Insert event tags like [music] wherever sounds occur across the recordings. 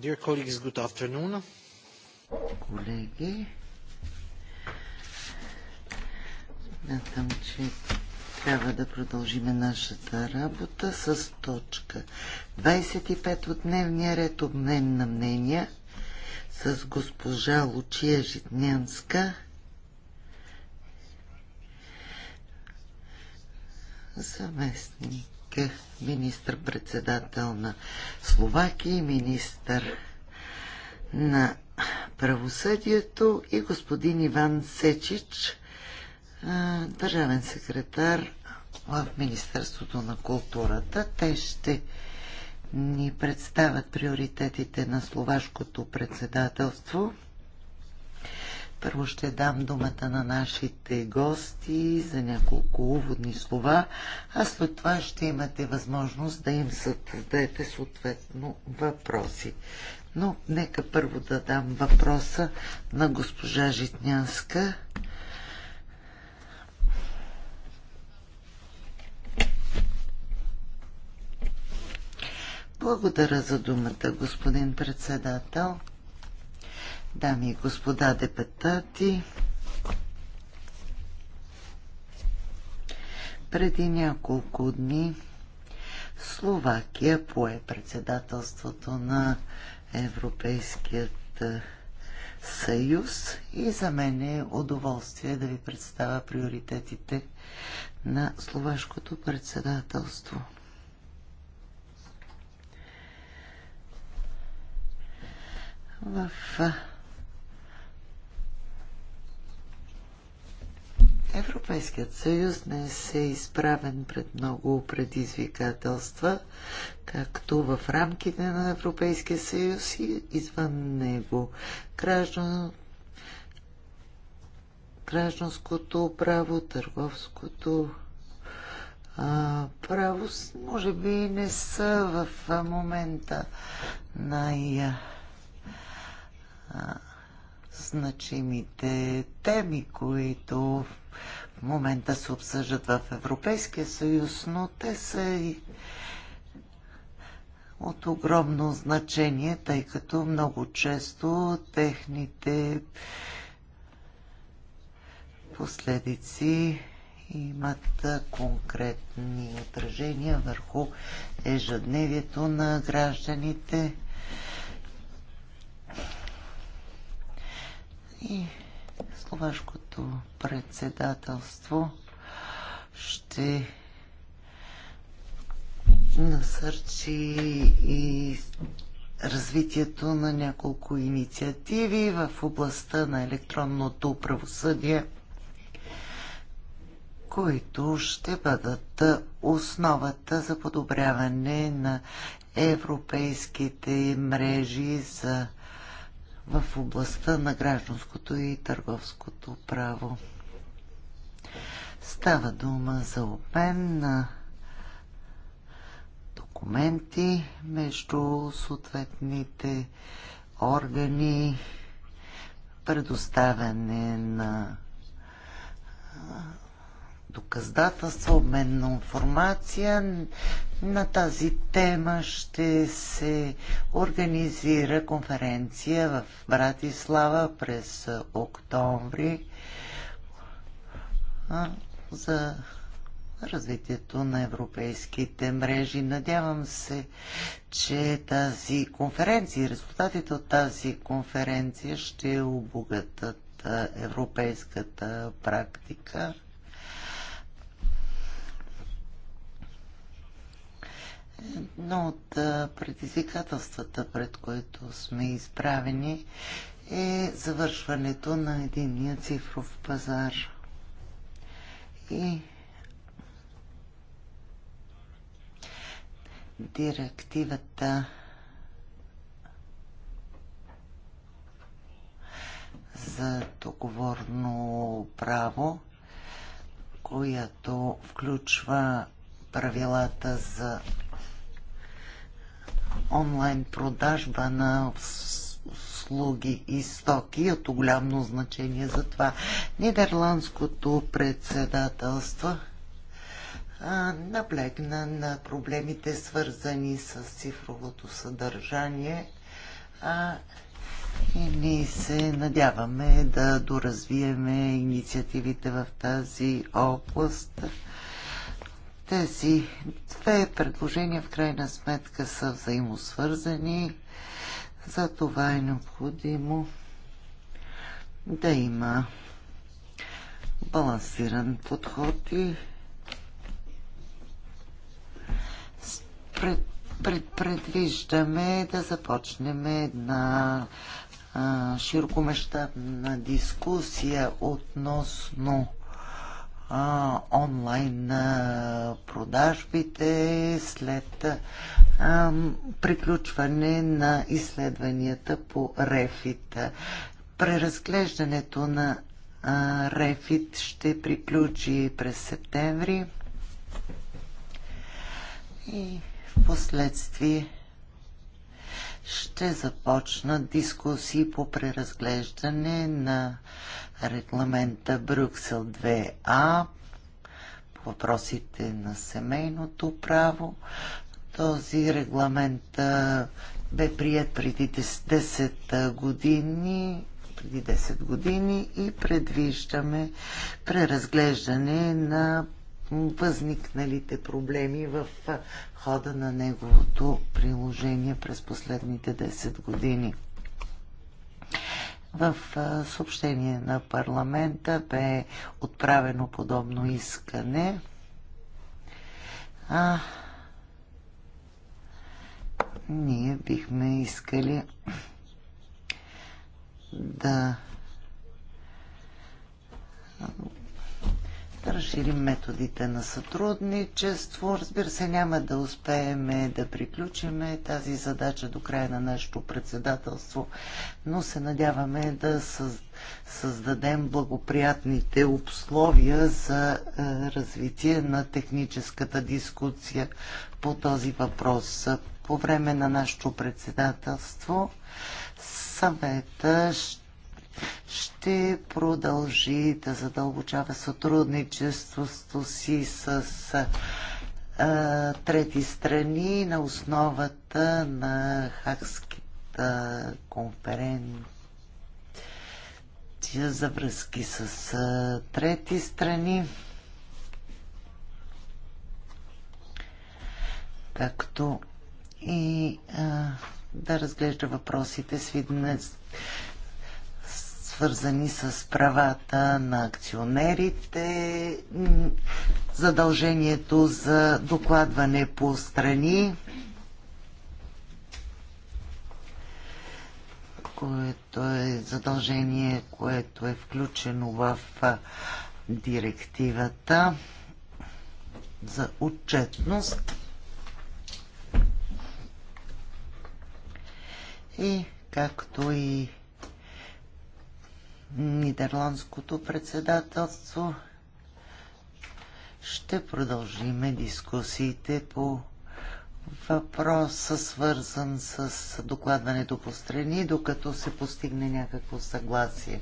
Dear colleagues, good afternoon. Колеги, смятам, че трябва да продължим нашата работа с точка 25 от дневния ред обмен на мнения с госпожа Лучия Житнянска заместник заместник министър-председател на Словакия и министър на правосъдието и господин Иван Сечич, държавен секретар в Министерството на културата. Те ще ни представят приоритетите на словашкото председателство. Първо ще дам думата на нашите гости за няколко уводни слова, а след това ще имате възможност да им зададете съответно въпроси. Но нека първо да дам въпроса на госпожа Житнянска. Благодаря за думата, господин председател дами и господа депутати, преди няколко дни Словакия пое председателството на Европейският е, съюз и за мен е удоволствие да ви представя приоритетите на словашкото председателство. в е, Европейският съюз не е изправен пред много предизвикателства, както в рамките на Европейския съюз и извън него. Граждан... Гражданското право, търговското а, право, може би не са в момента най- а, значимите теми, които в момента се обсъждат в Европейския съюз, но те са и от огромно значение, тъй като много често техните последици имат конкретни отражения върху ежедневието на гражданите И словашкото председателство ще насърчи и развитието на няколко инициативи в областта на електронното правосъдие, които ще бъдат основата за подобряване на европейските мрежи за в областта на гражданското и търговското право. Става дума за обмен на документи между съответните органи, предоставяне на доказателства, обмен на информация. На тази тема ще се организира конференция в Братислава през октомври за развитието на европейските мрежи. Надявам се, че тази конференция, резултатите от тази конференция ще обогатат европейската практика Едно от предизвикателствата, пред които сме изправени, е завършването на единния цифров пазар. И директивата за договорно право, която включва правилата за онлайн продажба на услуги и стоки е от голямо значение за това. Нидерландското председателство наблегна на проблемите свързани с цифровото съдържание а, и ние се надяваме да доразвиеме инициативите в тази област. Тези две предложения в крайна сметка са взаимосвързани. За това е необходимо да има балансиран подход и пред, пред, предвиждаме да започнем една широкомащабна дискусия относно а, онлайн а, продажбите след а, приключване на изследванията по Рефит. Преразглеждането на а, Рефит ще приключи през септември и в последствие ще започна дискусии по преразглеждане на регламента Брюксел 2А по въпросите на семейното право. Този регламент бе прият преди 10 години преди 10 години и предвиждаме преразглеждане на възникналите проблеми в хода на неговото приложение през последните 10 години. В съобщение на парламента бе отправено подобно искане. А ние бихме искали да да разширим методите на сътрудничество. Разбира се, няма да успеем да приключим тази задача до края на нашето председателство, но се надяваме да създадем благоприятните условия за е, развитие на техническата дискусия по този въпрос. По време на нашето председателство съвета ще ще продължи да задълбочава сътрудничеството си с а, трети страни на основата на Хакската конференция за връзки с а, трети страни. както и а, да разглежда въпросите с свързани с правата на акционерите, задължението за докладване по страни, което е задължение, което е включено в директивата за отчетност. И както и Нидерландското председателство ще продължиме дискусиите по въпроса, свързан с докладването по страни, докато се постигне някакво съгласие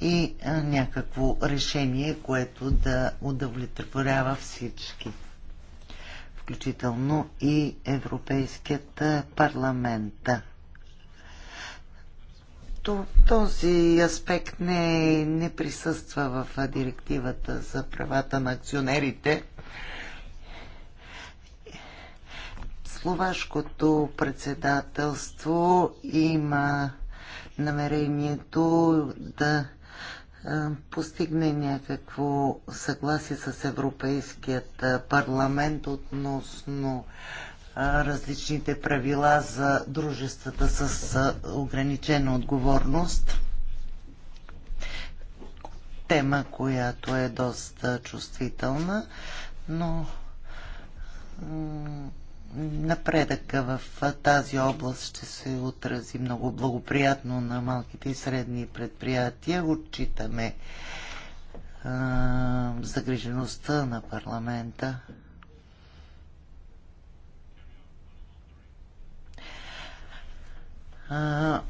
и някакво решение, което да удовлетворява всички, включително и Европейският парламент този аспект не, не присъства в директивата за правата на акционерите. Словашкото председателство има намерението да постигне някакво съгласие с Европейският парламент относно различните правила за дружествата с ограничена отговорност. Тема, която е доста чувствителна, но напредъка в тази област ще се отрази много благоприятно на малките и средни предприятия. Отчитаме загрижеността на парламента а,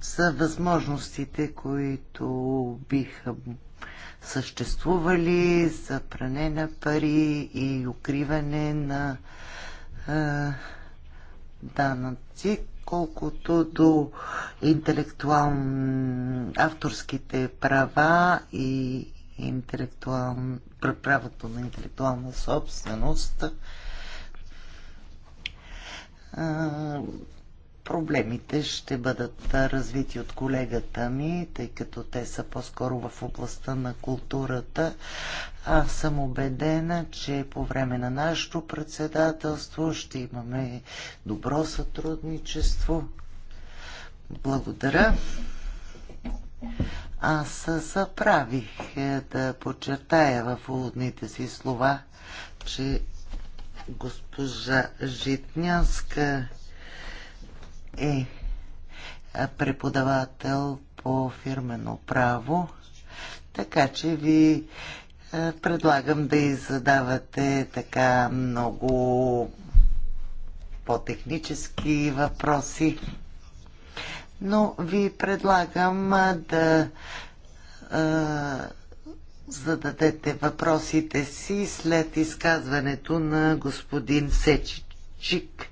са възможностите, които биха съществували за пране на пари и укриване на а, данъци, колкото до авторските права и правото на интелектуална собственост. А, проблемите ще бъдат развити от колегата ми, тъй като те са по-скоро в областта на културата. Аз съм убедена, че по време на нашето председателство ще имаме добро сътрудничество. Благодаря. Аз съправих е, да подчертая в уводните си слова, че госпожа Житнянска е, е преподавател по фирмено право, така че ви е, предлагам да задавате така много по-технически въпроси. Но ви предлагам е, да зададете въпросите си след изказването на господин Сечичик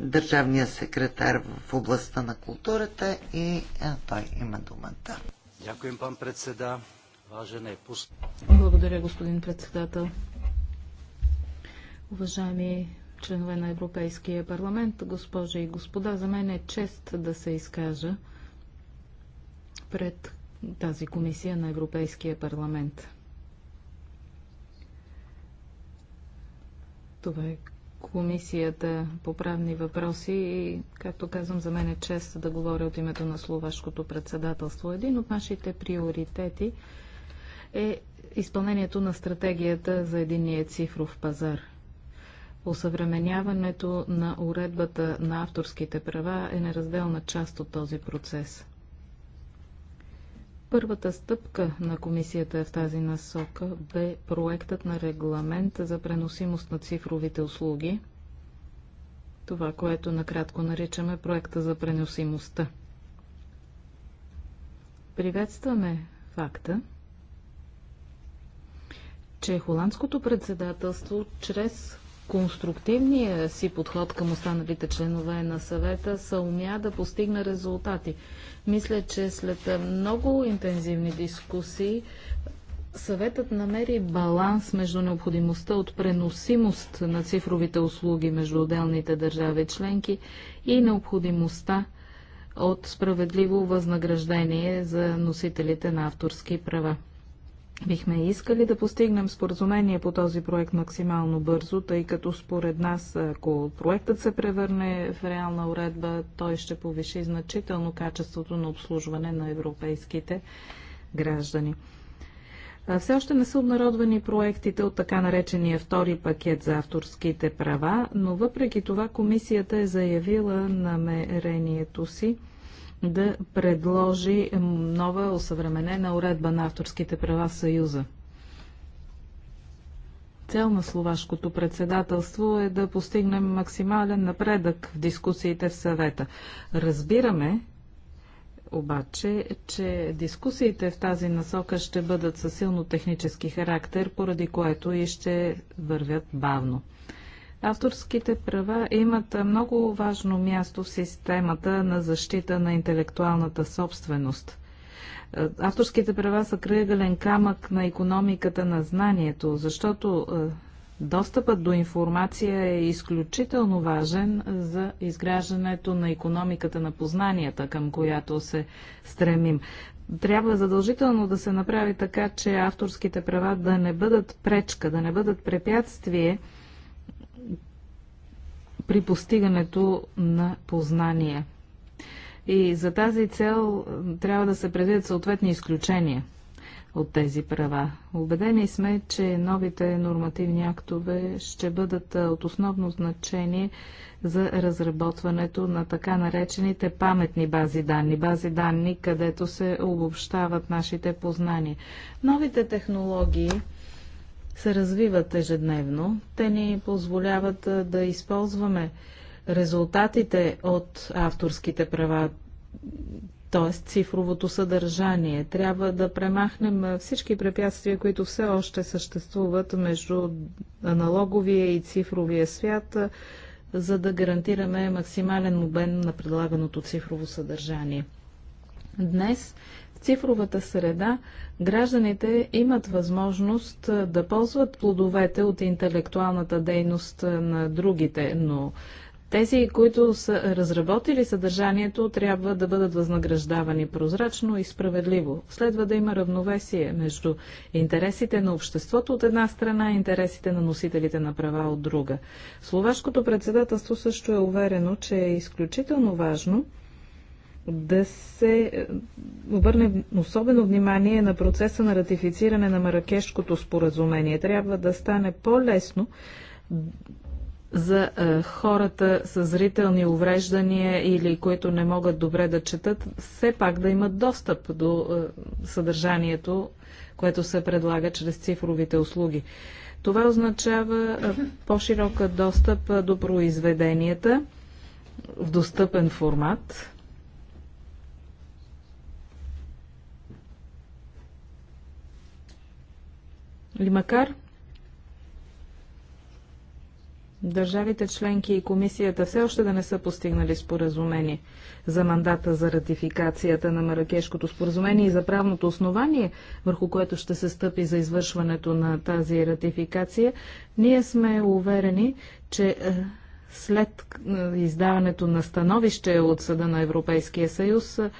държавния секретар в областта на културата и той има думата. Дякуем, пан председа. Важен е пуст. Благодаря, господин председател. Уважаеми членове на Европейския парламент, госпожи и господа, за мен е чест да се изкажа пред тази комисия на Европейския парламент. Това е Комисията по правни въпроси и, както казвам, за мен е чест да говоря от името на словашкото председателство. Един от нашите приоритети е изпълнението на стратегията за единния цифров пазар. Осъвременяването на уредбата на авторските права е неразделна част от този процес. Първата стъпка на комисията в тази насока бе проектът на регламент за преносимост на цифровите услуги, това, което накратко наричаме проекта за преносимостта. Приветстваме факта, че холандското председателство чрез конструктивния си подход към останалите членове на съвета са умя да постигна резултати. Мисля, че след много интензивни дискусии съветът намери баланс между необходимостта от преносимост на цифровите услуги между отделните държави членки и необходимостта от справедливо възнаграждение за носителите на авторски права. Бихме искали да постигнем споразумение по този проект максимално бързо, тъй като според нас, ако проектът се превърне в реална уредба, той ще повиши значително качеството на обслужване на европейските граждани. Все още не са обнародвани проектите от така наречения втори пакет за авторските права, но въпреки това комисията е заявила намерението си да предложи нова осъвременена уредба на авторските права в Съюза. Цел на словашкото председателство е да постигнем максимален напредък в дискусиите в съвета. Разбираме, обаче, че дискусиите в тази насока ще бъдат със силно технически характер, поради което и ще вървят бавно. Авторските права имат много важно място в системата на защита на интелектуалната собственост. Е, авторските права са кръгълен камък на економиката на знанието, защото е, достъпът до информация е изключително важен за изграждането на економиката на познанията, към която се стремим. Трябва задължително да се направи така, че авторските права да не бъдат пречка, да не бъдат препятствие – при постигането на познание. И за тази цел трябва да се предвидят съответни изключения от тези права. Обедени сме, че новите нормативни актове ще бъдат от основно значение за разработването на така наречените паметни бази данни, бази данни, където се обобщават нашите познания. Новите технологии се развиват ежедневно. Те ни позволяват да използваме резултатите от авторските права, т.е. цифровото съдържание. Трябва да премахнем всички препятствия, които все още съществуват между аналоговия и цифровия свят, за да гарантираме максимален обем на предлаганото цифрово съдържание. Днес цифровата среда гражданите имат възможност да ползват плодовете от интелектуалната дейност на другите, но тези, които са разработили съдържанието, трябва да бъдат възнаграждавани прозрачно и справедливо. Следва да има равновесие между интересите на обществото от една страна и интересите на носителите на права от друга. Словашкото председателство също е уверено, че е изключително важно – да се е, обърне особено внимание на процеса на ратифициране на Маракешкото споразумение. Трябва да стане по-лесно за е, хората с зрителни увреждания или които не могат добре да четат, все пак да имат достъп до е, съдържанието, което се предлага чрез цифровите услуги. Това означава е, по-широка достъп е, до произведенията в достъпен формат или макар държавите членки и комисията все още да не са постигнали споразумение за мандата за ратификацията на Маракешкото споразумение и за правното основание, върху което ще се стъпи за извършването на тази ратификация, ние сме уверени, че е, след е, издаването на становище от Съда на Европейския съюз, е,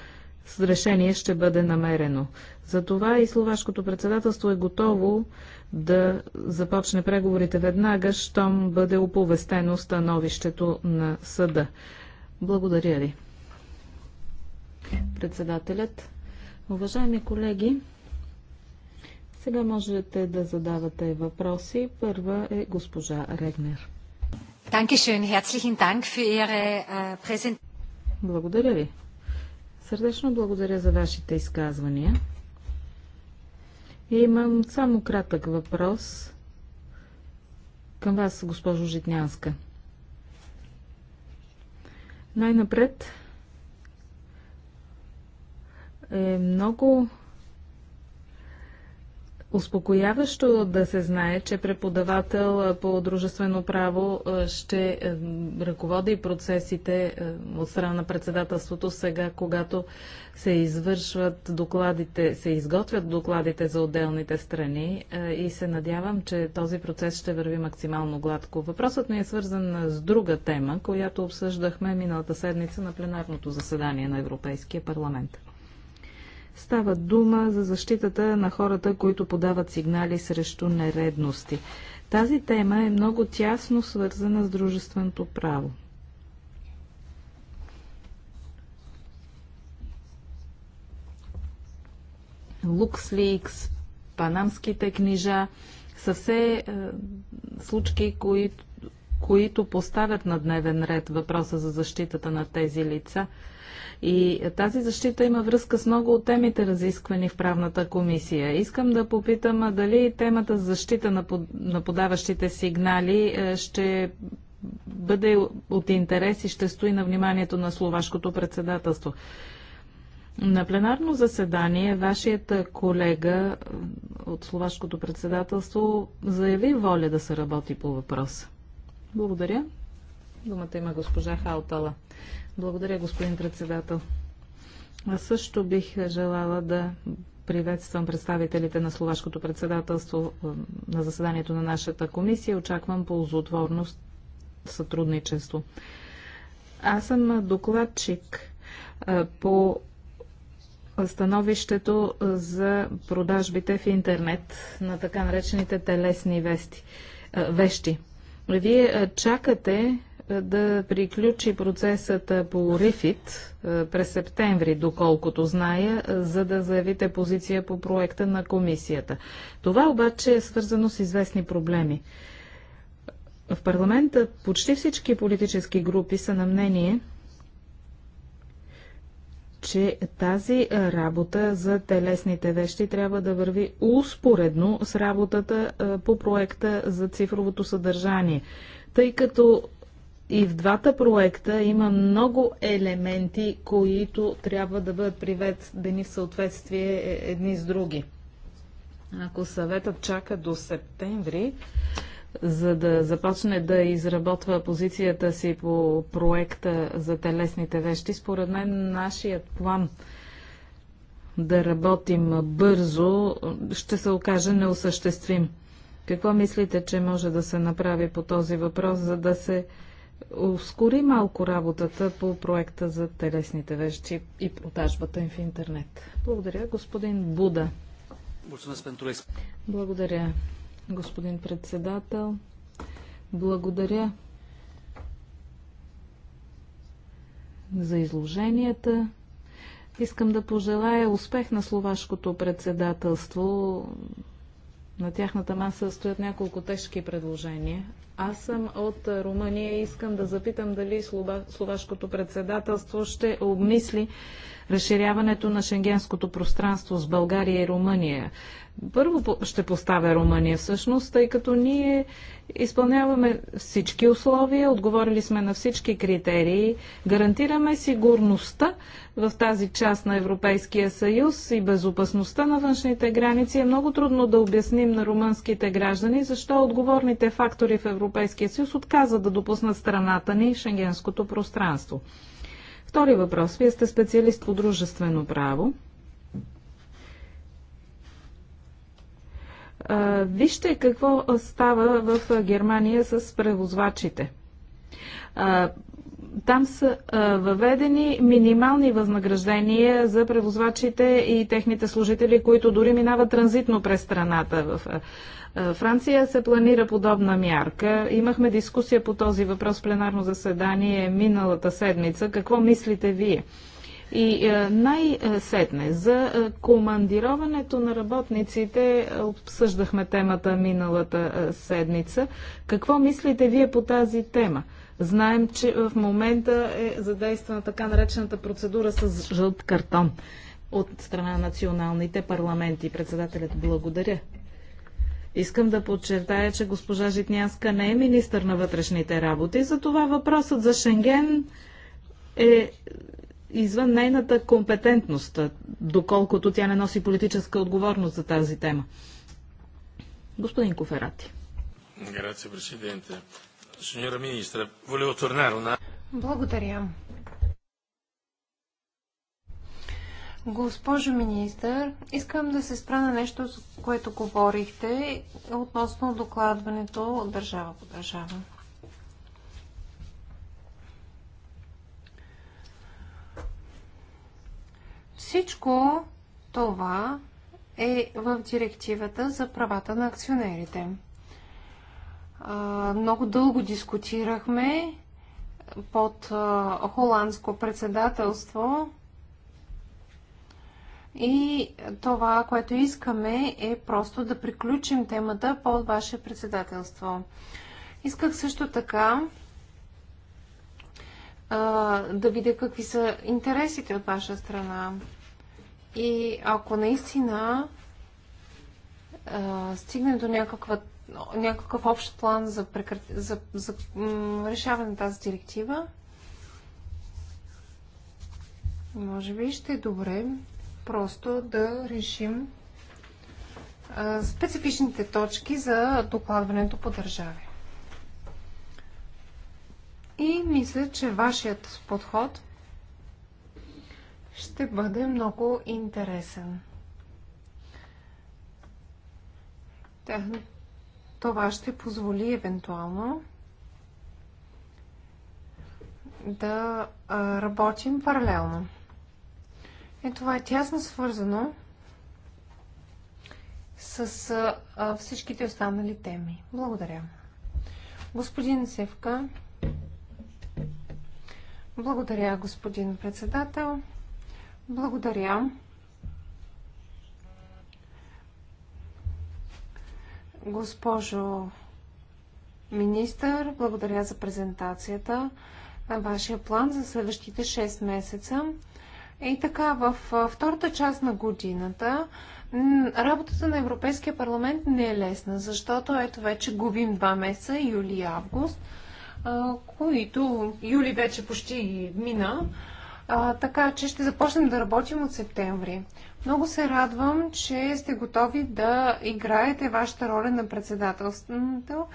с решение ще бъде намерено. Затова и словашкото председателство е готово да започне преговорите веднага, щом бъде оповестено становището на съда. Благодаря ви. Председателят, уважаеми колеги, сега можете да задавате въпроси. Първа е госпожа Регнер. Äh, Благодаря ви. Сърдечно благодаря за вашите изказвания. И имам само кратък въпрос към вас, госпожо Житнянска. Най-напред е много Успокояващо да се знае, че преподавател по дружествено право е, ще е, ръководи процесите е, от страна на председателството сега, когато се извършват докладите, се изготвят докладите за отделните страни и се надявам, че този процес ще върви максимално гладко. Въпросът ми е свързан с друга тема, която обсъждахме миналата седмица на пленарното заседание на Европейския парламент. Става дума за защитата на хората, които подават сигнали срещу нередности. Тази тема е много тясно свързана с дружественото право. Луксликс, панамските книжа, са все е, случки, които които поставят на дневен ред въпроса за защитата на тези лица. И тази защита има връзка с много от темите, разисквани в правната комисия. Искам да попитам дали темата за защита на, на подаващите сигнали е, ще бъде от интерес и ще стои на вниманието на словашкото председателство. На пленарно заседание вашият колега от словашкото председателство заяви воля да се работи по въпроса. Благодаря. Думата има госпожа Халтала. Благодаря, господин председател. Аз също бих желала да приветствам представителите на Словашкото председателство на заседанието на нашата комисия. Очаквам ползотворност сътрудничество. Аз съм докладчик по становището за продажбите в интернет на така наречените телесни вести, вещи. Вие чакате да приключи процесът по РИФИТ през септември, доколкото зная, за да заявите позиция по проекта на комисията. Това обаче е свързано с известни проблеми. В парламента почти всички политически групи са на мнение, че тази работа за телесните вещи трябва да върви успоредно с работата по проекта за цифровото съдържание, тъй като и в двата проекта има много елементи, които трябва да бъдат приведени в съответствие е, едни с други. Ако съветът чака до септември, за да започне да изработва позицията си по проекта за телесните вещи. Според мен нашият план да работим бързо ще се окаже неосъществим. Какво мислите, че може да се направи по този въпрос, за да се ускори малко работата по проекта за телесните вещи и продажбата им в интернет? Благодаря, господин Буда. Благодаря господин председател. Благодаря за изложенията. Искам да пожелая успех на словашкото председателство. На тяхната маса стоят няколко тежки предложения. Аз съм от Румъния и искам да запитам дали словашкото председателство ще обмисли разширяването на шенгенското пространство с България и Румъния. Първо ще поставя Румъния всъщност, тъй като ние изпълняваме всички условия, отговорили сме на всички критерии, гарантираме сигурността в тази част на Европейския съюз и безопасността на външните граници. Е много трудно да обясним на румънските граждани защо отговорните фактори в Европейския съюз отказа да допуснат страната ни в шенгенското пространство. Втори въпрос. Вие сте специалист по дружествено право. Вижте какво става в Германия с превозвачите. Там са въведени минимални възнаграждения за превозвачите и техните служители, които дори минават транзитно през страната в е, Франция се планира подобна мярка. Имахме дискусия по този въпрос в пленарно заседание миналата седмица. Какво мислите вие? И е, най-сетне за е, командироването на работниците обсъждахме темата миналата седмица. Какво мислите вие по тази тема? Знаем, че в момента е задействана така наречената процедура с жълт картон от страна на националните парламенти. Председателят, благодаря. Искам да подчертая, че госпожа Житнянска не е министър на вътрешните работи, затова въпросът за Шенген е извън нейната компетентност, доколкото тя не носи политическа отговорност за тази тема. Господин Коферати. Благодаря, Благодаря. Госпожо министър, искам да се спра на нещо, с което говорихте относно докладването от държава по държава. Всичко това е в директивата за правата на акционерите. Много дълго дискутирахме под холандско председателство и това, което искаме е просто да приключим темата под ваше председателство. Исках също така да видя какви са интересите от ваша страна. И ако наистина а, стигнем до някаква, някакъв общ план за, прекр... за, за решаване на тази директива, може би ще е добре просто да решим специфичните точки за докладването по държави. И мисля, че вашият подход ще бъде много интересен. Това ще позволи евентуално да работим паралелно. Е, това е тясно свързано с а, всичките останали теми. Благодаря. Господин Севка. Благодаря, господин председател. Благодаря. Госпожо министър, благодаря за презентацията на вашия план за следващите 6 месеца. И е, така, в втората част на годината работата на Европейския парламент не е лесна, защото ето вече губим два месеца, юли и август, които юли вече почти мина, така че ще започнем да работим от септември. Много се радвам, че сте готови да играете вашата роля на председателството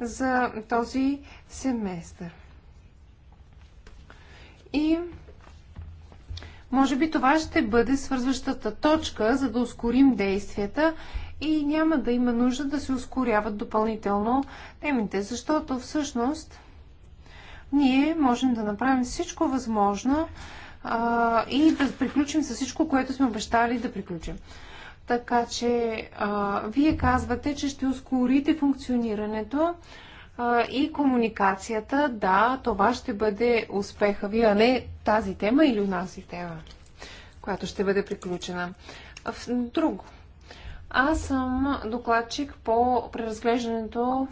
за този семестър. И може би това ще бъде свързващата точка, за да ускорим действията и няма да има нужда да се ускоряват допълнително темите, защото всъщност ние можем да направим всичко възможно а, и да приключим с всичко, което сме обещали да приключим. Така че а, вие казвате, че ще ускорите функционирането и комуникацията, да, това ще бъде успеха ви, а не тази тема или унази тема, която ще бъде приключена. Друго. Аз съм докладчик по преразглеждането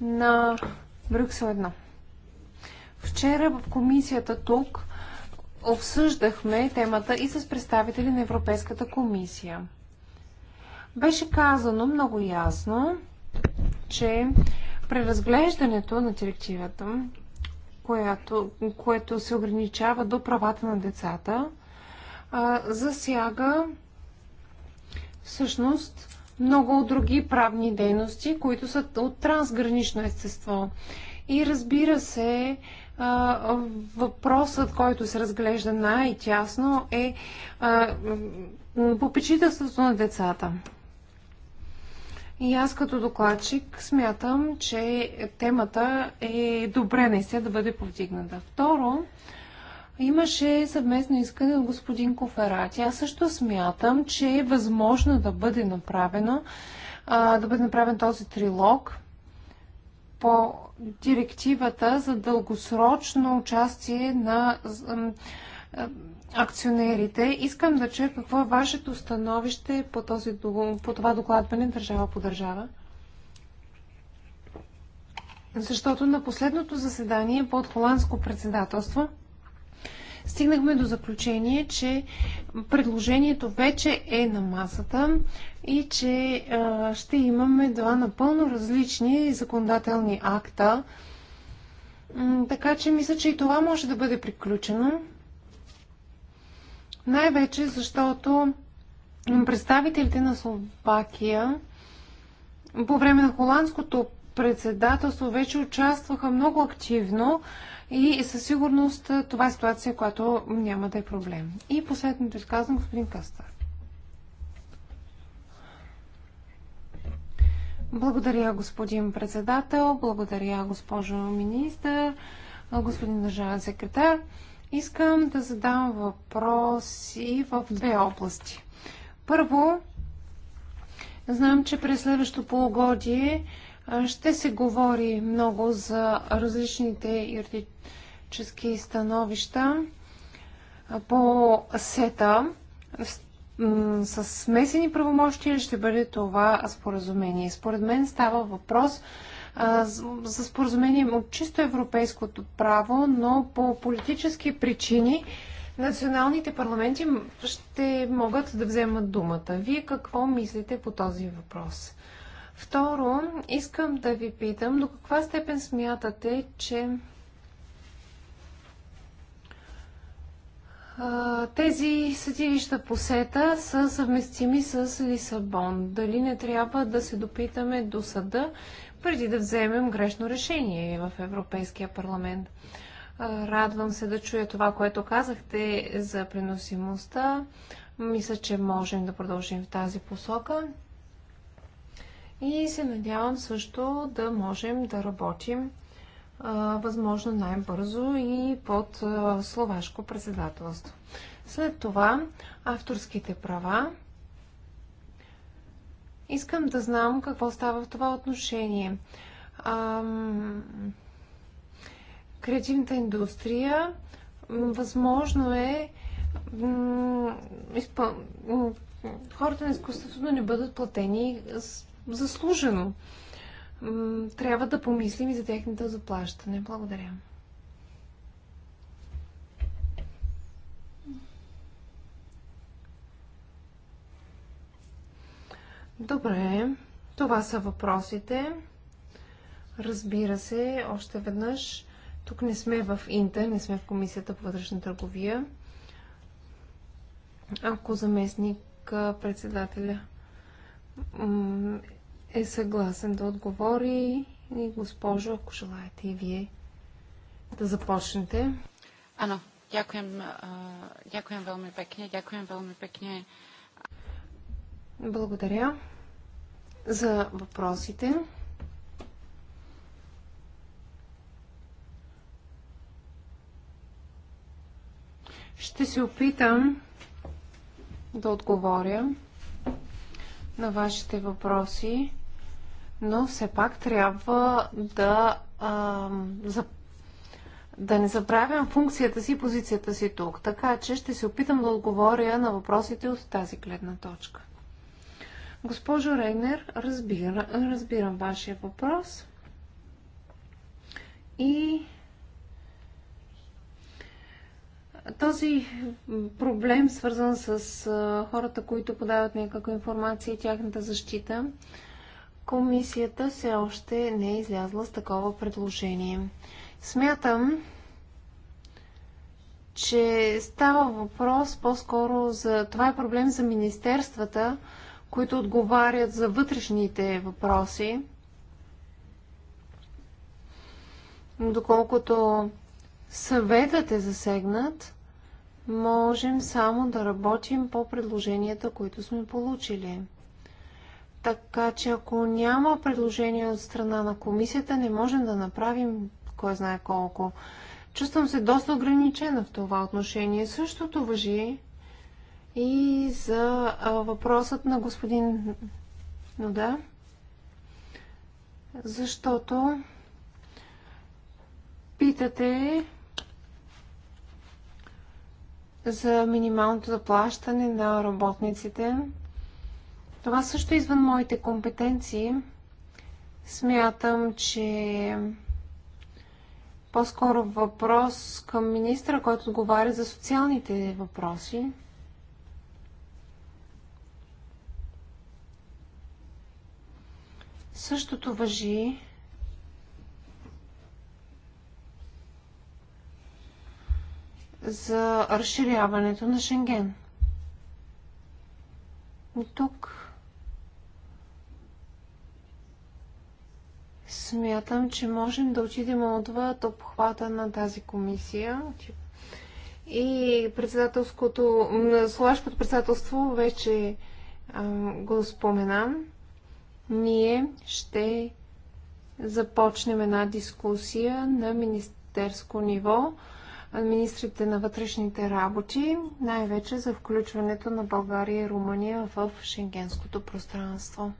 на Брюксел 1. Вчера в комисията тук обсъждахме темата и с представители на Европейската комисия. Беше казано много ясно, че преразглеждането на директивата, която, което се ограничава до правата на децата, а, засяга всъщност много други правни дейности, които са от трансгранично естество. И разбира се, въпросът, който се разглежда най-тясно е попечителството на децата. И аз като докладчик смятам, че темата е добре се да бъде повдигната. Второ, имаше съвместно искане от господин Коферати. Аз също смятам, че е възможно да бъде направено, а, да бъде направен този трилог по директивата за дългосрочно участие на акционерите. Искам да чуя какво е вашето становище по, този, по това докладване държава по държава. Защото на последното заседание под холандско председателство стигнахме до заключение, че предложението вече е на масата и че а, ще имаме два напълно различни законодателни акта. Така че мисля, че и това може да бъде приключено. Най-вече защото представителите на Словакия по време на холандското председателство вече участваха много активно и със сигурност това е ситуация, която няма да е проблем. И последното изказвам господин Къстър. Благодаря, господин председател, благодаря, госпожо министър, господин държавен секретар. Искам да задам въпроси в две области. Първо, знам, че през следващото полугодие ще се говори много за различните юридически становища по сета с смесени правомощия ще бъде това споразумение. Според мен става въпрос за споразумение от чисто европейското право, но по политически причини националните парламенти ще могат да вземат думата. Вие какво мислите по този въпрос? Второ, искам да ви питам до каква степен смятате, че тези съдилища по сета са съвместими с Лисабон. Дали не трябва да се допитаме до съда преди да вземем грешно решение в Европейския парламент. Радвам се да чуя това, което казахте за приносимостта. Мисля, че можем да продължим в тази посока. И се надявам също да можем да работим възможно най-бързо и под словашко председателство. След това авторските права Искам да знам какво става в това отношение. Ам... Креативната индустрия възможно е изпъл... хората на изкуството да не бъдат платени заслужено. Трябва да помислим и за техните заплащане. Благодаря. Добре, това са въпросите. Разбира се, още веднъж, тук не сме в Интер, не сме в Комисията по вътрешна търговия. Ако заместник председателя е съгласен да отговори, и госпожо, ако желаете и вие да започнете. Ано, дякуем, дякуем дякуем, дякуем, дякуем Благодаря за въпросите. Ще се опитам да отговоря на вашите въпроси, но все пак трябва да, а, за, да не забравям функцията си, и позицията си тук. Така че ще се опитам да отговоря на въпросите от тази гледна точка. Госпожо Рейнер, разбира, разбирам вашия въпрос. И този проблем, свързан с хората, които подават някаква информация и тяхната защита, комисията все още не е излязла с такова предложение. Смятам, че става въпрос по-скоро за... Това е проблем за министерствата, които отговарят за вътрешните въпроси. Доколкото съветът е засегнат, можем само да работим по предложенията, които сме получили. Така че ако няма предложение от страна на комисията, не можем да направим кой знае колко. Чувствам се доста ограничена в това отношение. Същото въжи и за въпросът на господин но Защото питате за минималното заплащане на работниците. Това също е извън моите компетенции. Смятам, че по-скоро въпрос към министра, който отговаря за социалните въпроси. Същото въжи за разширяването на Шенген. И тук смятам, че можем да отидем отвъд обхвата на тази комисия. И председателското, словашкото председателство вече а, го споменам ние ще започнем една дискусия на министерско ниво, министрите на вътрешните работи, най-вече за включването на България и Румъния в шенгенското пространство.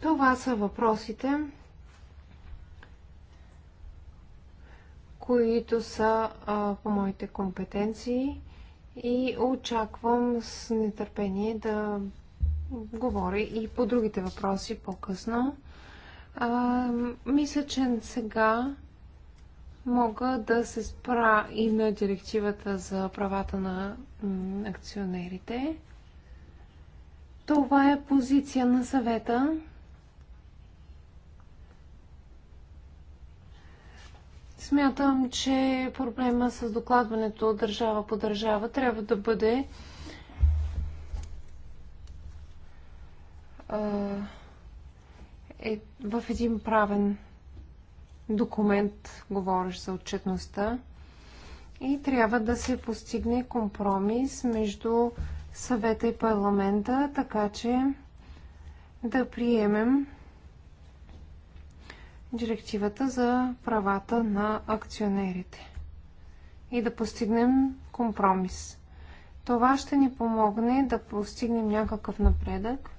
Това са въпросите, които са а, по моите компетенции и очаквам с нетърпение да говоря и по другите въпроси по-късно. мисля, че сега мога да се спра и на директивата за правата на акционерите. Това е позиция на съвета. Смятам, че проблема с докладването от държава по държава трябва да бъде е в един правен документ, говориш за отчетността, и трябва да се постигне компромис между съвета и парламента, така че да приемем директивата за правата на акционерите и да постигнем компромис. Това ще ни помогне да постигнем някакъв напредък.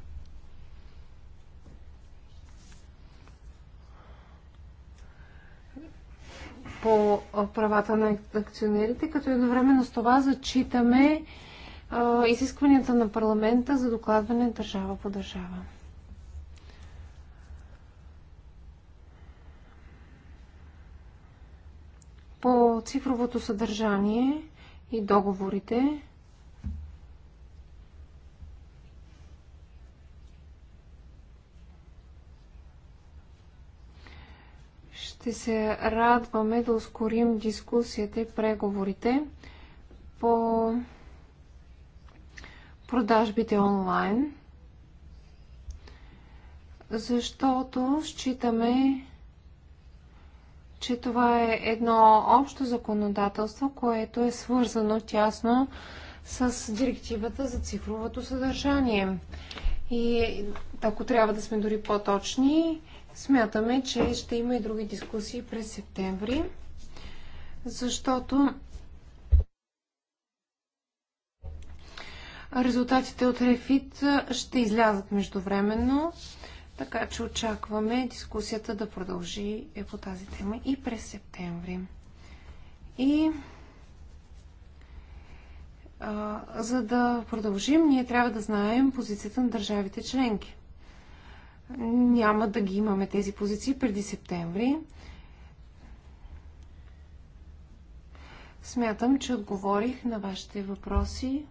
по правата на акционерите, като едновременно с това зачитаме изискванията на парламента за докладване държава по държава. по цифровото съдържание и договорите. Ще се радваме да ускорим дискусията и преговорите по продажбите онлайн, защото считаме, че това е едно общо законодателство, което е свързано тясно с директивата за цифровото съдържание. И ако трябва да сме дори по-точни, смятаме, че ще има и други дискусии през септември, защото резултатите от Рефит ще излязат междувременно. Така че очакваме дискусията да продължи е по тази тема и през септември. И а, за да продължим, ние трябва да знаем позицията на държавите членки. Няма да ги имаме тези позиции преди септември. Смятам, че отговорих на вашите въпроси.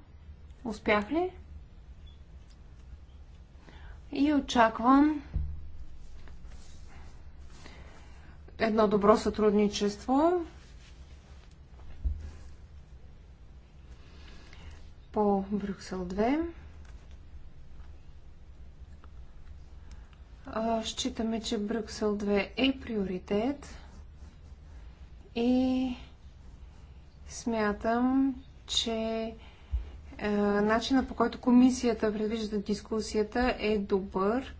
Успях ли? и очаквам едно добро сътрудничество по Брюксел 2. Считаме, че Брюксел 2 е приоритет и смятам, че е, начина по който комисията предвижда дискусията е добър.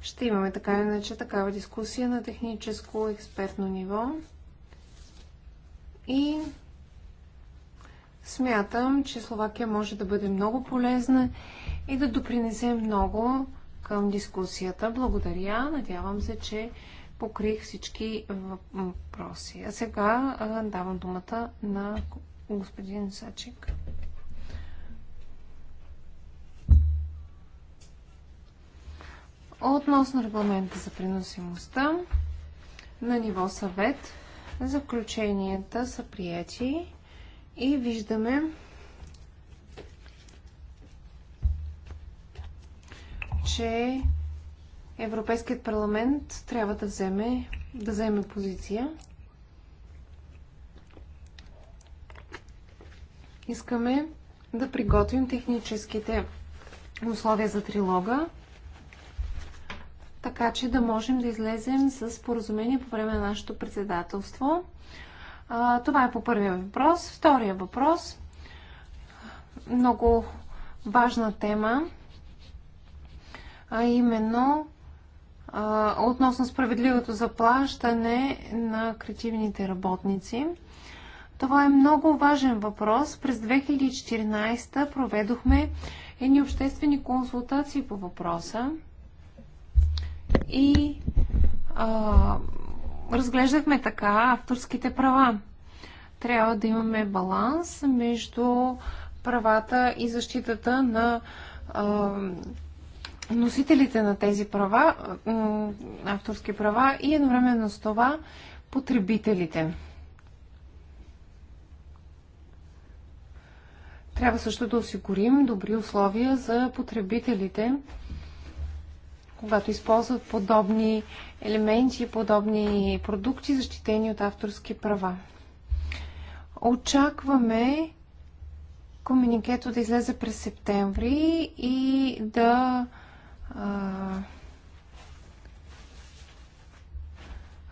Ще имаме така иначе такава дискусия на техническо експертно ниво. И смятам, че Словакия може да бъде много полезна и да допринесе много към дискусията. Благодаря. Надявам се, че покрих всички въпроси. А сега е, давам думата на господин Сачик. Относно регламента за приносимостта на ниво съвет, заключенията са прияти и виждаме че Европейският парламент трябва да вземе, да вземе позиция. Искаме да приготвим техническите условия за трилога така че да можем да излезем с поразумение по време на нашето председателство. А, това е по първия въпрос. Втория въпрос. Много важна тема, а именно а, относно справедливото заплащане на креативните работници. Това е много важен въпрос. През 2014 проведохме едни обществени консултации по въпроса и а, разглеждахме така авторските права. Трябва да имаме баланс между правата и защитата на а, носителите на тези права, авторски права и едновременно с това потребителите. Трябва също да осигурим добри условия за потребителите когато използват подобни елементи, подобни продукти, защитени от авторски права. Очакваме комуникето да излезе през септември и да а,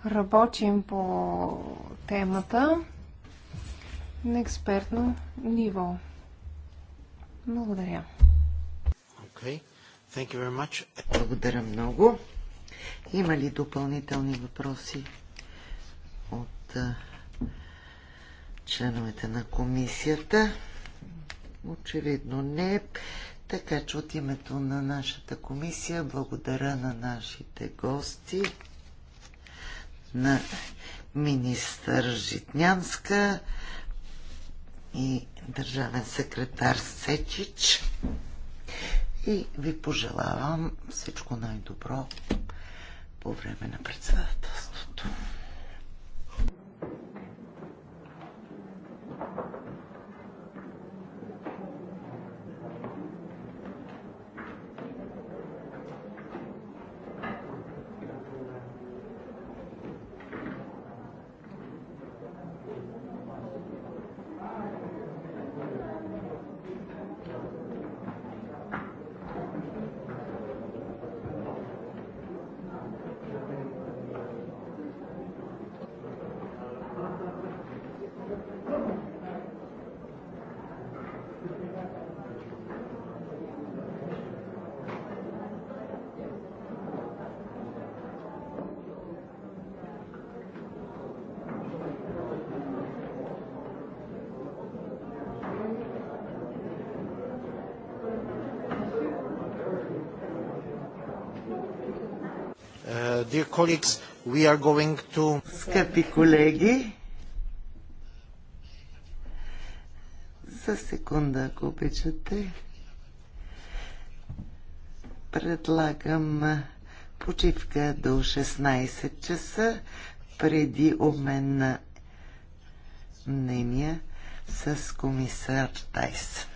работим по темата на експертно ниво. Благодаря. Okay. Thank you very much. Благодаря много. Има ли допълнителни въпроси от членовете на комисията? Очевидно не. Така че от името на нашата комисия благодаря на нашите гости, на министър Житнянска и държавен секретар Сечич и ви пожелавам всичко най-добро по време на председателството. Dear colleagues, we are going to... Скъпи колеги, за секунда, ако обичате, предлагам почивка до 16 часа преди обмен на мнения с комисар Тайс.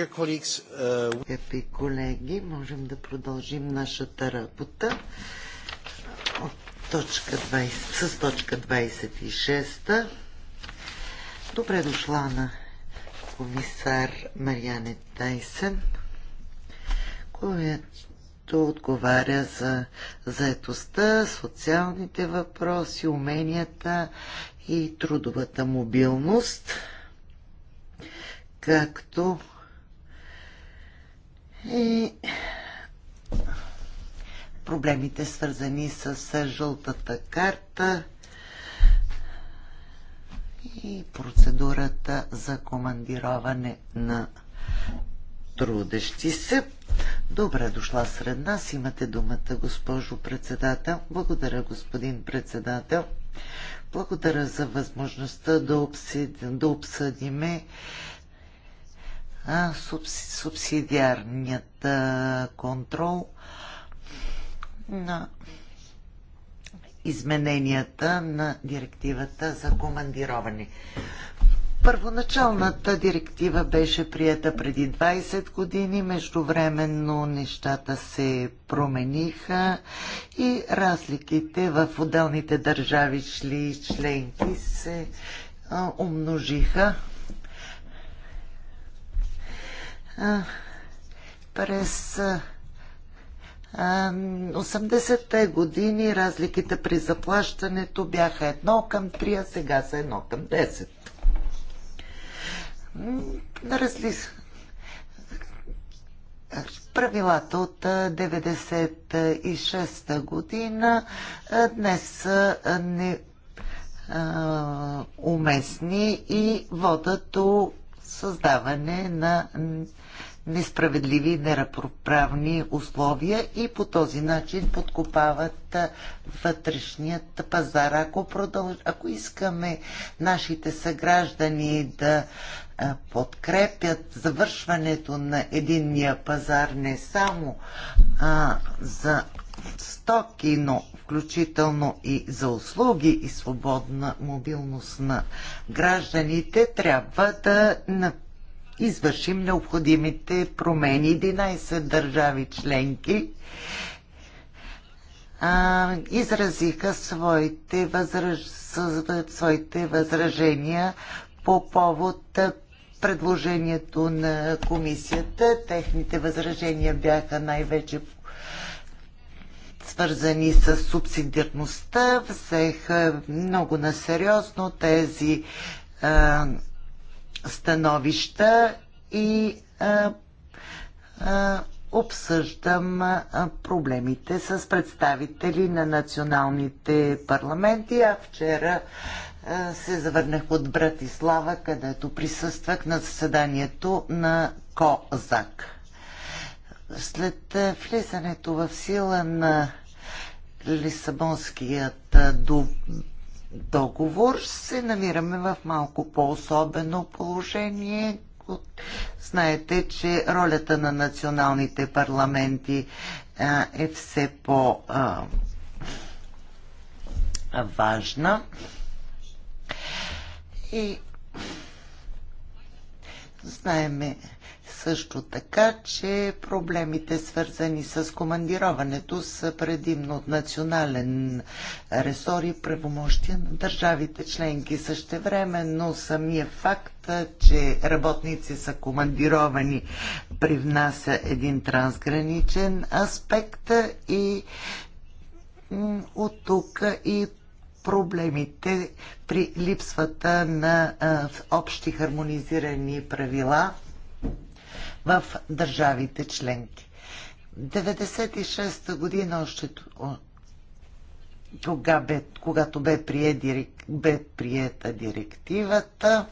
Uh, Скъпи колеги, можем да продължим нашата работа от точка 20, с точка 26. Добре дошла на комисар Марияне Тайсен, която отговаря за заетостта, социалните въпроси, уменията и трудовата мобилност както проблемите свързани с жълтата карта и процедурата за командироване на трудещи се. Добре дошла сред нас. Имате думата, госпожо председател. Благодаря, господин председател. Благодаря за възможността да, обсъдим, да обсъдиме субсидиарният контрол на измененията на директивата за командировани. Първоначалната директива беше прията преди 20 години, междувременно нещата се промениха и разликите в отделните държави шли членки се а, умножиха. А, през а, 80-те години разликите при заплащането бяха 1 към 3, а сега са 1 към 10. Разли... Правилата от 96-та година днес са не уместни и водат до създаване на несправедливи и неравноправни условия и по този начин подкопават вътрешният пазар. Ако, продълж... Ако искаме нашите съграждани да подкрепят завършването на единния пазар не само а, за стоки, но включително и за услуги и свободна мобилност на гражданите, трябва да извършим необходимите промени. 11 държави членки а, изразиха своите, възраж... своите възражения по повод предложението на комисията. Техните възражения бяха най-вече свързани с субсидиарността. Взеха много насериозно тези а, становища и а, а, обсъждам а, проблемите с представители на националните парламенти, а вчера а, се завърнах от Братислава, където присъствах на заседанието на КОЗАК. След влизането в сила на Лисабонският договор се намираме в малко по-особено положение. Знаете, че ролята на националните парламенти е все по-важна. И знаеме, също така, че проблемите свързани с командироването са предимно от национален ресор и правомощия на държавите членки. Същевременно самия факт, че работници са командировани привнася един трансграничен аспект и от тук и проблемите при липсвата на а, общи хармонизирани правила в държавите членки. 96-та година още тога бе, когато бе, прие, бе приета директивата,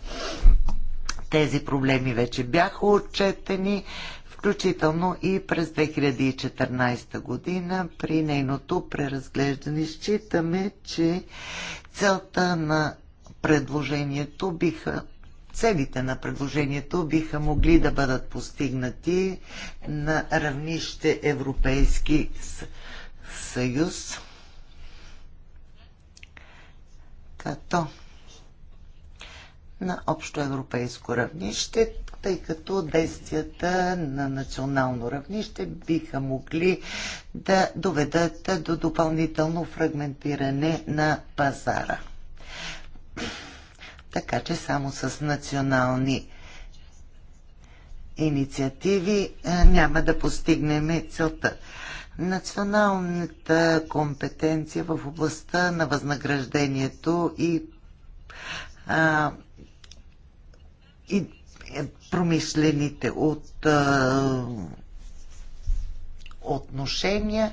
тези проблеми вече бяха отчетени, включително и през 2014 година при нейното преразглеждане. Считаме, че целта на предложението биха целите на предложението биха могли да бъдат постигнати на равнище Европейски съюз, като на общо европейско равнище, тъй като действията на национално равнище биха могли да доведат до допълнително фрагментиране на пазара. Така че само с национални инициативи е, няма да постигнем целта. Националната компетенция в областта на възнаграждението и, а, и е, промишлените от а, отношения.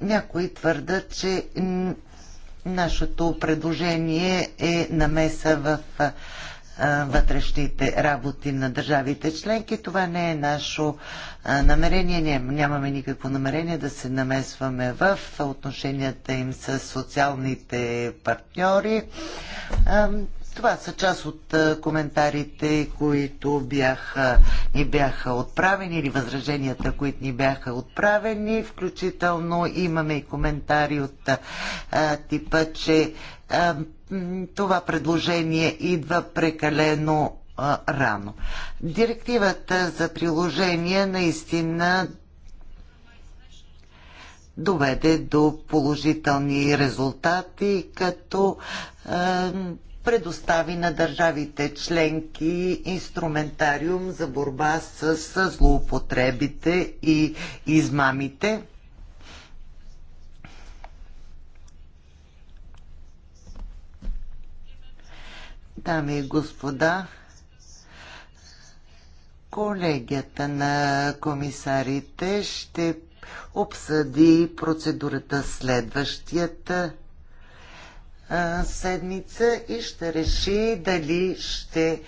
Някои твърдат, че Нашето предложение е намеса в вътрешните работи на държавите членки. Това не е наше намерение. нямаме никакво намерение да се намесваме в отношенията им с социалните партньори. Това са част от коментарите, които бяха, ни бяха отправени или възраженията, които ни бяха отправени. Включително имаме и коментари от а, типа, че а, това предложение идва прекалено а, рано. Директивата за приложение наистина доведе до положителни резултати, като а, предостави на държавите членки инструментариум за борба с злоупотребите и измамите. Дами и господа, колегията на комисарите ще обсъди процедурата следващията седмица и ще реши дали ще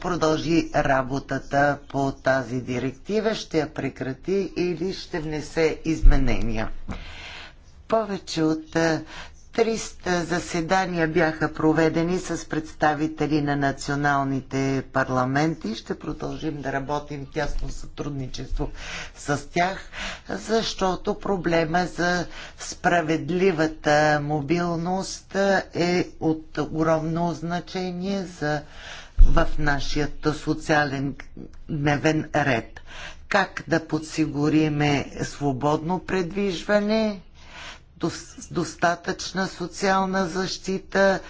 продължи работата по тази директива, ще я прекрати или ще внесе изменения. Повече от 300 заседания бяха проведени с представители на националните парламенти. Ще продължим да работим тясно сътрудничество с тях, защото проблема за справедливата мобилност е от огромно значение за в нашия социален дневен ред. Как да подсигуриме свободно предвижване, достатъчна социална защита.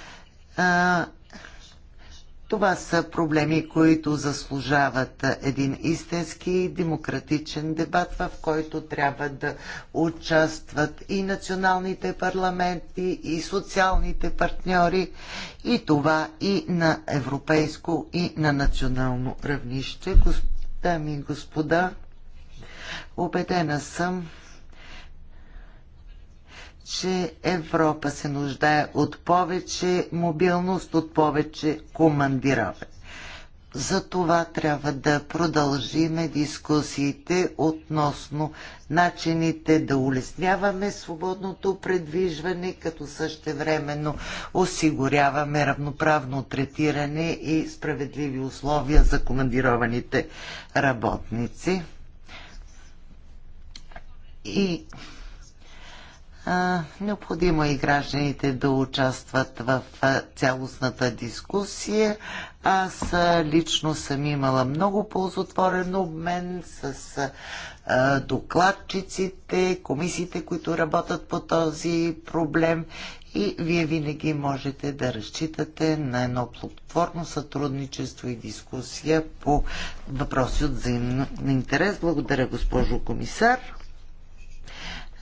Това са проблеми, които заслужават един истински демократичен дебат, в който трябва да участват и националните парламенти, и социалните партньори, и това и на европейско, и на национално равнище. Дами и господа, убедена съм, че Европа се нуждае от повече мобилност, от повече командирове. За това трябва да продължиме дискусиите относно начините да улесняваме свободното предвижване, като същевременно осигуряваме равноправно третиране и справедливи условия за командированите работници. И Необходимо е и гражданите да участват в цялостната дискусия. Аз лично съм имала много ползотворен обмен с докладчиците, комисиите, които работят по този проблем и вие винаги можете да разчитате на едно плодотворно сътрудничество и дискусия по въпроси от взаимно интерес. Благодаря, госпожо комисар.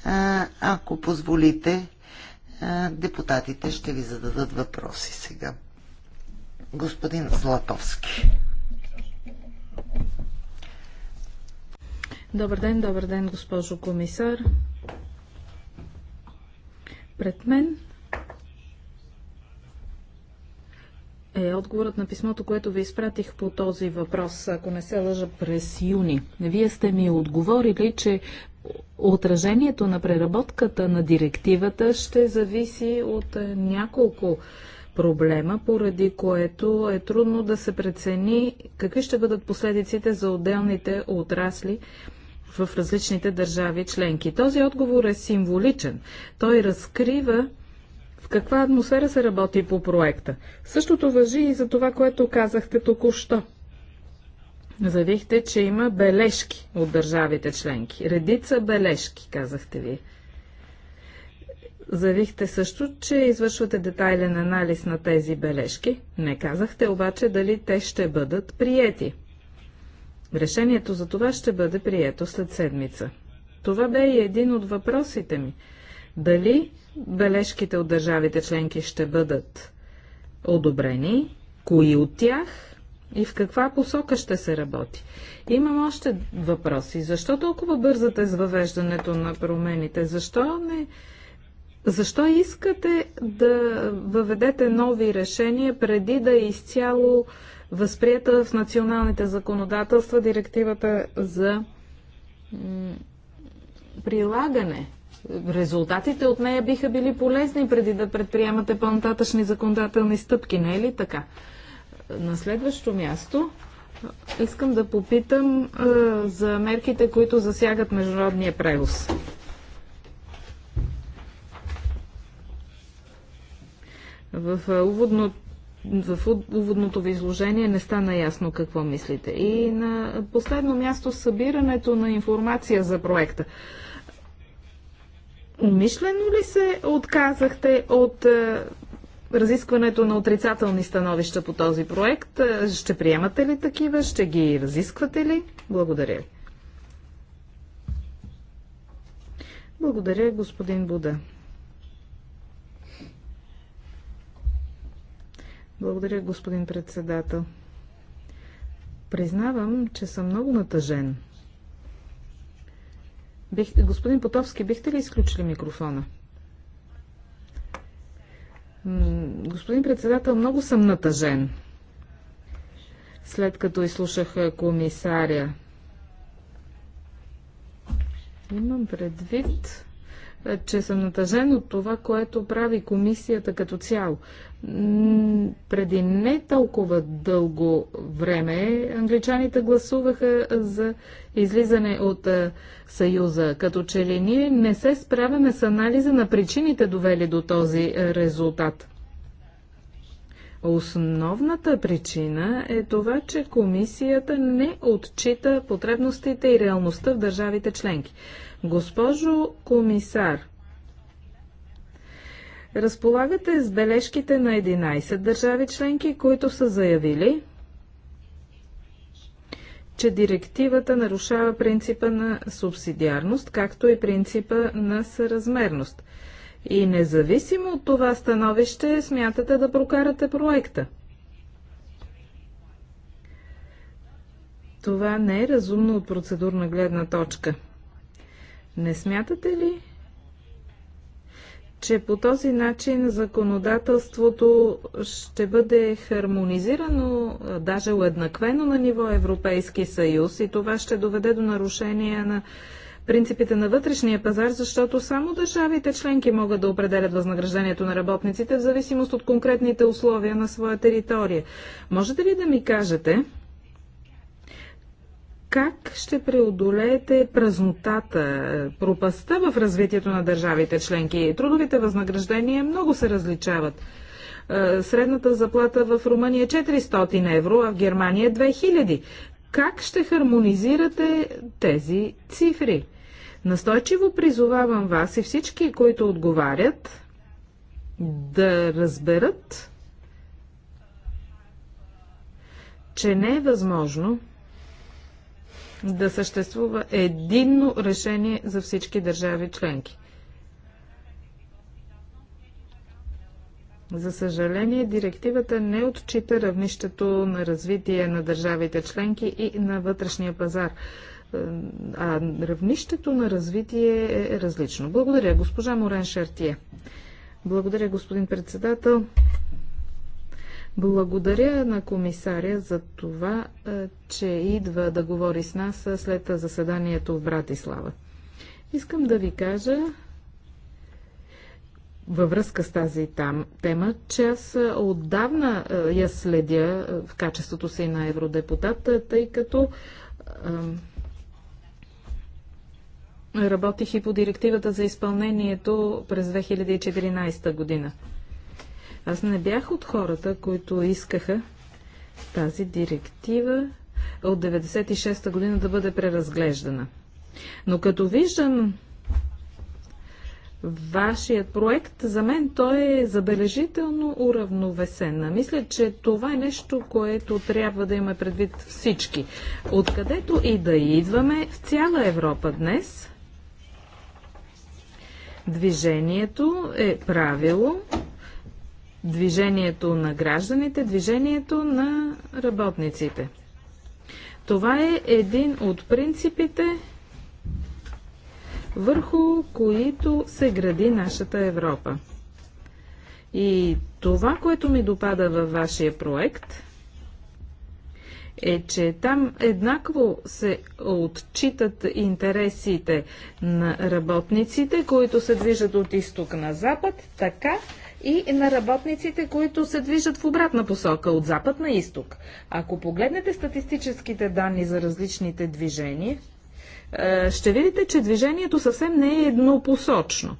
Ако позволите, депутатите ще ви зададат въпроси сега. Господин Златовски. Добър ден, добър ден, госпожо комисар. Пред мен е отговорът на писмото, което ви изпратих по този въпрос, ако не се лъжа през юни. Вие сте ми отговорили, че отражението на преработката на директивата ще зависи от е, няколко проблема, поради което е трудно да се прецени какви ще бъдат последиците за отделните отрасли в различните държави членки. Този отговор е символичен. Той разкрива в каква атмосфера се работи по проекта. Същото въжи и за това, което казахте току-що. Заявихте, че има бележки от държавите членки. Редица бележки, казахте ви. Заявихте също, че извършвате детайлен анализ на тези бележки. Не казахте обаче дали те ще бъдат приети. Решението за това ще бъде прието след седмица. Това бе и един от въпросите ми. Дали бележките от държавите членки ще бъдат одобрени, кои от тях и в каква посока ще се работи. Имам още въпроси. Защо толкова бързате с въвеждането на промените? Защо не... Защо искате да въведете нови решения преди да е изцяло възприета в националните законодателства директивата за прилагане? Резултатите от нея биха били полезни преди да предприемате по-нататъчни законодателни стъпки, не е ли така? На следващо място искам да попитам е, за мерките, които засягат международния превоз. В уводното в уводното ви изложение не стана ясно какво мислите. И на последно място събирането на информация за проекта. Умишлено ли се отказахте от разискването на отрицателни становища по този проект. Е, ще приемате ли такива? Ще ги разисквате ли? Благодаря ви. Благодаря, господин Буда. Благодаря, господин председател. Признавам, че съм много натъжен. Бих... Господин Потовски, бихте ли изключили микрофона? Господин председател, много съм натъжен, след като изслушах е, комисаря. Имам предвид, е, че съм натъжен от това, което прави комисията като цяло преди не толкова дълго време англичаните гласуваха за излизане от Съюза, като че ли ние не се справяме с анализа на причините довели до този резултат. Основната причина е това, че комисията не отчита потребностите и реалността в държавите членки. Госпожо комисар, Разполагате с бележките на 11 държави членки, които са заявили, че директивата нарушава принципа на субсидиарност, както и принципа на съразмерност. И независимо от това становище, смятате да прокарате проекта. Това не е разумно от процедурна гледна точка. Не смятате ли, че по този начин законодателството ще бъде хармонизирано, даже уеднаквено на ниво Европейски съюз и това ще доведе до нарушение на принципите на вътрешния пазар, защото само държавите членки могат да определят възнаграждението на работниците в зависимост от конкретните условия на своя територия. Можете ли да ми кажете, как ще преодолеете празнотата, пропаста в развитието на държавите членки? Трудовите възнаграждения много се различават. Е, средната заплата в Румъния е 400 евро, а в Германия е 2000. Как ще хармонизирате тези цифри? Настойчиво призовавам вас и всички, които отговарят, да разберат, че не е възможно да съществува единно решение за всички държави членки. За съжаление, директивата не отчита равнището на развитие на държавите членки и на вътрешния пазар. А равнището на развитие е различно. Благодаря, госпожа Морен Шартие. Благодаря, господин председател. Благодаря на комисаря за това, че идва да говори с нас след заседанието в Братислава. Искам да ви кажа във връзка с тази там, тема, че аз отдавна я следя в качеството си на евродепутат, тъй като Работих и по директивата за изпълнението през 2014 година. Аз не бях от хората, които искаха тази директива от 96-та година да бъде преразглеждана. Но като виждам вашият проект, за мен той е забележително уравновесен. Мисля, че това е нещо, което трябва да има предвид всички. Откъдето и да идваме в цяла Европа днес, движението е правило, движението на гражданите, движението на работниците. Това е един от принципите, върху които се гради нашата Европа. И това, което ми допада във вашия проект, е, че там еднакво се отчитат интересите на работниците, които се движат от изток на запад, така, и на работниците, които се движат в обратна посока, от запад на изток. Ако погледнете статистическите данни за различните движения, е, ще видите, че движението съвсем не е еднопосочно.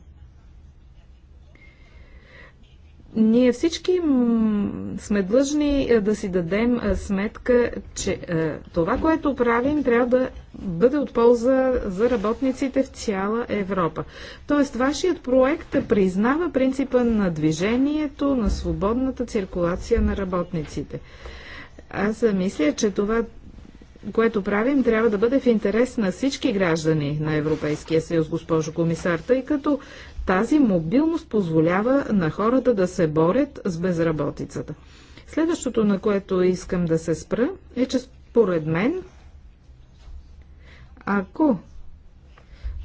Ние всички сме длъжни е, да си дадем е, сметка, че е, това, което правим, трябва да бъде от полза за работниците в цяла Европа. Тоест, вашият проект признава принципа на движението, на свободната циркулация на работниците. Аз мисля, че това което правим, трябва да бъде в интерес на всички граждани на Европейския съюз, госпожо комисар, тъй като тази мобилност позволява на хората да се борят с безработицата. Следващото, на което искам да се спра, е, че според мен, ако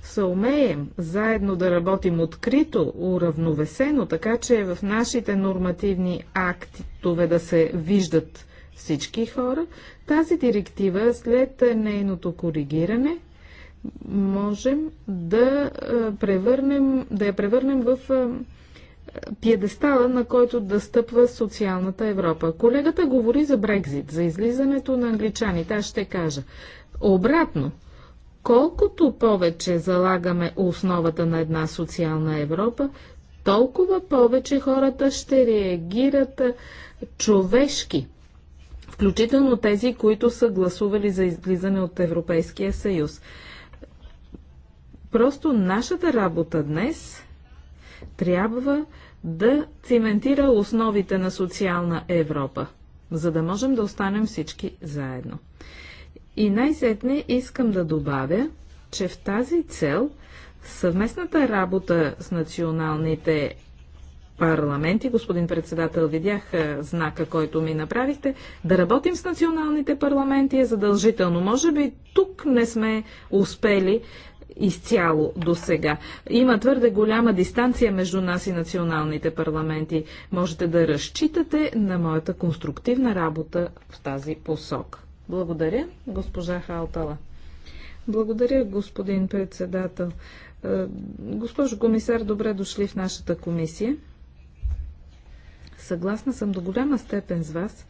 се умеем заедно да работим открито, уравновесено, така че в нашите нормативни актове да се виждат всички хора, тази директива след нейното коригиране можем да, превърнем, да я превърнем в пиедестала, на който да стъпва социалната Европа. Колегата говори за Брекзит, за излизането на англичаните. Аз ще кажа. Обратно, колкото повече залагаме основата на една социална Европа, толкова повече хората ще реагират човешки, включително тези, които са гласували за излизане от Европейския съюз. Просто нашата работа днес трябва да циментира основите на социална Европа, за да можем да останем всички заедно. И най-сетне искам да добавя, че в тази цел съвместната работа с националните парламенти, господин председател, видях знака, който ми направихте, да работим с националните парламенти е задължително. Може би тук не сме успели изцяло до сега. Има твърде голяма дистанция между нас и националните парламенти. Можете да разчитате на моята конструктивна работа в тази посок. Благодаря, госпожа Халтала. Благодаря, господин председател. Е, госпожо комисар, добре дошли в нашата комисия. Съгласна съм до голяма степен с вас,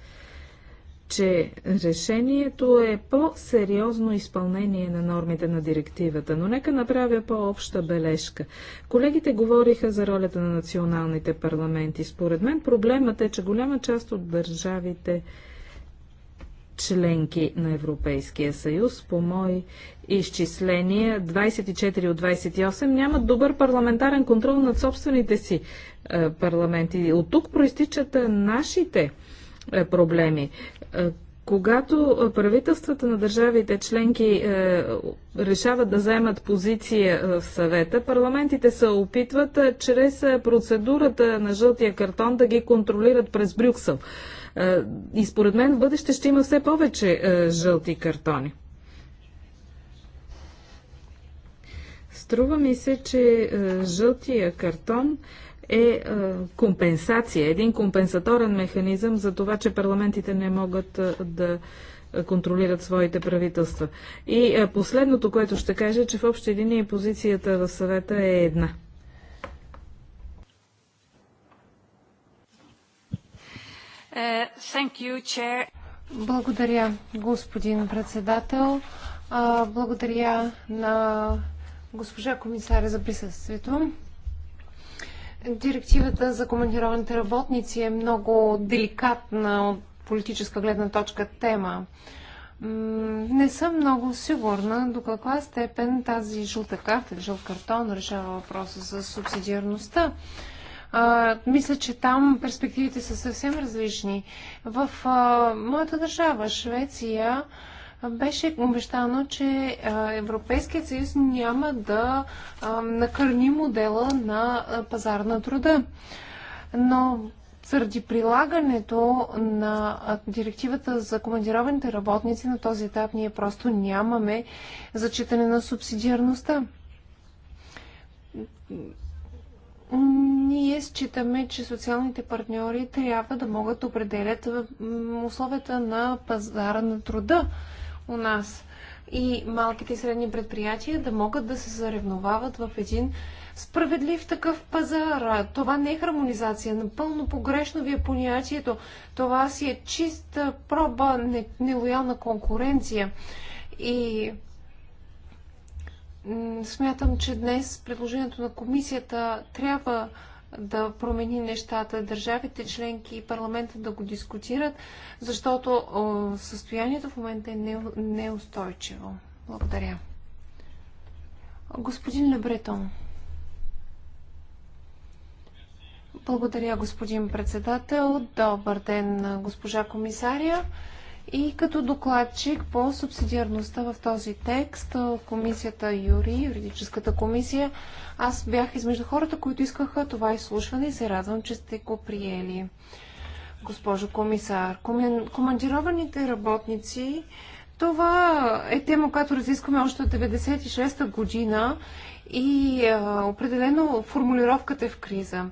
че решението е по-сериозно изпълнение на нормите на директивата, но нека направя по-обща бележка. Колегите говориха за ролята на националните парламенти. Според мен проблемът е, че голяма част от държавите членки на Европейския съюз, по мои изчисления, 24 от 28 нямат добър парламентарен контрол над собствените си е, парламенти. От тук проистичат е, нашите е, проблеми. Е, когато е, правителствата на държавите членки е, решават да заемат позиция в съвета, парламентите се опитват чрез процедурата на жълтия картон да ги контролират през Брюксел. и според мен в бъдеще ще има все повече жълти картони. Струва ми се, че жълтия картон е, е компенсация, един компенсаторен механизъм за това, че парламентите не могат е, да е, контролират своите правителства. И последното, което ще кажа, че в общи линии позицията в съвета е една. благодаря, господин председател. Благодаря на госпожа комисаря за присъствието. Директивата за командированите работници е много деликатна от политическа гледна точка тема. Не съм много сигурна до каква степен тази жълта карта или жълт картон решава въпроса за субсидиарността. А, мисля, че там перспективите са съвсем различни. В а, моята държава, Швеция, беше обещано, че Европейският съюз няма да накърни модела на пазар на труда. Но заради прилагането на директивата за командированите работници на този етап ние просто нямаме зачитане на субсидиарността. Ние считаме, че социалните партньори трябва да могат да определят условията на пазара на труда у нас. И малките и средни предприятия да могат да се заревновават в един справедлив такъв пазар. Това не е хармонизация. Напълно погрешно ви е понятието. Това си е чиста проба не, нелоялна конкуренция. И смятам, че днес предложението на комисията трябва да промени нещата, държавите членки и парламента да го дискутират, защото състоянието в момента е неустойчиво. Благодаря. Господин Лебретон. Благодаря, господин председател. Добър ден, госпожа комисария. И като докладчик по субсидиарността в този текст, комисията Юри, юридическата комисия, аз бях измежду хората, които искаха това изслушване и се радвам, че сте го приели. Госпожо комисар, командированите работници, това е тема, която разискваме още от 96-та година и а, определено формулировката е в криза.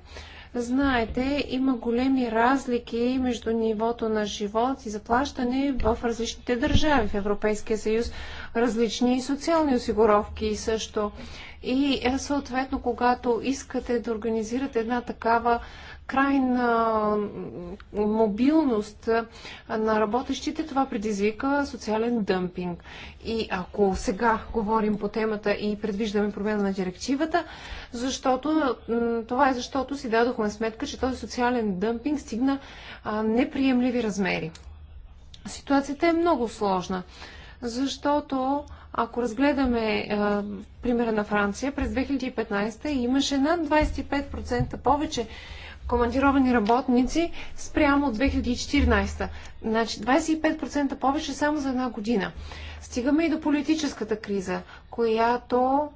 Знаете, има големи разлики между нивото на живот и заплащане в различните държави в Европейския съюз, различни социални осигуровки също. И е, съответно, когато искате да организирате една такава крайна мобилност на работещите, това предизвика социален дъмпинг. И ако сега говорим по темата и предвиждаме промяна на директивата, защото, това е защото си дадохме сметка, че този социален дъмпинг стигна неприемливи размери. Ситуацията е много сложна, защото ако разгледаме примера на Франция, през 2015 имаше над 25% повече командировани работници спрямо от 2014. Значи 25% повече само за една година. Стигаме и до политическата криза, която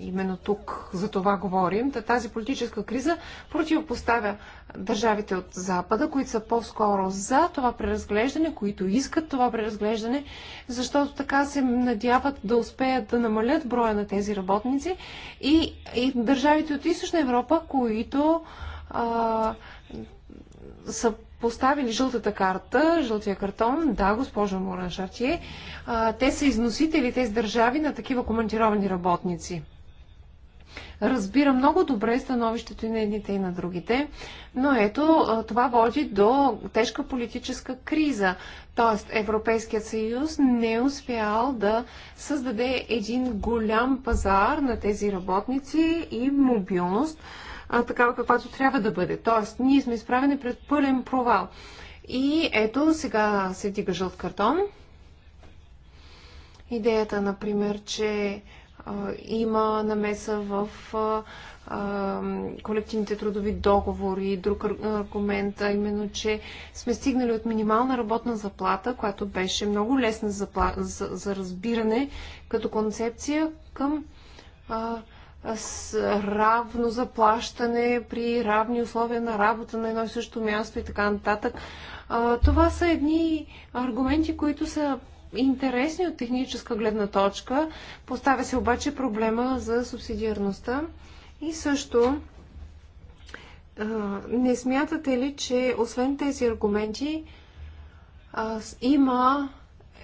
именно тук за това говорим, да тази политическа криза противопоставя държавите от Запада, които са по-скоро за това преразглеждане, които искат това преразглеждане, защото така се надяват да успеят да намалят броя на тези работници и, и държавите от Източна Европа, които а, са поставили жълтата карта, жълтия картон, да, госпожо Моран Шартие, те са износители тези държави на такива командировани работници. Разбира много добре становището и на едните и на другите, но ето това води до тежка политическа криза. Тоест Европейският съюз не е успял да създаде един голям пазар на тези работници и мобилност, а, такава каквато трябва да бъде. Тоест, ние сме изправени пред пълен провал. И ето, сега се вдига жълт картон. Идеята, например, че а, има намеса в а, колективните трудови договори, друг аргумент, а именно, че сме стигнали от минимална работна заплата, която беше много лесна за, за, за разбиране като концепция към а, с равно заплащане при равни условия на работа на едно и също място и така нататък. Това са едни аргументи, които са интересни от техническа гледна точка. Поставя се обаче проблема за субсидиарността и също не смятате ли, че освен тези аргументи има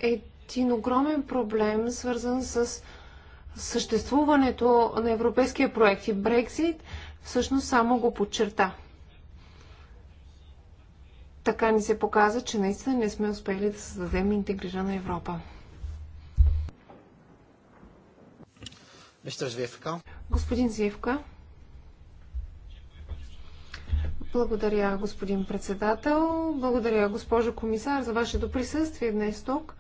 един огромен проблем, свързан с съществуването на европейския проект и Брекзит всъщност само го подчерта. Така ни се показа, че наистина не сме успели да създадем интегрирана Европа. Господин Звивка. Благодаря, господин председател. Благодаря, госпожо комисар, за вашето присъствие днес тук.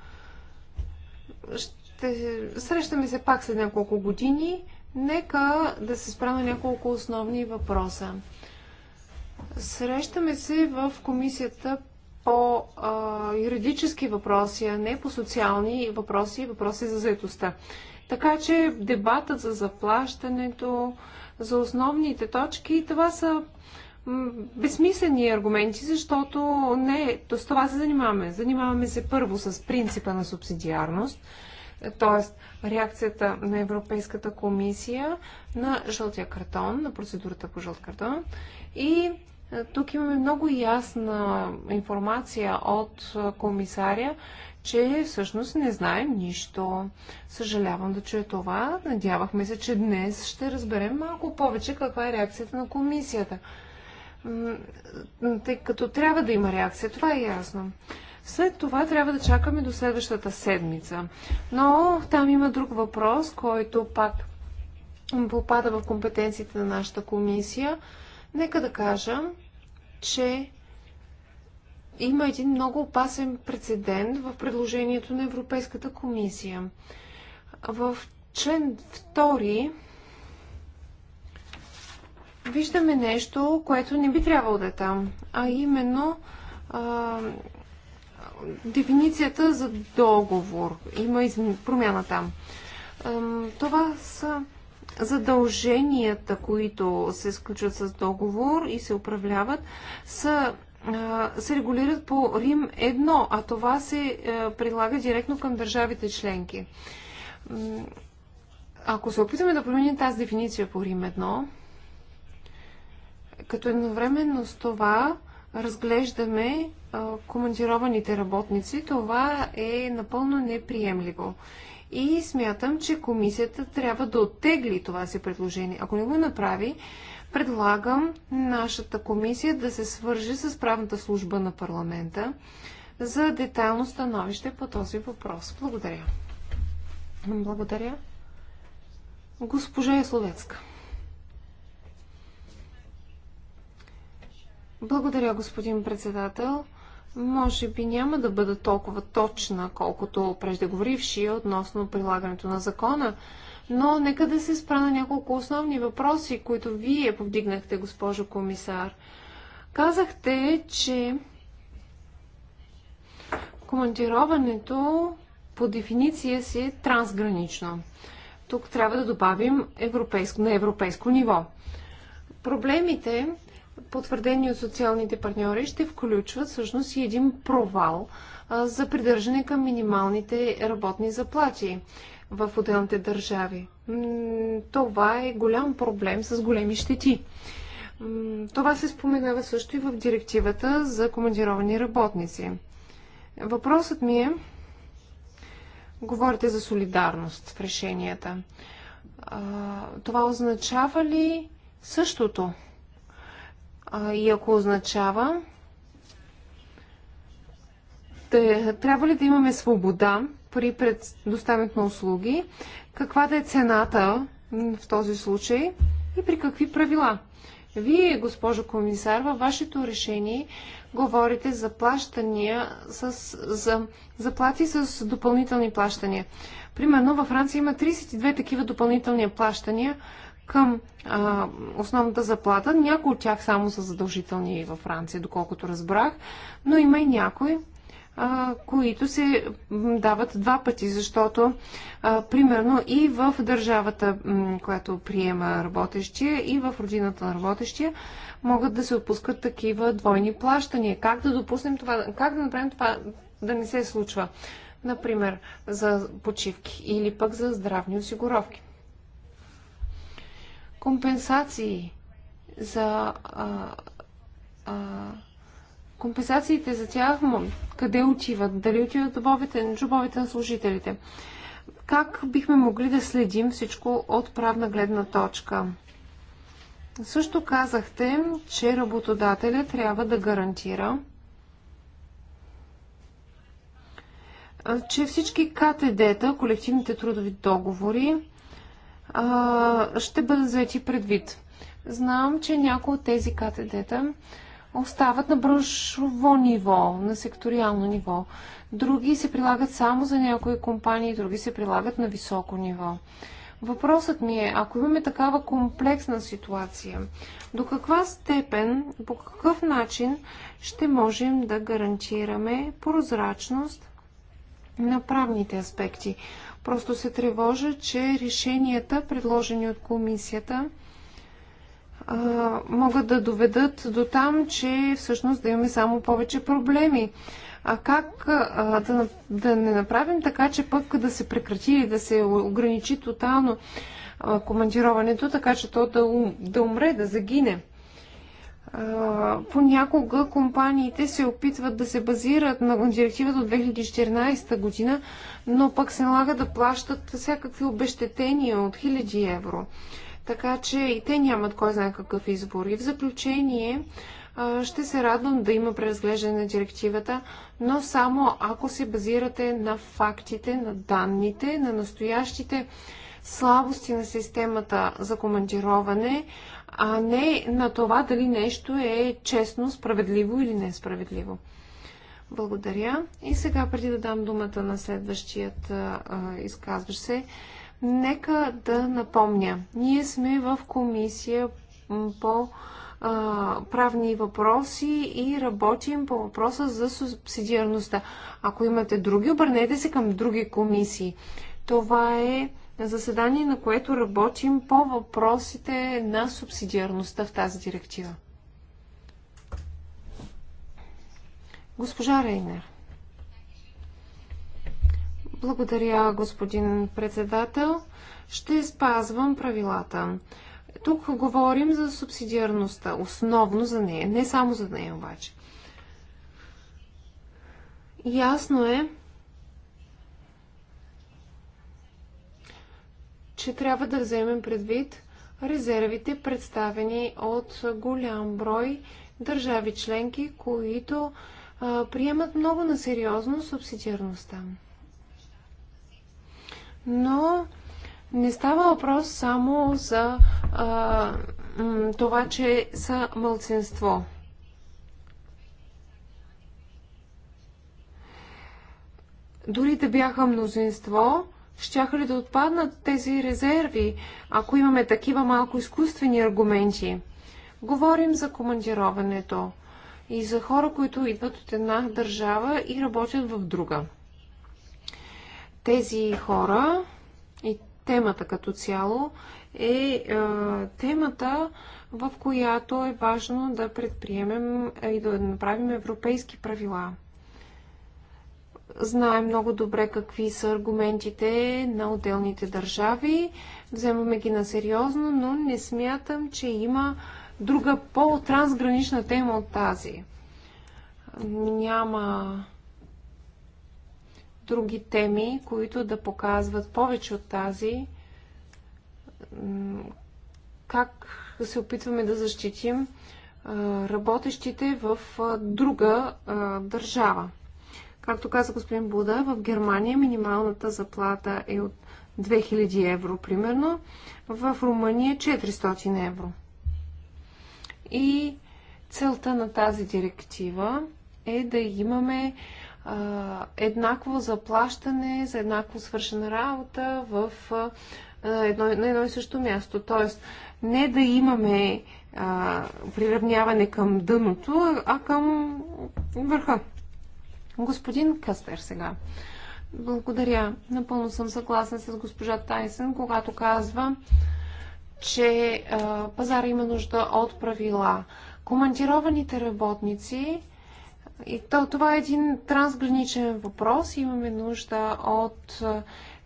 Ще ще срещаме се пак след няколко години. Нека да се спра на няколко основни въпроса. Срещаме се в комисията по а, юридически въпроси, а не по социални въпроси и въпроси за заедостта. Така че дебатът за заплащането, за основните точки, това са безсмислени аргументи, защото не, с това се занимаваме. Занимаваме се първо с принципа на субсидиарност – Тоест, реакцията на Европейската комисия на жълтия картон, на процедурата по жълт картон. И е, тук имаме много ясна информация от е, комисаря, че всъщност не знаем нищо. Съжалявам да чуя това. Надявахме се, че днес ще разберем малко повече каква е реакцията на комисията. Тъй като трябва да има реакция, това е ясно. След това трябва да чакаме до следващата седмица. Но там има друг въпрос, който пак попада в компетенциите на нашата комисия. Нека да кажа, че има един много опасен прецедент в предложението на Европейската комисия. В член 2 виждаме нещо, което не би трябвало да е там, а именно а, дефиницията за договор. Има изм... промяна там. Това са задълженията, които се сключват с договор и се управляват, са, се регулират по Рим 1, а това се е, прилага директно към държавите членки. Ако се опитаме да променим тази дефиниция по Рим 1, като едновременно с това разглеждаме командированите работници. Това е напълно неприемливо. И смятам, че комисията трябва да оттегли това си предложение. Ако не го направи, предлагам нашата комисия да се свържи с правната служба на парламента за детайлно становище по този въпрос. Благодаря. Благодаря. Госпожа Словецка, Благодаря, господин председател. Може би няма да бъда толкова точна, колкото преждеговоривши относно прилагането на закона, но нека да се спра на няколко основни въпроси, които вие повдигнахте, госпожо комисар. Казахте, че командироването по дефиниция си е трансгранично. Тук трябва да добавим европейско, на европейско ниво. Проблемите потвърдени от социалните партньори, ще включват всъщност и един провал за придържане към минималните работни заплати в отделните държави. Това е голям проблем с големи щети. Това се споменава също и в директивата за командировани работници. Въпросът ми е, говорите за солидарност в решенията. Това означава ли същото? и ако означава, трябва ли да имаме свобода при предоставянето на услуги, каква да е цената в този случай и при какви правила. Вие, госпожо комисар, във вашето решение говорите за плащания с, за заплати с допълнителни плащания. Примерно във Франция има 32 такива допълнителни плащания към а, основната заплата. Някои от тях само са задължителни и във Франция, доколкото разбрах, но има и някои, а, които се дават два пъти, защото а, примерно и в държавата, която приема работещия, и в родината на работещия, могат да се отпускат такива двойни плащания. Как да допуснем това? Как да направим това да не се случва? Например, за почивки или пък за здравни осигуровки компенсации за а, а, компенсациите за тях, къде отиват, дали отиват джобовете, джобовете на служителите. Как бихме могли да следим всичко от правна гледна точка? Също казахте, че работодателя трябва да гарантира, че всички КТД-та, колективните трудови договори, а, ще бъдат заети предвид. Знам, че някои от тези КТД-та остават на браншово ниво, на секториално ниво. Други се прилагат само за някои компании, други се прилагат на високо ниво. Въпросът ми е, ако имаме такава комплексна ситуация, до каква степен, по какъв начин ще можем да гарантираме прозрачност на правните аспекти? Просто се тревожа, че решенията, предложени от комисията, могат да доведат до там, че всъщност да имаме само повече проблеми. А как а, да, да не направим така, че пък да се прекрати или да се ограничи тотално а, командироването, така че то да, да умре, да загине? понякога компаниите се опитват да се базират на директивата от 2014 година, но пък се налага да плащат всякакви обещетения от 1000 евро. Така че и те нямат кой знае какъв избор. И в заключение ще се радвам да има преразглеждане на директивата, но само ако се базирате на фактите, на данните, на настоящите слабости на системата за командироване, а не на това дали нещо е честно, справедливо или несправедливо. Благодаря. И сега, преди да дам думата на следващият изказващ се, нека да напомня. Ние сме в комисия по а, правни въпроси и работим по въпроса за субсидиарността. Ако имате други, обърнете се към други комисии. Това е заседание, на което работим по въпросите на субсидиарността в тази директива. Госпожа Рейнер. Благодаря, господин председател. Ще спазвам правилата. Тук говорим за субсидиарността, основно за нея, не само за нея обаче. Ясно е, че трябва да вземем предвид резервите, представени от голям брой държави членки, които а, приемат много на сериозно субсидиарността. Но не става въпрос само за а, това, че са мълцинство. Дори да бяха мнозинство, щяха ли да отпаднат тези резерви, ако имаме такива малко изкуствени аргументи? Говорим за командироването и за хора, които идват от една държава и работят в друга. Тези хора и темата като цяло е, е темата, в която е важно да предприемем и да направим европейски правила знаем много добре какви са аргументите на отделните държави, вземаме ги на сериозно, но не смятам, че има друга по-трансгранична тема от тази. Няма други теми, които да показват повече от тази, как се опитваме да защитим работещите в друга държава. Както каза господин Буда, в Германия минималната заплата е от 2000 евро примерно, в Румъния 400 евро. И целта на тази директива е да имаме а, еднакво заплащане за еднакво свършена работа в а, едно, на едно и също място. Тоест, не да имаме а, приравняване към дъното, а към върха. Господин Къстер сега. Благодаря. Напълно съм съгласен с госпожа Тайсън, когато казва, че пазара има нужда от правила. Командированите работници, и то, това е един трансграничен въпрос, имаме нужда от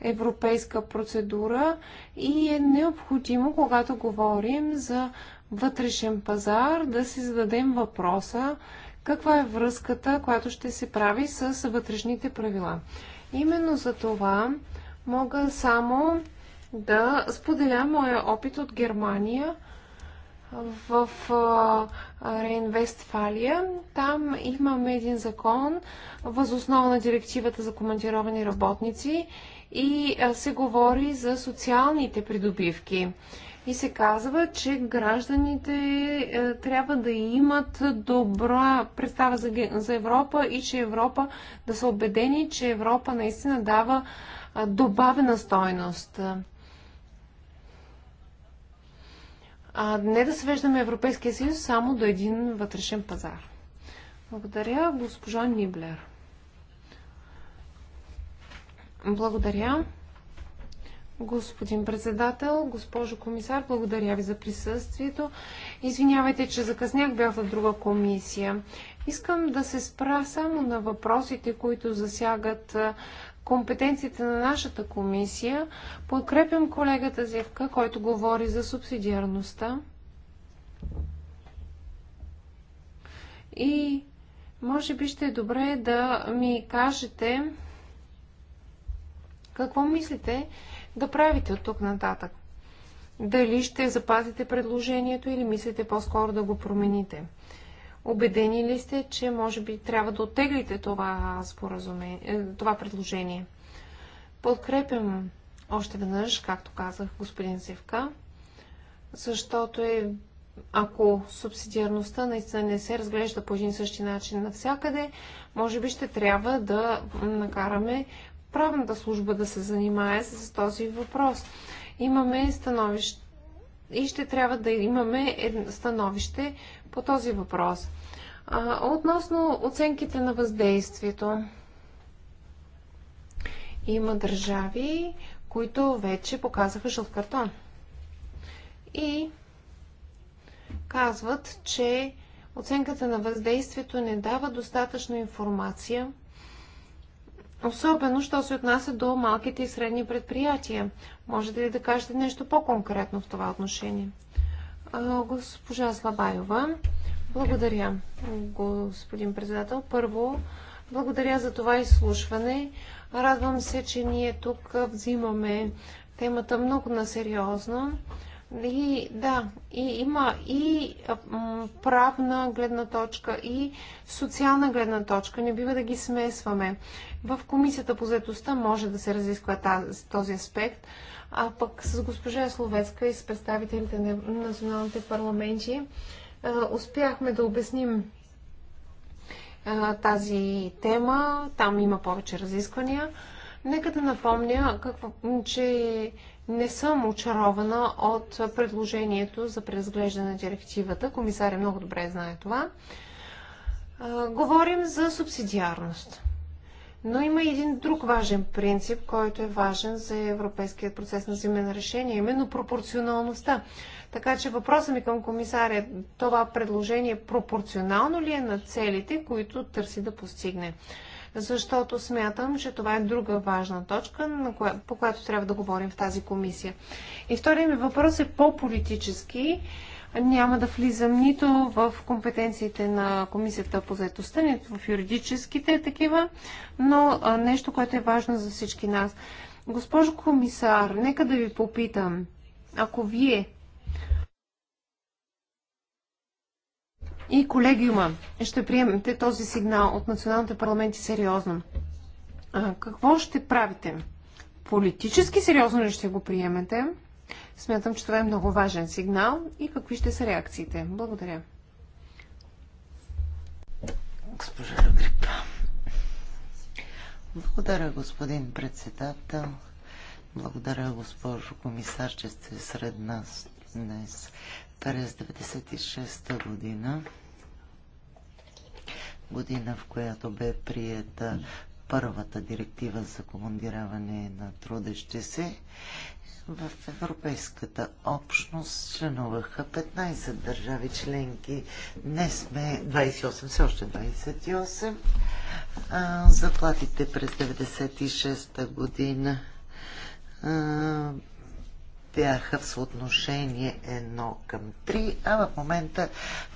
европейска процедура и е необходимо, когато говорим за вътрешен пазар, да си зададем въпроса каква е връзката, която ще се прави с вътрешните правила. Именно за това мога само да споделя моя опит от Германия в Рейн-Вестфалия. Там имаме един закон възоснова на директивата за командировани работници и се говори за социалните придобивки и се казва, че гражданите е, трябва да имат добра представа за, Европа и че Европа да са убедени, че Европа наистина дава добавена стойност. А не да свеждаме Европейския съюз само до един вътрешен пазар. Благодаря, госпожа Ниблер. Благодаря. Господин председател, госпожо комисар, благодаря ви за присъствието. Извинявайте, че закъснях, бях в друга комисия. Искам да се спра само на въпросите, които засягат компетенциите на нашата комисия. Подкрепям колегата Зевка, който говори за субсидиарността. И може би ще е добре да ми кажете какво мислите да правите от тук нататък? Дали ще запазите предложението или мислите по-скоро да го промените? Обедени ли сте, че може би трябва да оттеглите това, споразуме, е, това предложение? Подкрепям още веднъж, както казах господин Севка, защото е, ако субсидиарността наистина не се разглежда по един същи начин навсякъде, може би ще трябва да накараме правната служба да се занимае с този въпрос. Имаме становище и ще трябва да имаме становище по този въпрос. Относно оценките на въздействието, има държави, които вече показаха жълт картон. И казват, че оценката на въздействието не дава достатъчно информация Особено, що се отнася до малките и средни предприятия. Можете ли да кажете нещо по-конкретно в това отношение? Госпожа Слабаева, благодаря, господин председател. Първо, благодаря за това изслушване. Радвам се, че ние тук взимаме темата много насериозно. сериозно и да, и има и правна гледна точка, и социална гледна точка. Не бива да ги смесваме. В комисията по заедостта може да се разисква тази, този аспект, а пък с госпожа Словецка и с представителите на националните парламенти успяхме да обясним тази тема. Там има повече разисквания. Нека да напомня, какво, че не съм очарована от предложението за преразглеждане на директивата. Комисаря много добре знае това. Говорим за субсидиарност. Но има един друг важен принцип, който е важен за европейския процес на взимане на решение, именно пропорционалността. Така че въпросът ми към комисаря е това предложение пропорционално ли е на целите, които търси да постигне? защото смятам, че това е друга важна точка, по която трябва да говорим в тази комисия. И втория ми въпрос е по-политически. Няма да влизам нито в компетенциите на комисията по заедостта, нито в юридическите такива, но нещо, което е важно за всички нас. Госпожо комисар, нека да ви попитам, ако вие и колегиума ще приемете този сигнал от националните парламенти сериозно. А, какво ще правите? Политически сериозно ли ще го приемете? Смятам, че това е много важен сигнал и какви ще са реакциите. Благодаря. Госпожа Грипа. Благодаря, господин председател. Благодаря, госпожо комисар, че сте сред нас днес през 96-та година, година в която бе приета първата директива за командираване на трудещи се, в Европейската общност членуваха 15 държави членки. Не сме 28, все още 28. заплатите през 96-та година бяха в съотношение 1 към 3, а в момента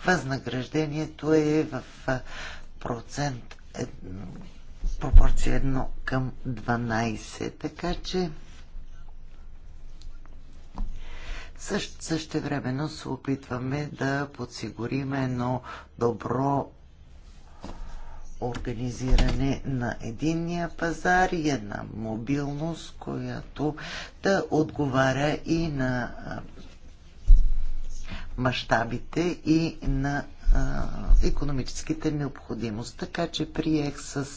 възнаграждението е в процент пропорция 1 към 12. Така че също, същевременно се опитваме да подсигурим едно добро организиране на единния пазар и една мобилност, която да отговаря и на мащабите и на економическите необходимост. Така че приех с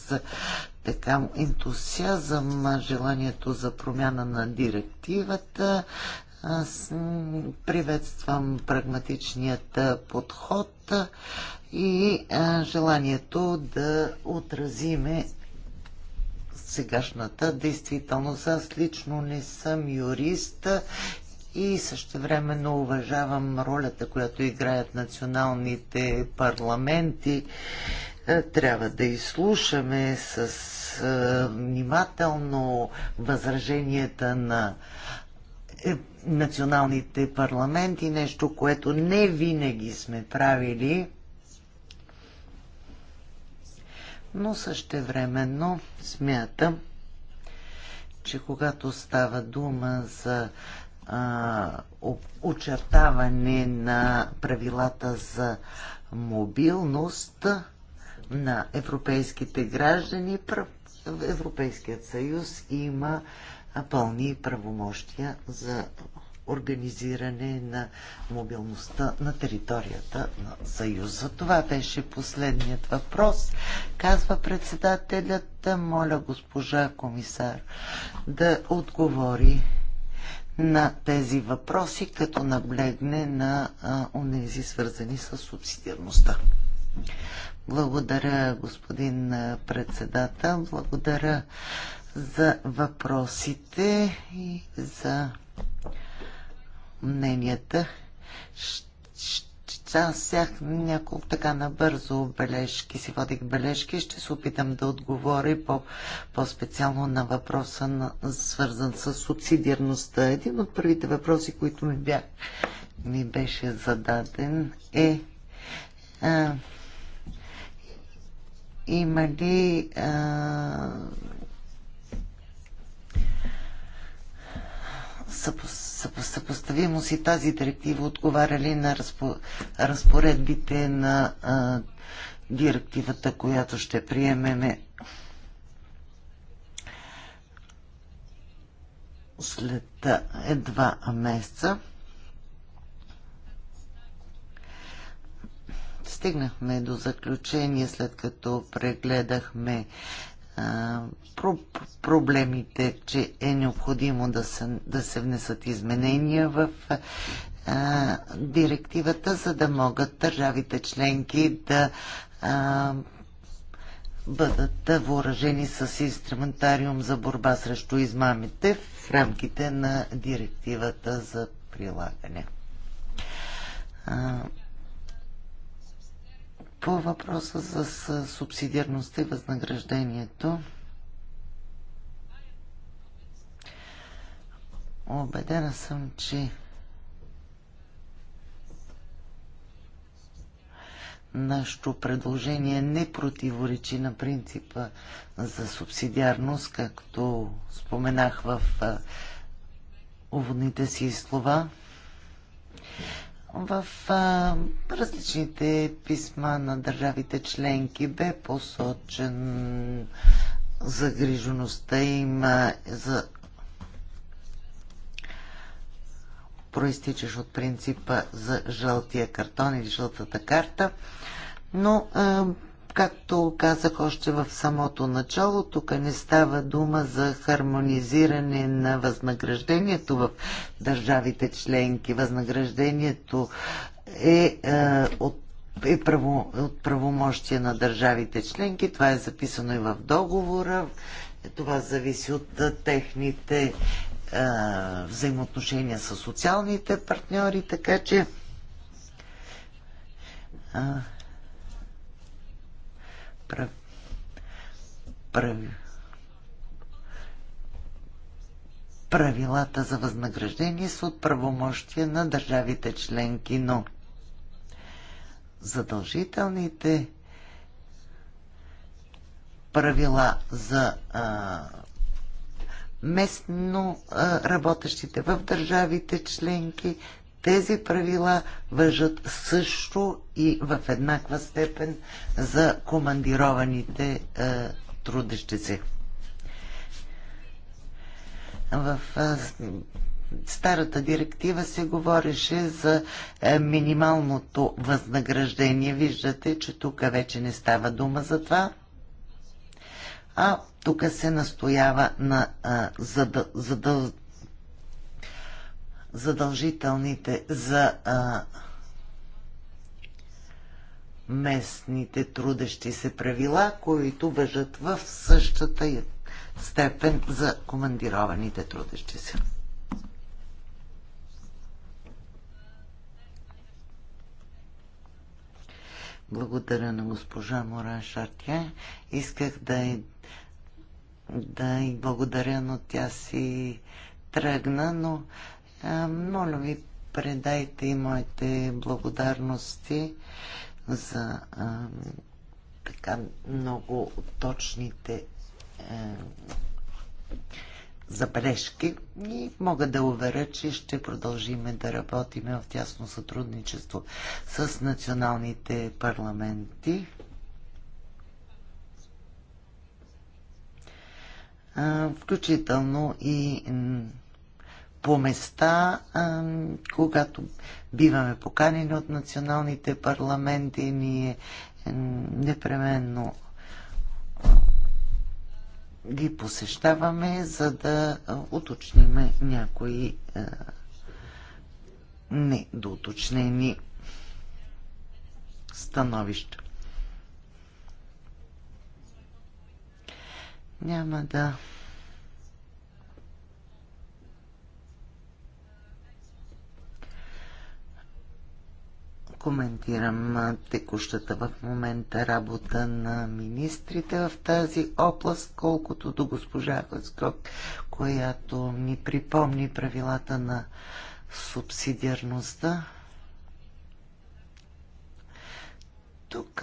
така ентусиазъм желанието за промяна на директивата, аз приветствам прагматичният подход и желанието да отразиме сегашната действителност. Аз лично не съм юрист и същевременно уважавам ролята, която играят националните парламенти. Е, трябва да изслушаме с е, внимателно възраженията на националните парламенти, нещо, което не винаги сме правили, но същевременно смятам, че когато става дума за очертаване на правилата за мобилност на европейските граждани, Европейският съюз има пълни правомощия за организиране на мобилността на територията на Съюза. Това беше последният въпрос, казва председателят. Моля госпожа комисар да отговори на тези въпроси, като наблегне на унези, свързани с субсидиарността. Благодаря, господин председател. Благодаря за въпросите и за мненията. Аз сях няколко така набързо бележки, си водих бележки. Ще се опитам да отговоря по, по-специално на въпроса, на, свързан с субсидиарността. Един от първите въпроси, които ми, бях, ми беше зададен е а, има ли а, съпо, съпоставимост и тази директива отговаряли на разпо, разпоредбите на а, директивата, която ще приемеме след едва месеца. Стигнахме до заключение, след като прегледахме проблемите, че е необходимо да се, да се внесат изменения в директивата, за да могат държавите членки да бъдат въоръжени с инструментариум за борба срещу измамите в рамките на директивата за прилагане. По въпроса за субсидиарността и възнаграждението, Обедена съм, че нашето предложение не противоречи на принципа за субсидиарност, както споменах в уводните си слова. В а, различните писма на държавите членки бе посочен загрижеността им за проистичаш от принципа за жълтия картон или жълтата карта, но а, Както казах още в самото начало, тук не става дума за хармонизиране на възнаграждението в държавите членки. Възнаграждението е, е от е право, от правомощие на държавите членки. Това е записано и в договора. Това зависи от е, техните е, взаимоотношения с социалните партньори, така че. А, е, прав... правилата за възнаграждение са от правомощия на държавите членки, но задължителните правила за а, местно а, работещите в държавите членки тези правила въжат също и в еднаква степен за командированите е, трудещи се. В е, старата директива се говореше за е, минималното възнаграждение. Виждате, че тук вече не става дума за това. А тук се настоява на а, е, задъл, задъл, задължителните за а, местните трудещи се правила, които въжат в същата степен за командированите трудещи се. Благодаря на госпожа Моран Шартия. Исках да и, да и благодаря, но тя си тръгна, но моля ви, предайте и моите благодарности за а, така много точните а, е, забележки и мога да уверя, че ще продължиме да работим в тясно сътрудничество с националните парламенти. включително и по места, когато биваме поканени от националните парламенти, ние непременно ги посещаваме, за да уточним някои недоуточнени становища. Няма да коментирам текущата в момента работа на министрите в тази област, колкото до госпожа Хъцкок, която ни припомни правилата на субсидиарността. Тук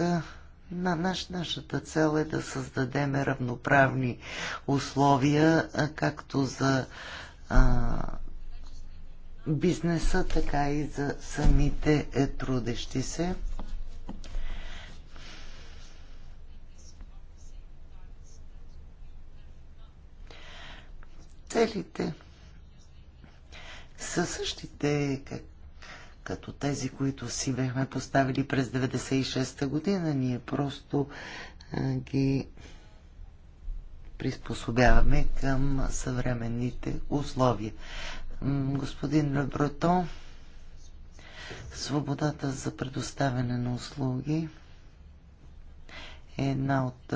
на наш, нашата цел е да създадем равноправни условия, както за а, бизнеса, така и за самите е, трудещи се. Целите са същите, как, като тези, които си бяхме поставили през 96-та година. Ние просто а, ги приспособяваме към съвременните условия господин Леброто, свободата за предоставяне на услуги е една от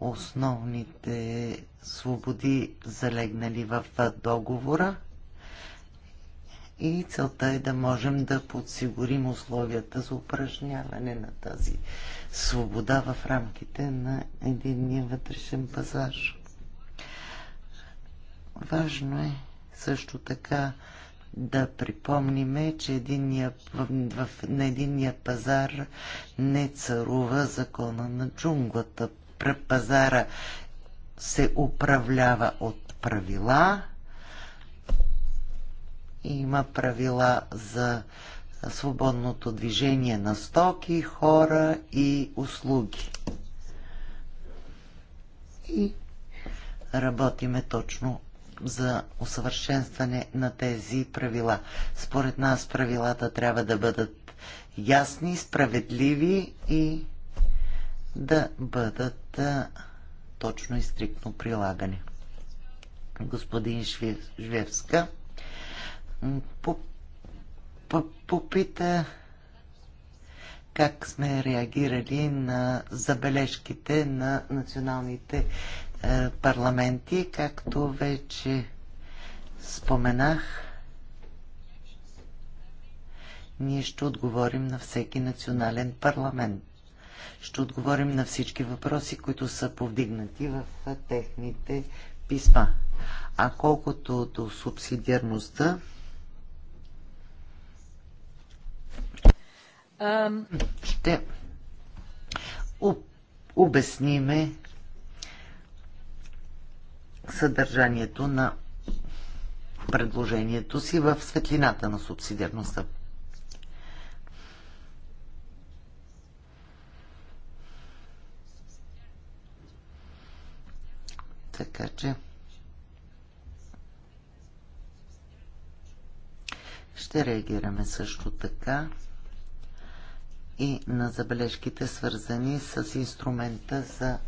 основните свободи, залегнали в договора. И целта е да можем да подсигурим условията за упражняване на тази свобода в рамките на единния вътрешен пазар. Важно е също така да припомниме, че единия, в, в, на единния пазар не царува закона на джунглата. Пазара се управлява от правила. Има правила за свободното движение на стоки, хора и услуги. И работиме точно за усъвършенстване на тези правила. Според нас правилата трябва да бъдат ясни, справедливи и да бъдат точно и стриктно прилагани. Господин Жвевска попита как сме реагирали на забележките на националните е, парламенти, както вече споменах, ние ще отговорим на всеки национален парламент. Ще отговорим на всички въпроси, които са повдигнати в техните писма. А колкото до субсидиарността, ще обясниме съдържанието на предложението си в светлината на субсидиарността. Така че ще реагираме също така и на забележките свързани с инструмента за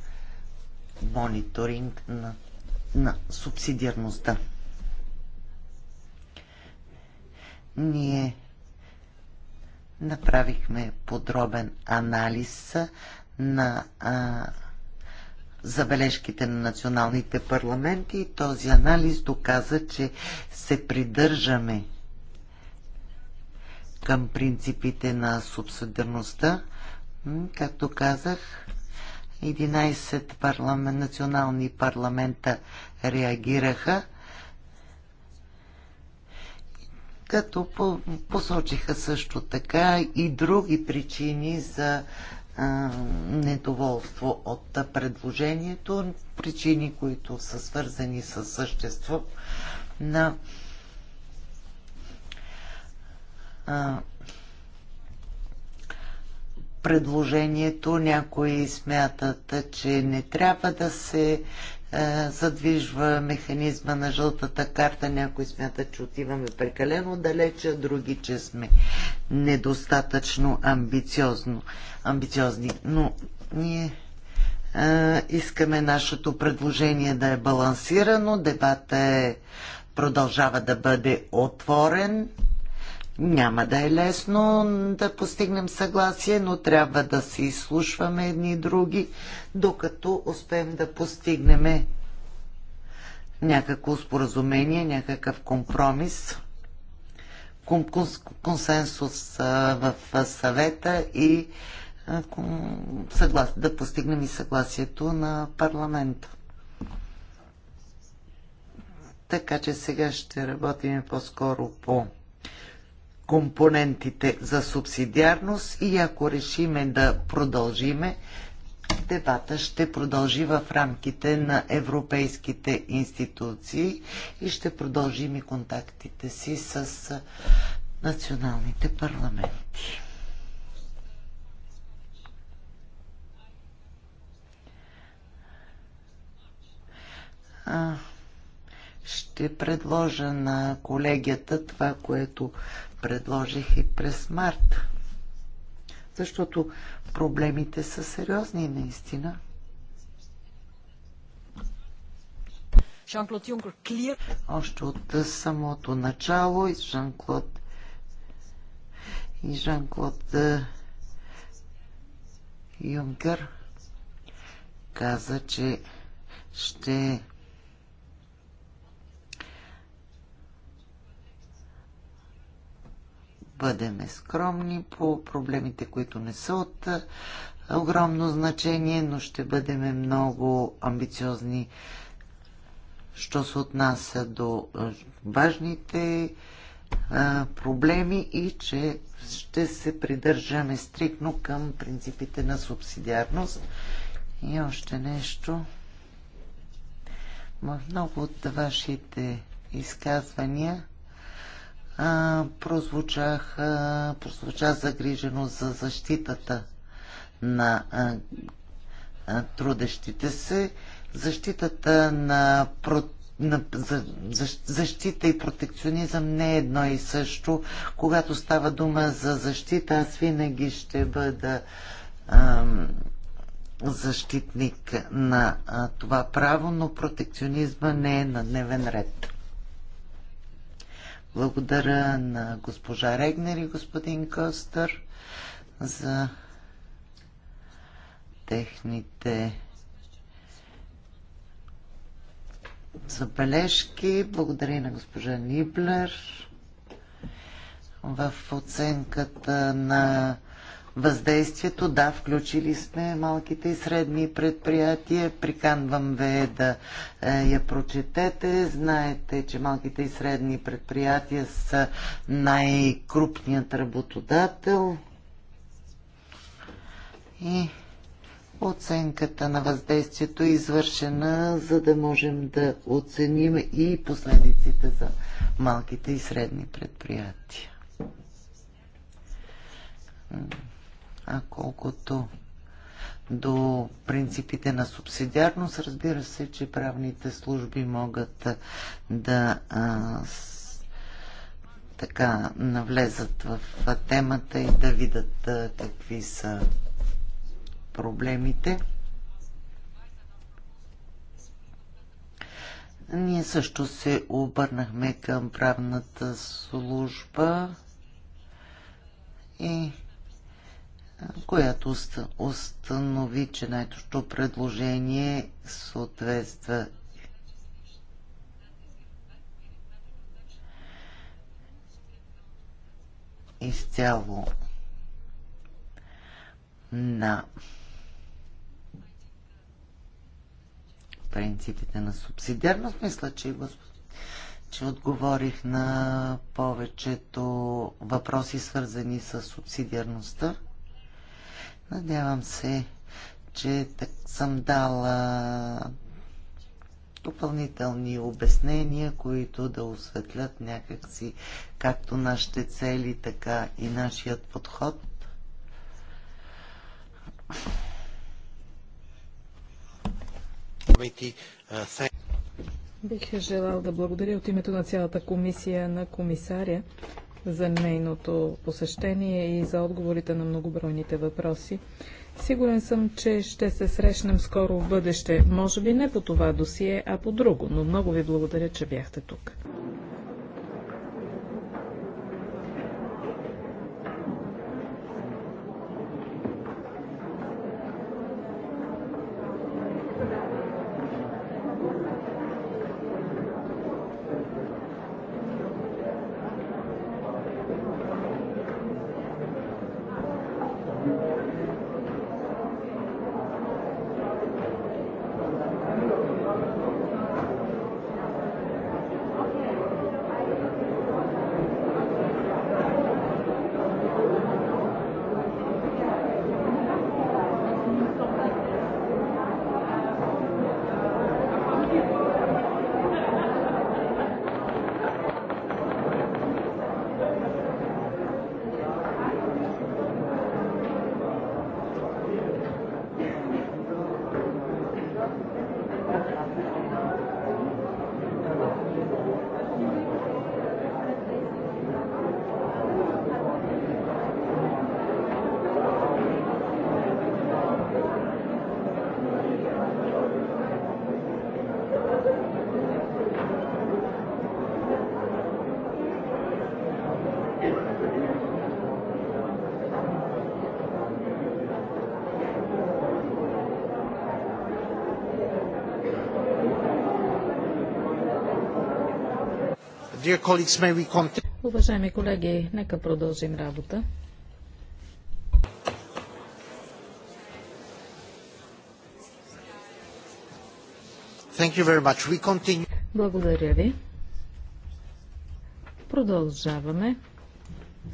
мониторинг на на субсидиарността. Ние направихме подробен анализ на а, забележките на националните парламенти и този анализ доказа, че се придържаме към принципите на субсидиарността. Както казах, 11 парламент, национални парламента реагираха, като посочиха също така и други причини за недоволство от предложението, причини, които са свързани с същество на предложението. Някои смятат, че не трябва да се е, задвижва механизма на жълтата карта. Някои смятат, че отиваме прекалено далече, а други, че сме недостатъчно амбициозно, амбициозни. Но ние а, е, искаме нашето предложение да е балансирано, дебата е, продължава да бъде отворен няма да е лесно да постигнем съгласие, но трябва да се изслушваме едни и други, докато успеем да постигнем някакво споразумение, някакъв компромис, консенсус в съвета и да постигнем и съгласието на парламента. Така че сега ще работим по-скоро по, -скоро по компонентите за субсидиарност и ако решиме да продължиме, дебата ще продължи в рамките на европейските институции и ще продължим и контактите си с националните парламенти. ще предложа на колегията това, което предложих и през март. Защото проблемите са сериозни наистина. Жан-Клод клир. Още от самото начало и Жан-Клод и Жан-Клод Юнкер каза, че ще бъдем скромни по проблемите, които не са от огромно значение, но ще бъдем много амбициозни, що се отнася до важните проблеми и че ще се придържаме стрикно към принципите на субсидиарност. И още нещо. В много от вашите изказвания прозвучаха, прозвуча загриженост за защитата на трудещите се, защитата на, про, на за, защита и протекционизъм не е едно и също. Когато става дума за защита, аз винаги ще бъда ам, защитник на а, това право, но протекционизма не е на дневен ред. Благодаря на госпожа Регнер и господин Костър за техните забележки. Благодаря и на госпожа Ниблер в оценката на въздействието. Да, включили сме малките и средни предприятия. Приканвам ве да е, я прочетете. Знаете, че малките и средни предприятия са най-крупният работодател. И оценката на въздействието е извършена, за да можем да оценим и последиците за малките и средни предприятия. А колкото до принципите на субсидиарност, разбира се, че правните служби могат да а, с, така навлезат в темата и да видят а, какви са проблемите. Ние също се обърнахме към правната служба и която установи, че най-тощо предложение съответства изцяло на принципите на субсидиарност. Мисля, че, че отговорих на повечето въпроси, свързани с субсидиарността. Надявам се, че так съм дала допълнителни обяснения, които да осветлят някакси както нашите цели, така и нашият подход. Бих желал да благодаря от името на цялата комисия на комисаря за нейното посещение и за отговорите на многобройните въпроси. Сигурен съм, че ще се срещнем скоро в бъдеще. Може би не по това досие, а по друго, но много ви благодаря, че бяхте тук. Уважаеми колеги, нека продължим работа. Благодаря ви. Продължаваме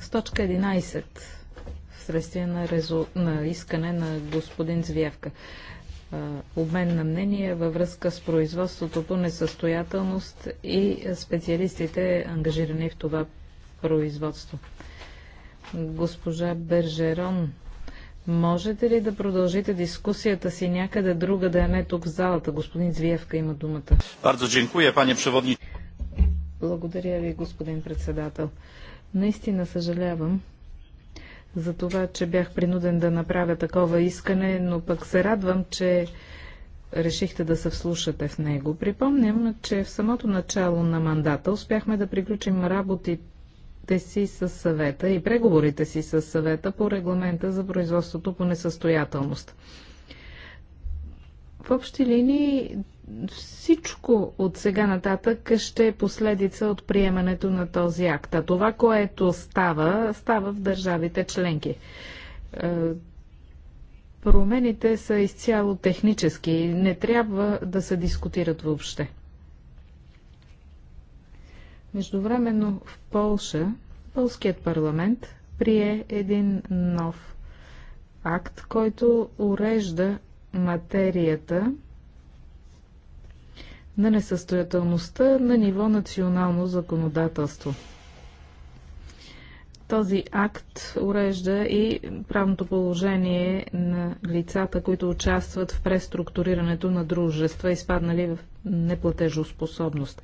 с точка 11 вследствие на, резу... на искане на господин Звявка обмен на мнение във връзка с производството по несъстоятелност и специалистите, ангажирани в това производство. Госпожа Бержерон, можете ли да продължите дискусията си някъде друга, да е не тук в залата? Господин Звиевка има думата. Бардо дзинкуя, пане преводни. Благодаря ви, господин председател. Наистина съжалявам, за това, че бях принуден да направя такова искане, но пък се радвам, че решихте да се вслушате в него. Припомням, че в самото начало на мандата успяхме да приключим работите си с съвета и преговорите си с съвета по регламента за производството по несъстоятелност. В общи линии всичко от сега нататък ще е последица от приемането на този акт. А това, което става, става в държавите членки. Е, промените са изцяло технически и не трябва да се дискутират въобще. Междувременно в Полша, полският парламент прие един нов акт, който урежда материята на несъстоятелността на ниво национално законодателство. Този акт урежда и правното положение на лицата, които участват в преструктурирането на дружества, изпаднали в неплатежоспособност.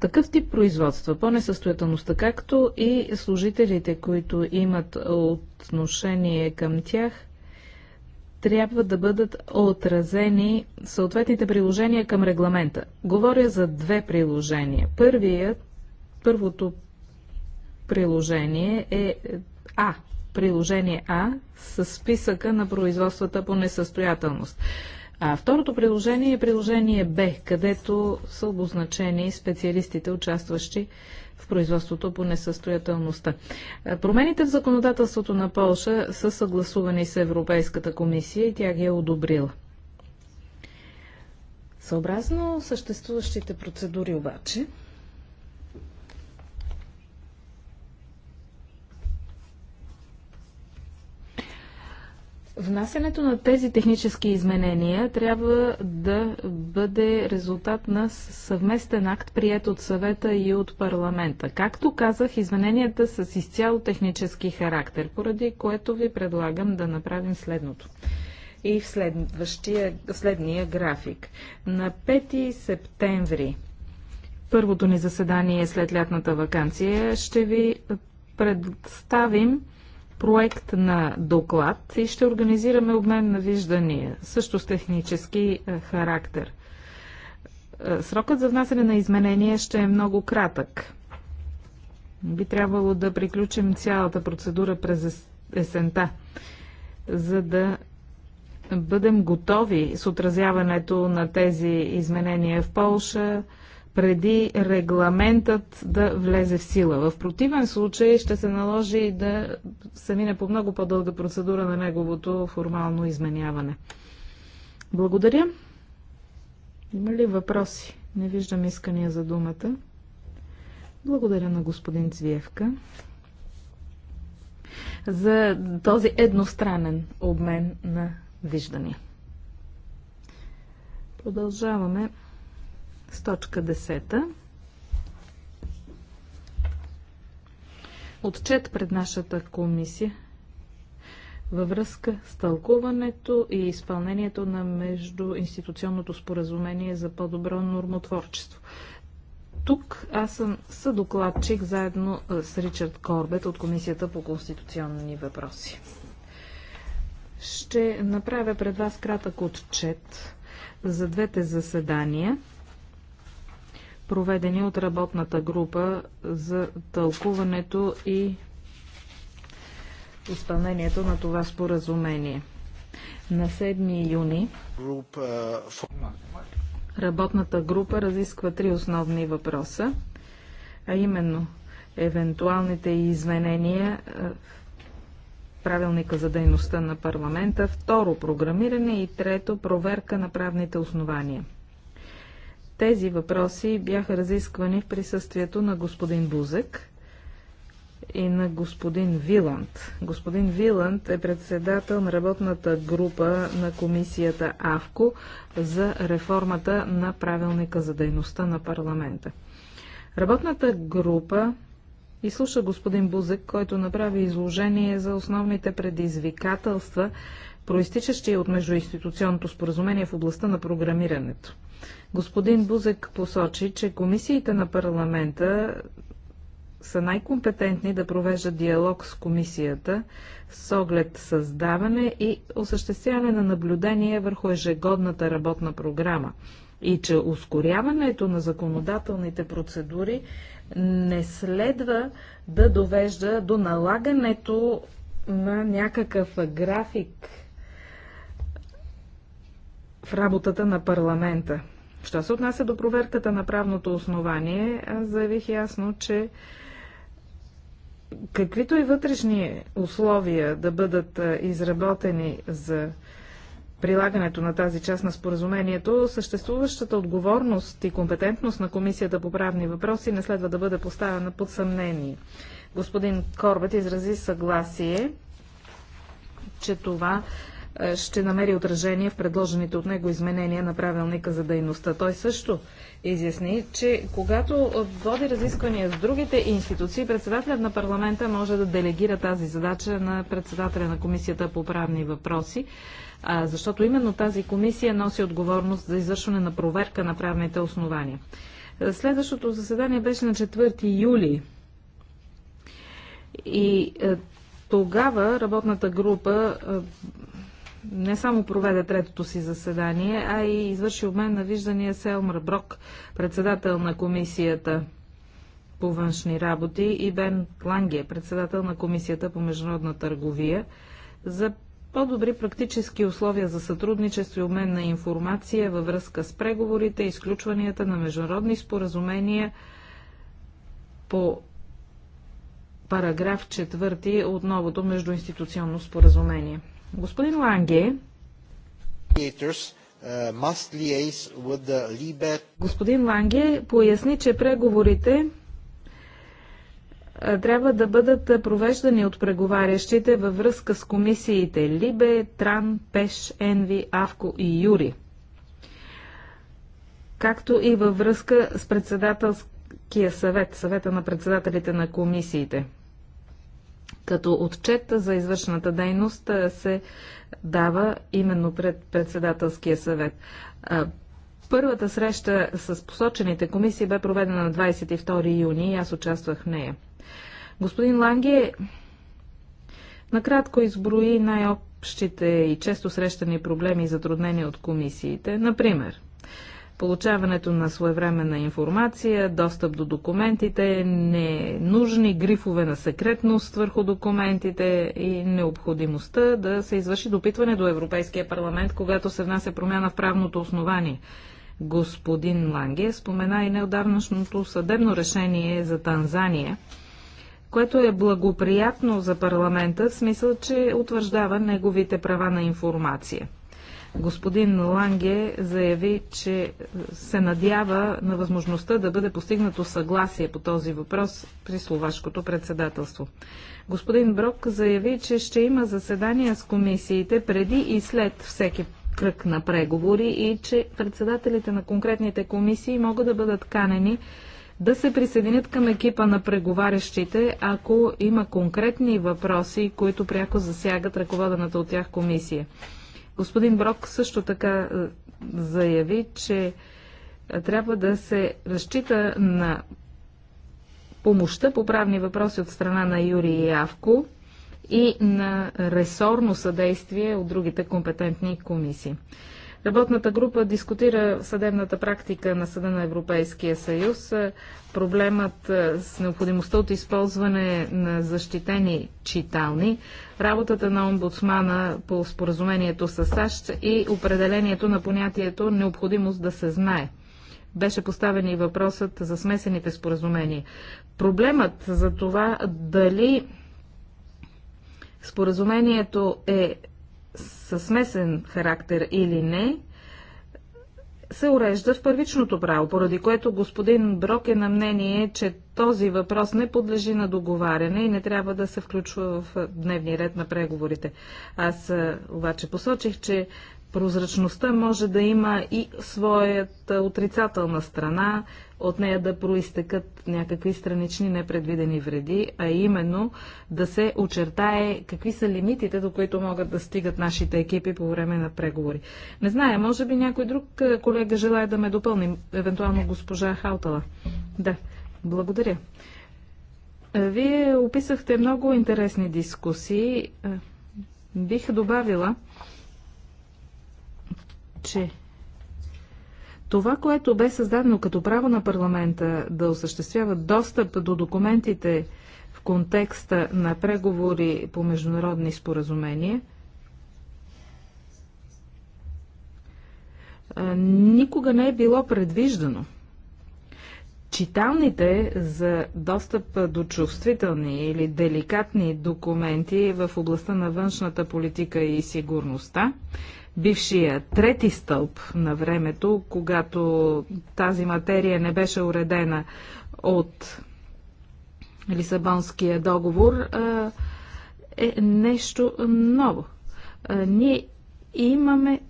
Такъв тип производства по несъстоятелността, както и служителите, които имат отношение към тях – трябва да бъдат отразени съответните приложения към регламента. Говоря за две приложения. Първият, първото приложение е А. Приложение А с списъка на производствата по несъстоятелност. А второто приложение е приложение Б, където са обозначени специалистите, участващи в производството по несъстоятелността. Е, промените в законодателството на Полша са съгласувани с Европейската комисия и тя ги е одобрила. Съобразно съществуващите процедури обаче, Внасянето на тези технически изменения трябва да бъде резултат на съвместен акт, прият от съвета и от парламента. Както казах, измененията са с изцяло технически характер, поради което ви предлагам да направим следното и в следващия, следния график. На 5 септември, първото ни заседание след лятната вакансия, ще ви представим проект на доклад и ще организираме обмен на виждания, също с технически е, характер. Е, срокът за внасяне на изменения ще е много кратък. Би трябвало да приключим цялата процедура през есента, за да бъдем готови с отразяването на тези изменения в Полша, преди регламентът да влезе в сила. В противен случай ще се наложи да се мине по много по-дълга процедура на неговото формално изменяване. Благодаря. Има ли въпроси? Не виждам искания за думата. Благодаря на господин Цвиевка за този едностранен обмен на виждания. Продължаваме с точка 10. Отчет пред нашата комисия във връзка с тълкуването и изпълнението на междуинституционното споразумение за по-добро нормотворчество. Тук аз съм съдокладчик заедно с Ричард Корбет от Комисията по конституционни въпроси. Ще направя пред вас кратък отчет за двете заседания – проведени от работната група за тълкуването и изпълнението на това споразумение. На 7 юни работната група разисква три основни въпроса, а именно евентуалните изменения е, в правилника за дейността на парламента, второ програмиране и трето проверка на правните основания. Тези въпроси бяха разисквани в присъствието на господин Бузек и на господин Виланд. Господин Виланд е председател на работната група на комисията АВКО за реформата на правилника за дейността на парламента. Работната група изслуша господин Бузек, който направи изложение за основните предизвикателства, проистичащи от междуинституционното споразумение в областта на програмирането. Господин Бузек посочи, че комисиите на парламента са най-компетентни да провеждат диалог с комисията с оглед създаване и осъществяване на наблюдение върху ежегодната работна програма и че ускоряването на законодателните процедури не следва да довежда до налагането на някакъв график в работата на парламента. Що се отнася до проверката на правното основание, аз заявих ясно, че каквито и вътрешни условия да бъдат изработени за прилагането на тази част на споразумението, съществуващата отговорност и компетентност на Комисията по правни въпроси не следва да бъде поставена под съмнение. Господин Корбет изрази съгласие, че това е, ще намери отражение в предложените от него изменения на правилника за дейността. Той също изясни, че когато води разисквания с другите институции, председателят на парламента може да делегира тази задача на председателя на Комисията по правни въпроси, защото именно тази комисия носи отговорност за извършване на проверка на правните основания. Е, следващото заседание беше на 4 юли. И е, тогава работната група не само проведе третото си заседание, а и извърши обмен на виждания Селмър Брок, председател на комисията по външни работи, и Бен Ланге, председател на комисията по международна търговия, за по-добри практически условия за сътрудничество и обмен на информация във връзка с преговорите и изключванията на международни споразумения по параграф 4 от новото междуинституционно споразумение. Господин Ланге, uh, господин Ланге поясни, че преговорите трябва да бъдат провеждани от преговарящите във връзка с комисиите Либе, Тран, Пеш, Енви, Авко и Юри, както и във връзка с председателския съвет, съвета на председателите на комисиите като отчет за извършената дейност се дава именно пред председателския съвет. Първата среща с посочените комисии бе проведена на 22 юни и аз участвах в нея. Господин Ланге накратко изброи най-общите и често срещани проблеми и затруднения от комисиите. Например, получаването на своевременна информация, достъп до документите, ненужни грифове на секретност върху документите и необходимостта да се извърши допитване до Европейския парламент, когато се внася промяна в правното основание. Господин Ланге спомена и неодавнашното съдебно решение за Танзания, което е благоприятно за парламента в смисъл, че утвърждава неговите права на информация – Господин Ланге заяви, че се надява на възможността да бъде постигнато съгласие по този въпрос при словашкото председателство. Господин Брок заяви, че ще има заседания с комисиите преди и след всеки кръг на преговори и че председателите на конкретните комисии могат да бъдат канени да се присъединят към екипа на преговарящите, ако има конкретни въпроси, които пряко засягат ръководената от тях комисия. Господин Брок също така е, заяви, че е, трябва да се разчита на помощта по правни въпроси от страна на Юрий Явко и на ресорно съдействие от другите компетентни комисии. Работната група дискутира съдебната практика на Съда на Европейския съюз, проблемът е, с необходимостта от използване на защитени читални, работата на омбудсмана по споразумението с САЩ и определението на понятието необходимост да се знае беше поставен и въпросът за смесените споразумения. Проблемът за това дали споразумението е със смесен характер или не, се урежда в първичното право, поради което господин Брок е на мнение, че този въпрос не подлежи на договаряне и не трябва да се включва в дневния ред на преговорите. Аз обаче посочих, че прозрачността може да има и своята отрицателна страна, от нея да проистекат някакви странични непредвидени вреди, а именно да се очертае какви са лимитите, до които могат да стигат нашите екипи по време на преговори. Не зная, може би някой друг е, колега желая да ме допълни, евентуално госпожа Хаутала. Да, благодаря. Е, вие описахте много интересни дискусии. Е, бих добавила, че това, което бе създадено като право на парламента да осъществява достъп до документите в контекста на преговори по международни споразумения, никога не е било предвиждано. Читалните за достъп до чувствителни или деликатни документи в областта на външната политика и сигурността бившия трети стълб на времето, когато тази материя не беше уредена от Лисабонския договор, е нещо ново. Ние имаме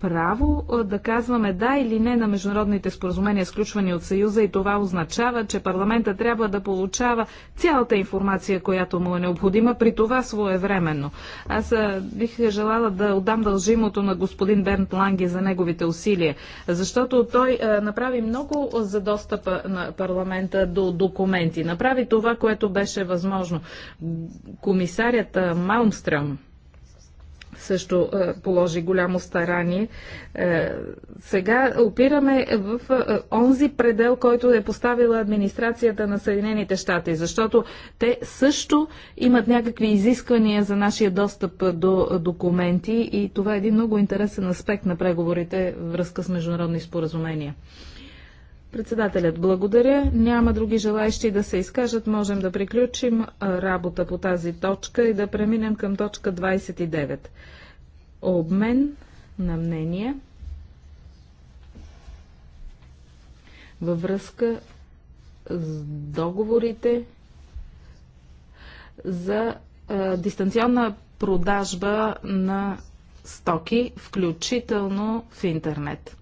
право да казваме да или не на международните споразумения, сключвани от Съюза и това означава, че парламента трябва да получава цялата информация, която му е необходима, при това своевременно. Аз бих желала да отдам дължимото на господин Бернт Ланге за неговите усилия, защото той направи много за достъпа на парламента до документи. Направи това, което беше възможно. Комисарят Малмстръм също е, положи голямо старание. Е, сега опираме в е, онзи предел, който е поставила администрацията на Съединените щати, защото те също имат някакви изисквания за нашия достъп до документи и това е един много интересен аспект на преговорите връзка с международни споразумения. Председателят благодаря. Няма други желаящи да се изкажат. Можем да приключим работа по тази точка и да преминем към точка 29 обмен на мнения във връзка с договорите за а, дистанционна продажба на стоки, включително в интернет.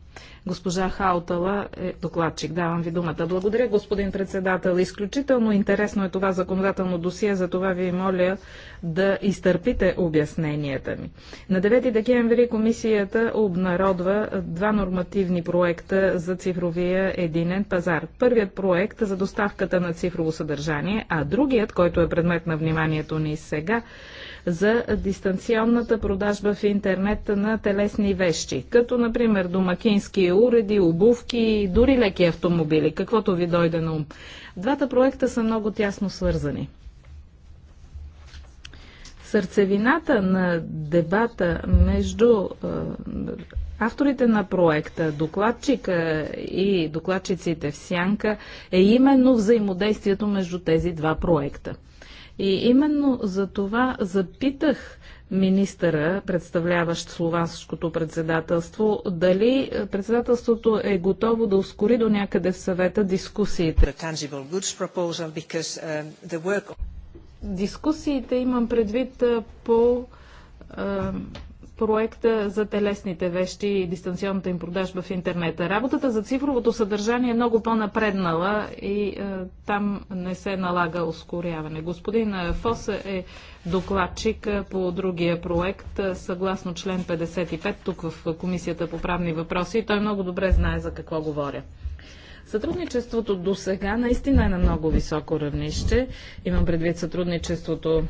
Госпожа Хаутала е докладчик. Давам ви думата. Благодаря, господин председател. Изключително интересно е това законодателно досие, за това ви моля да изтърпите обясненията ми. На 9 декември комисията обнародва два нормативни проекта за цифровия единен пазар. Първият проект за доставката на цифрово съдържание, а другият, който е предмет на вниманието ни сега, за дистанционната продажба в интернет на телесни вещи, като например домакински уреди, обувки, дори леки автомобили, каквото ви дойде на ум. Двата проекта са много тясно свързани. Сърцевината на дебата между авторите на проекта, докладчика и докладчиците в Сянка е именно взаимодействието между тези два проекта. И именно за това запитах министъра, представляващ словашкото председателство, дали председателството е готово да ускори до някъде в съвета дискусиите. Um, дискусиите имам предвид по проекта за телесните вещи и дистанционната им продажба в интернета. Работата за цифровото съдържание е много по-напреднала и е, там не се налага ускоряване. Господин е, Фос е докладчик е, по другия проект, е, съгласно член 55, тук в Комисията по правни въпроси и той много добре знае за какво говоря. Сътрудничеството до сега наистина е на много високо равнище. Имам предвид сътрудничеството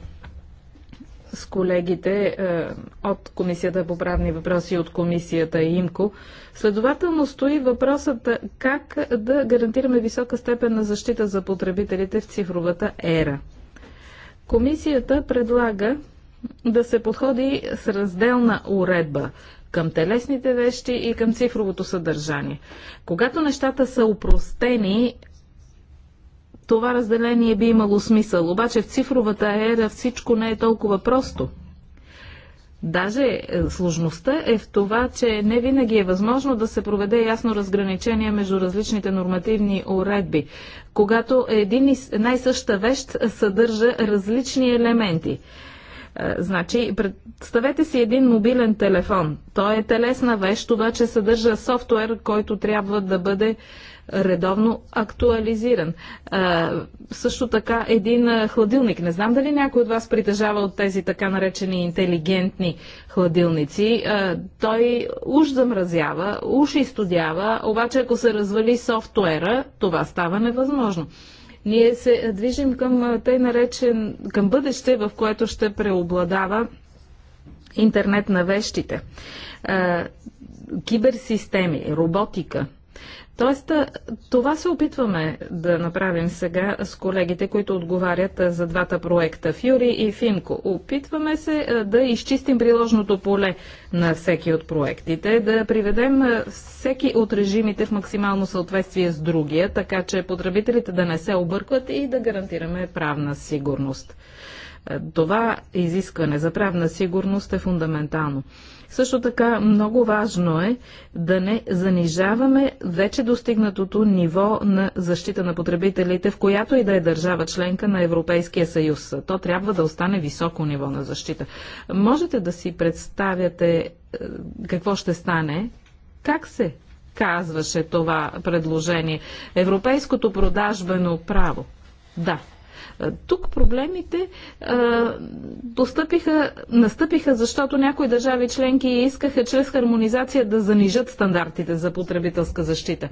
с колегите е, от Комисията по правни въпроси и от Комисията ИМКО. Следователно стои въпросът е, как да гарантираме висока степен на защита за потребителите в цифровата ера. Комисията предлага да се подходи с разделна уредба към телесните вещи и към цифровото съдържание. Когато нещата са упростени, това разделение би имало смисъл. Обаче в цифровата ера всичко не е толкова просто. Даже е, сложността е в това, че не винаги е възможно да се проведе ясно разграничение между различните нормативни уредби, когато един най-съща вещ съдържа различни елементи. Е, значи, представете си един мобилен телефон. Той е телесна вещ, обаче съдържа софтуер, който трябва да бъде редовно актуализиран. А, също така един а, хладилник. Не знам дали някой от вас притежава от тези така наречени интелигентни хладилници. А, той уж замразява, уж изтодява, обаче ако се развали софтуера, това става невъзможно. Ние се движим към тъй наречен, към бъдеще, в което ще преобладава интернет на вещите, киберсистеми, роботика – Тоест, това се опитваме да направим сега с колегите, които отговарят за двата проекта Фюри и Финко. Опитваме се да изчистим приложното поле на всеки от проектите, да приведем всеки от режимите в максимално съответствие с другия, така че потребителите да не се объркват и да гарантираме правна сигурност. Това изискване за правна сигурност е фундаментално. Също така много важно е да не занижаваме вече достигнатото ниво на защита на потребителите, в която и да е държава членка на Европейския съюз. То трябва да остане високо ниво на защита. Можете да си представяте е, какво ще стане, как се казваше това предложение. Европейското продажбено право. Да, е, тук проблемите е, постъпиха, настъпиха, защото някои държави членки искаха чрез хармонизация да занижат стандартите за потребителска защита.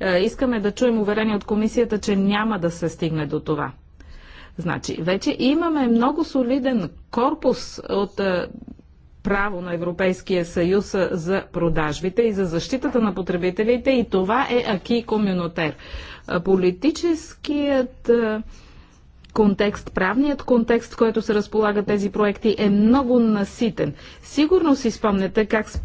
Е, искаме да чуем уверение от комисията, че няма да се стигне до това. Значи, вече имаме много солиден корпус от право на Европейския съюз за продажбите и за защитата на потребителите и това е Аки Комюнотер. Политическият контекст, правният контекст, в който се разполагат тези проекти, е много наситен. Сигурно си спомняте как с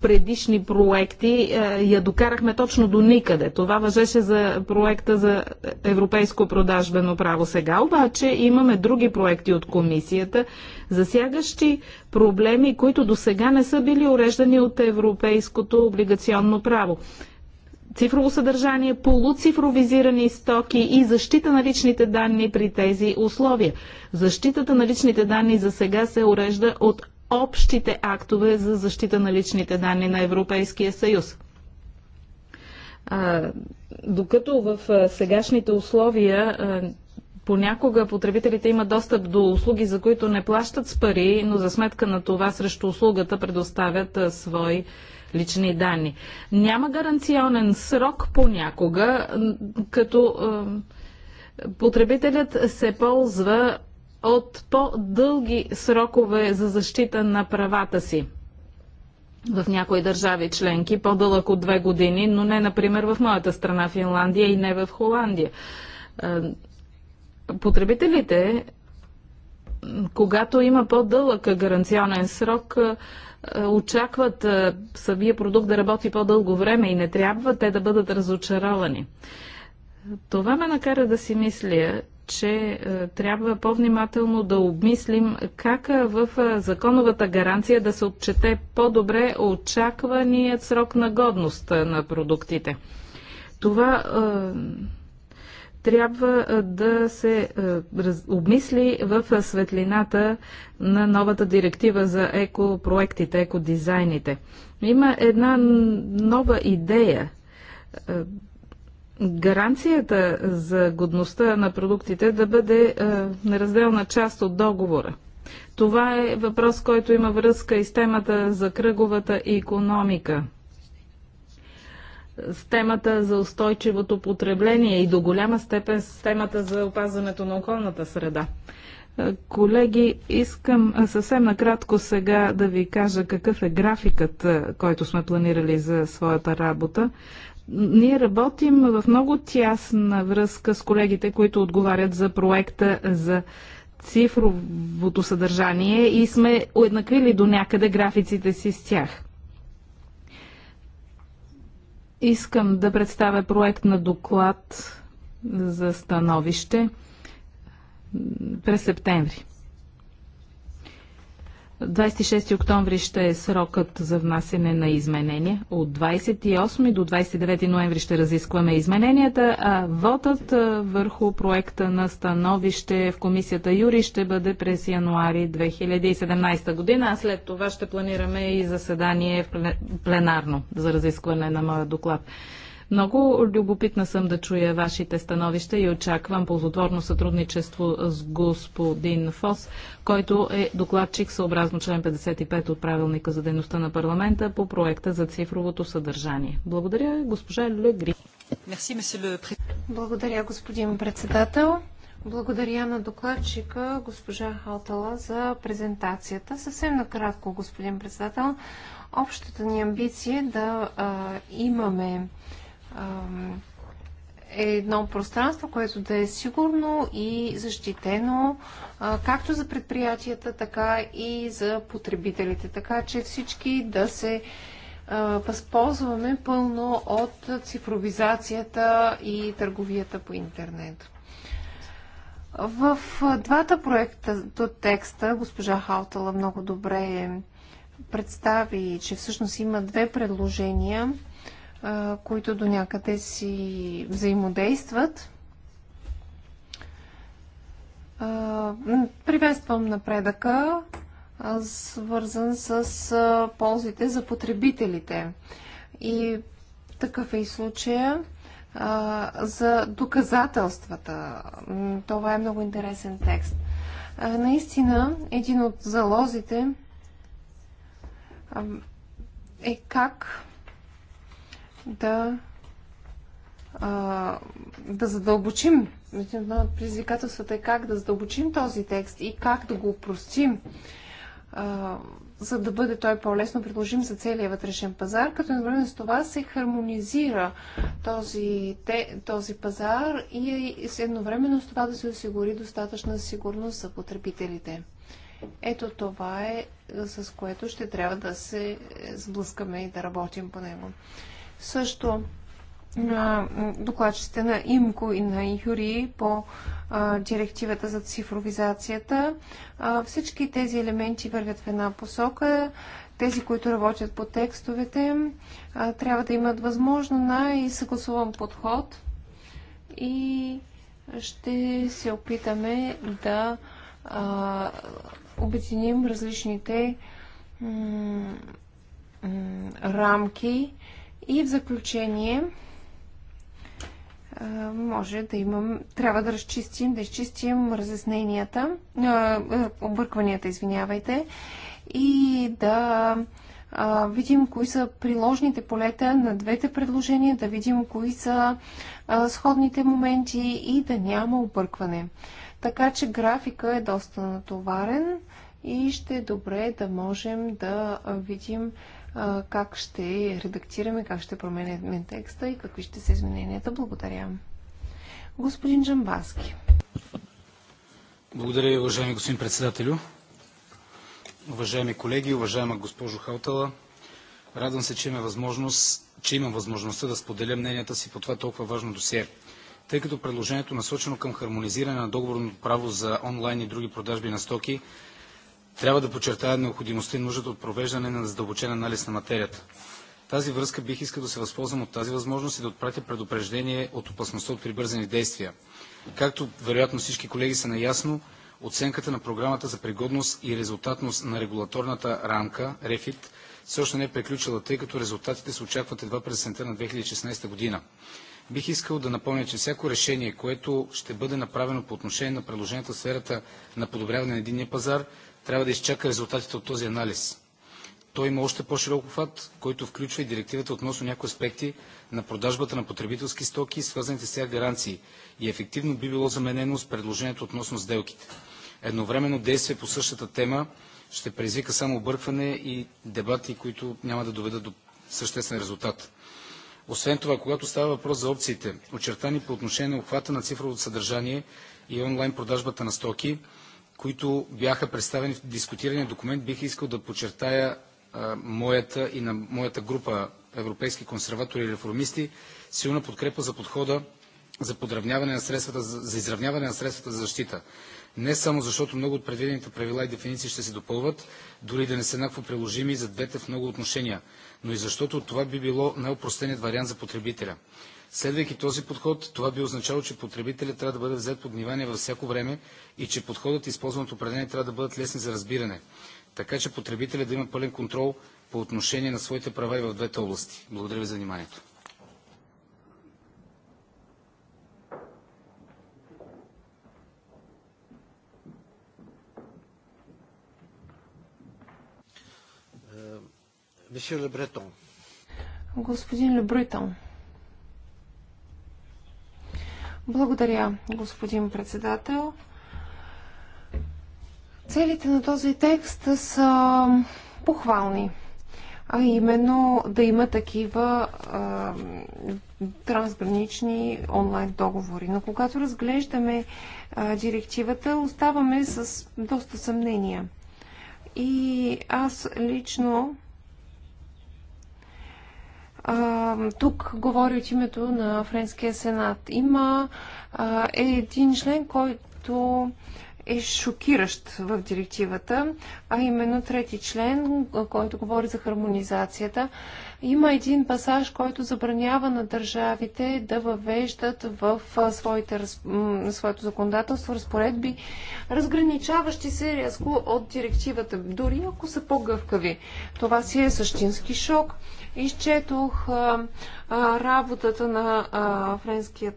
предишни проекти е, я докарахме точно до никъде. Това въжеше за проекта за европейско продажбено право сега, обаче имаме други проекти от комисията, засягащи проблеми, които до сега не са били уреждани от европейското облигационно право цифрово съдържание, полуцифровизирани стоки и защита на личните данни при тези условия. Защитата на личните данни за сега се урежда от общите актове за защита на личните данни на Европейския съюз. А, докато в сегашните условия понякога потребителите имат достъп до услуги, за които не плащат с пари, но за сметка на това срещу услугата предоставят свои лични данни. Няма гаранционен срок понякога, като потребителят се ползва от по-дълги срокове за защита на правата си. В някои държави членки по-дълъг от две години, но не, например, в моята страна Финландия и не в Холандия. Потребителите, когато има по-дълъг гаранционен срок, е, очакват е, самия продукт да работи по-дълго време и не трябва те да бъдат разочаровани. Това ме накара да си мисля, че е, трябва по-внимателно да обмислим как в законовата гаранция да се отчете по-добре очакваният срок на годност на продуктите. Това трябва да се обмисли в светлината на новата директива за екопроектите, екодизайните. Има една нова идея. Гаранцията за годността на продуктите да бъде неразделна част от договора. Това е въпрос, който има връзка и с темата за кръговата економика – с темата за устойчивото потребление и до голяма степен с темата за опазването на околната среда. Е, колеги, искам съвсем накратко сега да ви кажа какъв е графикът, е, който сме планирали за своята работа. Ние работим в много тясна връзка с колегите, които отговарят за проекта за цифровото съдържание и сме уеднаквили до някъде графиците си с тях. Искам да представя проект на доклад за становище през септември. 26 октомври ще е срокът за внасене на изменения. От 28 до 29 ноември ще разискваме измененията, а вотът върху проекта на становище в комисията Юри ще бъде през януари 2017 година, а след това ще планираме и заседание пленарно за разискване на моя доклад. Много любопитна съм да чуя вашите становища и очаквам ползотворно сътрудничество с господин Фос, който е докладчик съобразно член 55 от правилника за дейността на парламента по проекта за цифровото съдържание. Благодаря, госпожа Легри. Благодаря, господин председател. Благодаря на докладчика госпожа Халтала за презентацията. Съвсем накратко, господин председател, общата ни амбиция е да а, имаме е едно пространство, което да е сигурно и защитено както за предприятията, така и за потребителите. Така че всички да се възползваме пълно от цифровизацията и търговията по интернет. В двата проекта до текста госпожа Хаутала много добре представи, че всъщност има две предложения – които до някъде си взаимодействат. Приветствам напредъка, свързан с ползите за потребителите. И такъв е и случая за доказателствата. Това е много интересен текст. Наистина, един от залозите е как да, а, да задълбочим. Едно от предизвикателствата е как да задълбочим този текст и как да го упростим, за да бъде той по-лесно предложим за целия вътрешен пазар, като едновременно с това се хармонизира този, те, този пазар и е, едновременно с това да се осигури достатъчна сигурност за потребителите. Ето това е с което ще трябва да се сблъскаме и да работим по него. Също на докладчите на ИМКО и на Юри по директивата за цифровизацията. всички тези елементи вървят в една посока. Тези, които работят по текстовете, трябва да имат възможно най-съгласуван подход и ще се опитаме да обединим различните рамки, и в заключение, може да имам, трябва да разчистим, да изчистим разясненията, объркванията, извинявайте, и да видим кои са приложните полета на двете предложения, да видим кои са сходните моменти и да няма объркване. Така че графика е доста натоварен и ще е добре да можем да видим как ще редактираме, как ще променяме текста и какви ще са измененията. Благодаря. Господин Джамбаски. Благодаря ви, уважаеми господин председателю. Уважаеми колеги, уважаема госпожо Халтала, радвам се, че, има възможност, че имам възможността да споделя мненията си по това толкова важно досие. Тъй като предложението е насочено към хармонизиране на договорното право за онлайн и други продажби на стоки трябва да подчертая необходимостта и нуждата от провеждане на задълбочен анализ на материята. В тази връзка бих искал да се възползвам от тази възможност и да отпратя предупреждение от опасността от прибързани действия. Както вероятно всички колеги са наясно, оценката на програмата за пригодност и резултатност на регулаторната рамка, РЕФИТ, все още не е приключила, тъй като резултатите се очакват едва през есента на 2016 година. Бих искал да напомня, че всяко решение, което ще бъде направено по отношение на предложението в сферата на подобряване на единния пазар, трябва да изчака резултатите от този анализ. Той има още по-широк обхват, който включва и директивата относно някои аспекти на продажбата на потребителски стоки и свързаните с тях гаранции и ефективно би било заменено с предложението относно сделките. Едновременно действие по същата тема ще предизвика само объркване и дебати, които няма да доведат до съществен резултат. Освен това, когато става въпрос за опциите, очертани по отношение на обхвата на цифровото съдържание и онлайн продажбата на стоки, които бяха представени в дискутирания документ, бих искал да подчертая моята и на моята група европейски консерватори и реформисти силна подкрепа за подхода за, подравняване на средствата, за изравняване на средствата за защита. Не само защото много от предвидените правила и дефиниции ще се допълват, дори да не са еднакво приложими за двете в много отношения, но и защото това би било най-опростеният вариант за потребителя. Следвайки този подход, това би означало, че потребителят трябва да бъде взет под внимание във всяко време и че подходът и използваното определение трябва да бъдат лесни за разбиране, така че потребителят да има пълен контрол по отношение на своите права и в двете области. Благодаря ви за вниманието. Е, Господин Лебретон. Благодаря, господин председател. Целите на този текст са похвални, а именно да има такива а, трансгранични онлайн договори. Но когато разглеждаме а, директивата, оставаме с доста съмнения. И аз лично а, тук говори от името на Френския сенат. Има а, един член, който е шокиращ в директивата, а именно трети член, който говори за хармонизацията. Има един пасаж, който забранява на държавите да въвеждат в своите, своето законодателство разпоредби, разграничаващи се рязко от директивата, дори ако са по-гъвкави. Това си е същински шок изчетох а, а, работата на а, Френския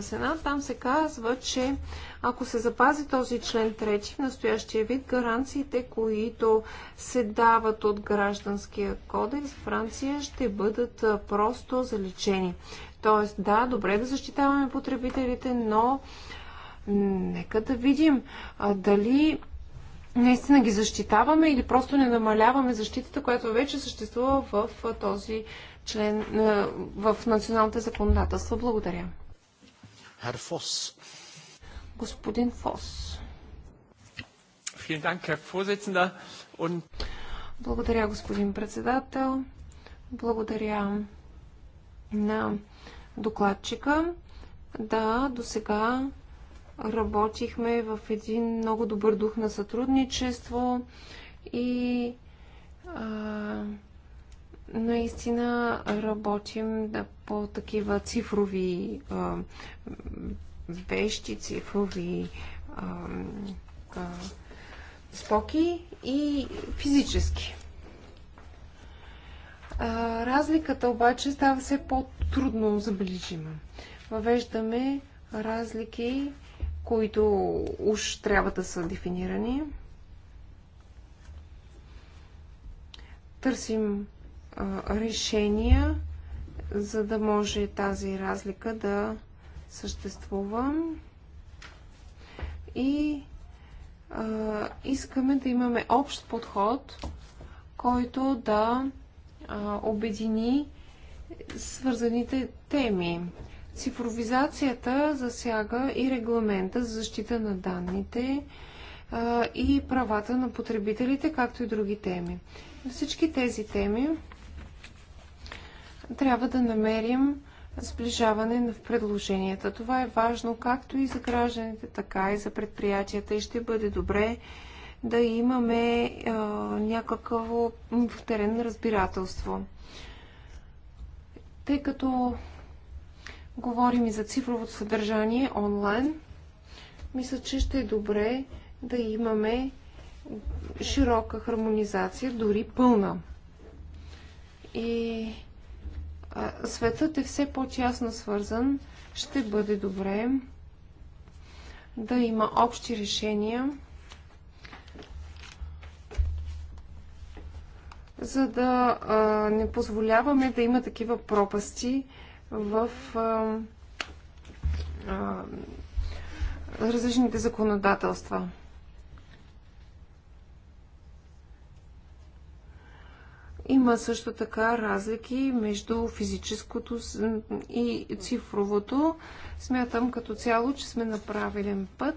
Сенат. Там се казва, че ако се запази този член 3 в настоящия вид, гаранциите, които се дават от гражданския кодекс в Франция, ще бъдат просто заличени. Тоест, да, добре да защитаваме потребителите, но нека да видим а, дали наистина ги защитаваме или просто не намаляваме защитата, която вече съществува в този член, в националните законодателства. Благодаря. Хер Фос. Господин Фос. Благодаря, господин председател. Благодаря на докладчика. Да, до сега работихме в един много добър дух на сътрудничество и а, наистина работим да, по такива цифрови а, вещи, цифрови а, а, споки и физически. А, разликата обаче става все по-трудно забележима. Въвеждаме разлики които уж трябва да са дефинирани. Търсим а, решения, за да може тази разлика да съществува. И а, искаме да имаме общ подход, който да а, обедини свързаните теми. Цифровизацията засяга и регламента за защита на данните и правата на потребителите, както и други теми. Всички тези теми трябва да намерим сближаване в предложенията. Това е важно както и за гражданите, така и за предприятията и ще бъде добре да имаме някакво терен разбирателство. Тъй като Говорим и за цифровото съдържание онлайн. Мисля, че ще е добре да имаме широка хармонизация, дори пълна. И светът е все по-тясно свързан. Ще бъде добре да има общи решения, за да не позволяваме да има такива пропасти в а, а, различните законодателства. Има също така разлики между физическото и цифровото. Смятам като цяло, че сме на правилен път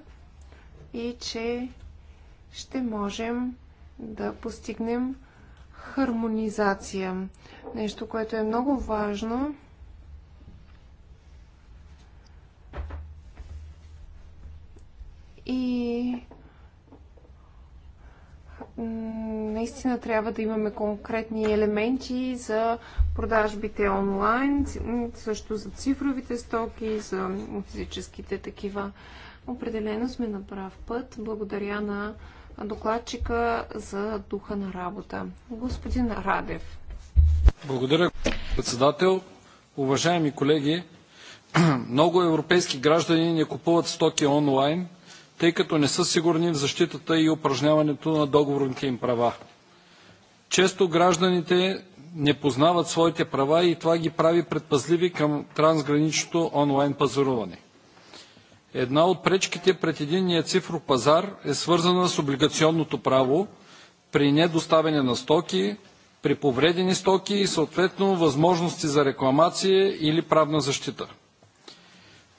и че ще можем да постигнем хармонизация. Нещо, което е много важно И наистина трябва да имаме конкретни елементи за продажбите онлайн, също за цифровите стоки, за физическите такива. Определено сме на прав път. Благодаря на докладчика за духа на работа. Господин Радев. Благодаря, председател. Уважаеми колеги, [clears throat] много европейски граждани не купуват стоки онлайн, тъй като не са сигурни в защитата и упражняването на договорните им права. Често гражданите не познават своите права и това ги прави предпазливи към трансграничното онлайн пазаруване. Една от пречките пред единния цифров пазар е свързана с облигационното право при недоставяне на стоки, при повредени стоки и съответно възможности за рекламация или правна защита.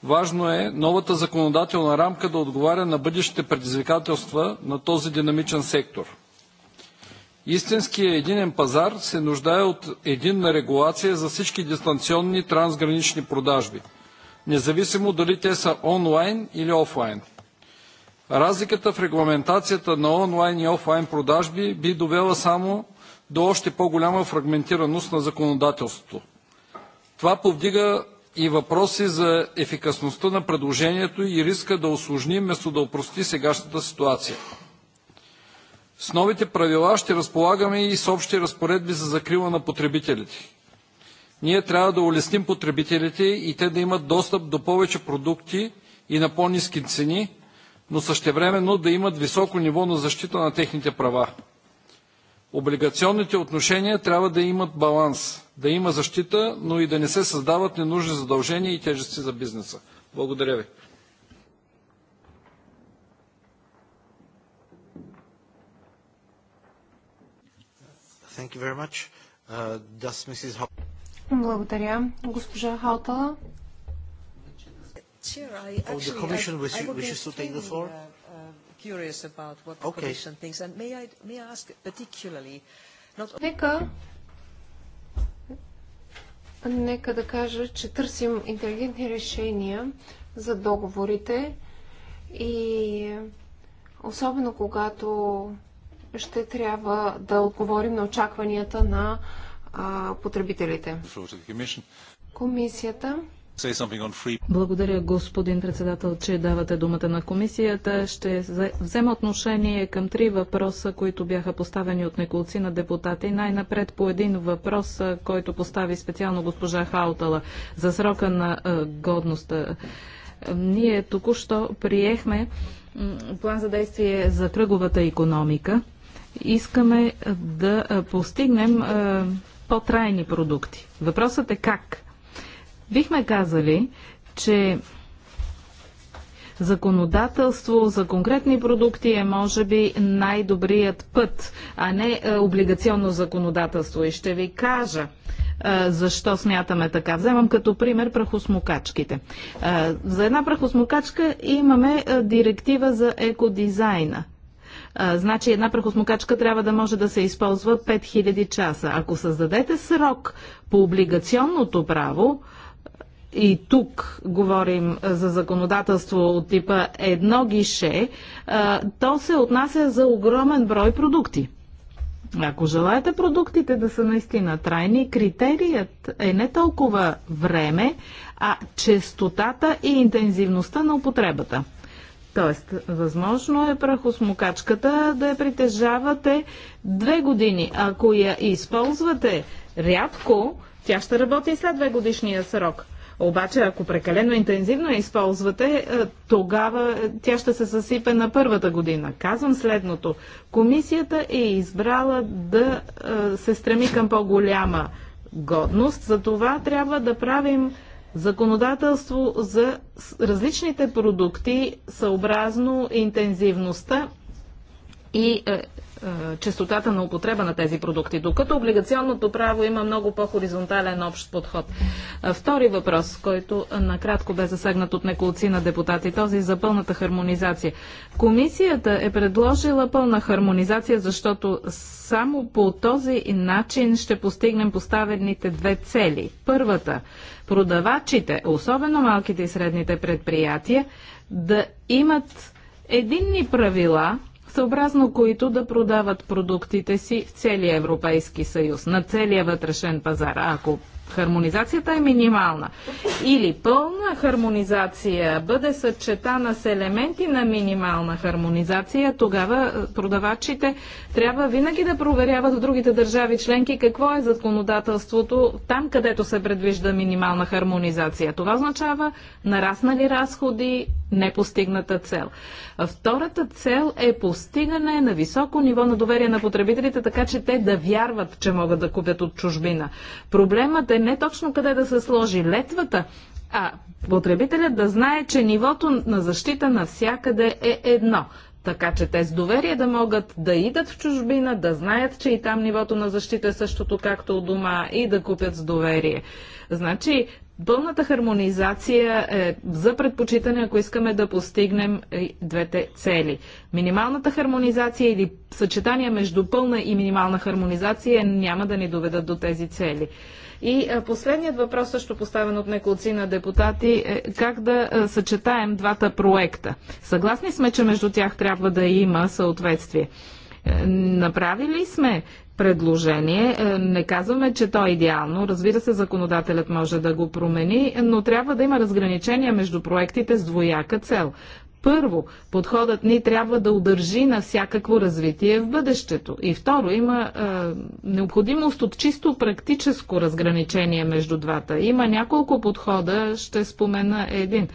Важно е новата законодателна рамка да отговаря на бъдещите предизвикателства на този динамичен сектор. Истинският е единен пазар се нуждае от единна регулация за всички дистанционни трансгранични продажби, независимо дали те са онлайн или офлайн. Разликата в регламентацията на онлайн и офлайн продажби би довела само до още по-голяма фрагментираност на законодателството. Това повдига и въпроси за ефикасността на предложението и риска да осложни, вместо да опрости сегашната ситуация. С новите правила ще разполагаме и с общи разпоредби за закрила на потребителите. Ние трябва да улесним потребителите и те да имат достъп до повече продукти и на по-низки цени, но същевременно да имат високо ниво на защита на техните права. Облигационните отношения трябва да имат баланс – да има защита, но и да не се създават ненужни задължения и тежести за бизнеса. Благодаря ви. Благодаря. Госпожа Халтала. Oh, the Commission wishes, wishes to take the floor? curious about what the Commission thinks. And may I, may I ask particularly, not Нека нека да кажа, че търсим интелигентни решения за договорите и особено когато ще трябва да отговорим на очакванията на а, потребителите. Комисията благодаря, господин председател, че давате думата на комисията. Ще взема отношение към три въпроса, които бяха поставени от неколци на депутати. Най-напред по един въпрос, който постави специално госпожа Хаутала за срока на годността. Ние току-що приехме план за действие за кръговата економика. Искаме да постигнем по-трайни продукти. Въпросът е как? бихме казали, че законодателство за конкретни продукти е може би най-добрият път, а не е, облигационно законодателство. И ще ви кажа е, защо смятаме така. Вземам като пример прахосмокачките. Е, за една прахосмокачка имаме е, директива за екодизайна. Значи една прахосмокачка трябва да може да се използва 5000 часа. Ако създадете срок по облигационното право, и тук говорим за законодателство от типа едно гише, то се отнася за огромен брой продукти. Ако желаете продуктите да са наистина трайни, критерият е не толкова време, а честотата и интензивността на употребата. Тоест, възможно е прахосмокачката да я притежавате две години. Ако я използвате рядко, тя ще работи след две годишния срок. Обаче, ако прекалено интензивно я използвате, е, тогава тя ще се съсипе на първата година. Казвам следното. Комисията е избрала да е, се стреми към по-голяма годност. За това трябва да правим законодателство за различните продукти съобразно интензивността и е, е, честотата на употреба на тези продукти, докато облигационното право има много по-хоризонтален общ подход. Втори въпрос, който накратко бе засегнат от неколци на депутати, този за пълната хармонизация. Комисията е предложила пълна хармонизация, защото само по този начин ще постигнем поставените две цели. Първата – продавачите, особено малките и средните предприятия, да имат единни правила – съобразно които да продават продуктите си в целия Европейски съюз, на целия вътрешен пазар. А ако хармонизацията е минимална. Или пълна хармонизация бъде съчетана с елементи на минимална хармонизация, тогава е, продавачите трябва винаги да проверяват в другите държави членки какво е законодателството там, където се предвижда минимална хармонизация. Това означава нараснали разходи, непостигната цел. Втората цел е постигане на високо ниво на доверие на потребителите, така че те да вярват, че могат да купят от чужбина. Проблемът е е не точно къде да се сложи летвата, а потребителят да знае, че нивото на защита навсякъде е едно. Така че те с доверие да могат да идат в чужбина, да знаят, че и там нивото на защита е същото както у дома и да купят с доверие. Значи, пълната хармонизация е за предпочитане, ако искаме да постигнем двете цели. Минималната хармонизация или съчетание между пълна и минимална хармонизация няма да ни доведат до тези цели. И е, последният въпрос, също поставен от неколци на депутати, е как да е, съчетаем двата проекта. Съгласни сме, че между тях трябва да има съответствие. Е, направили сме предложение. Не казваме, че то е идеално. Разбира се, законодателят може да го промени, но трябва да има разграничения между проектите с двояка цел. Първо, подходът ни трябва да удържи на всякакво развитие в бъдещето. И второ, има е, необходимост от чисто практическо разграничение между двата. Има няколко подхода, ще спомена един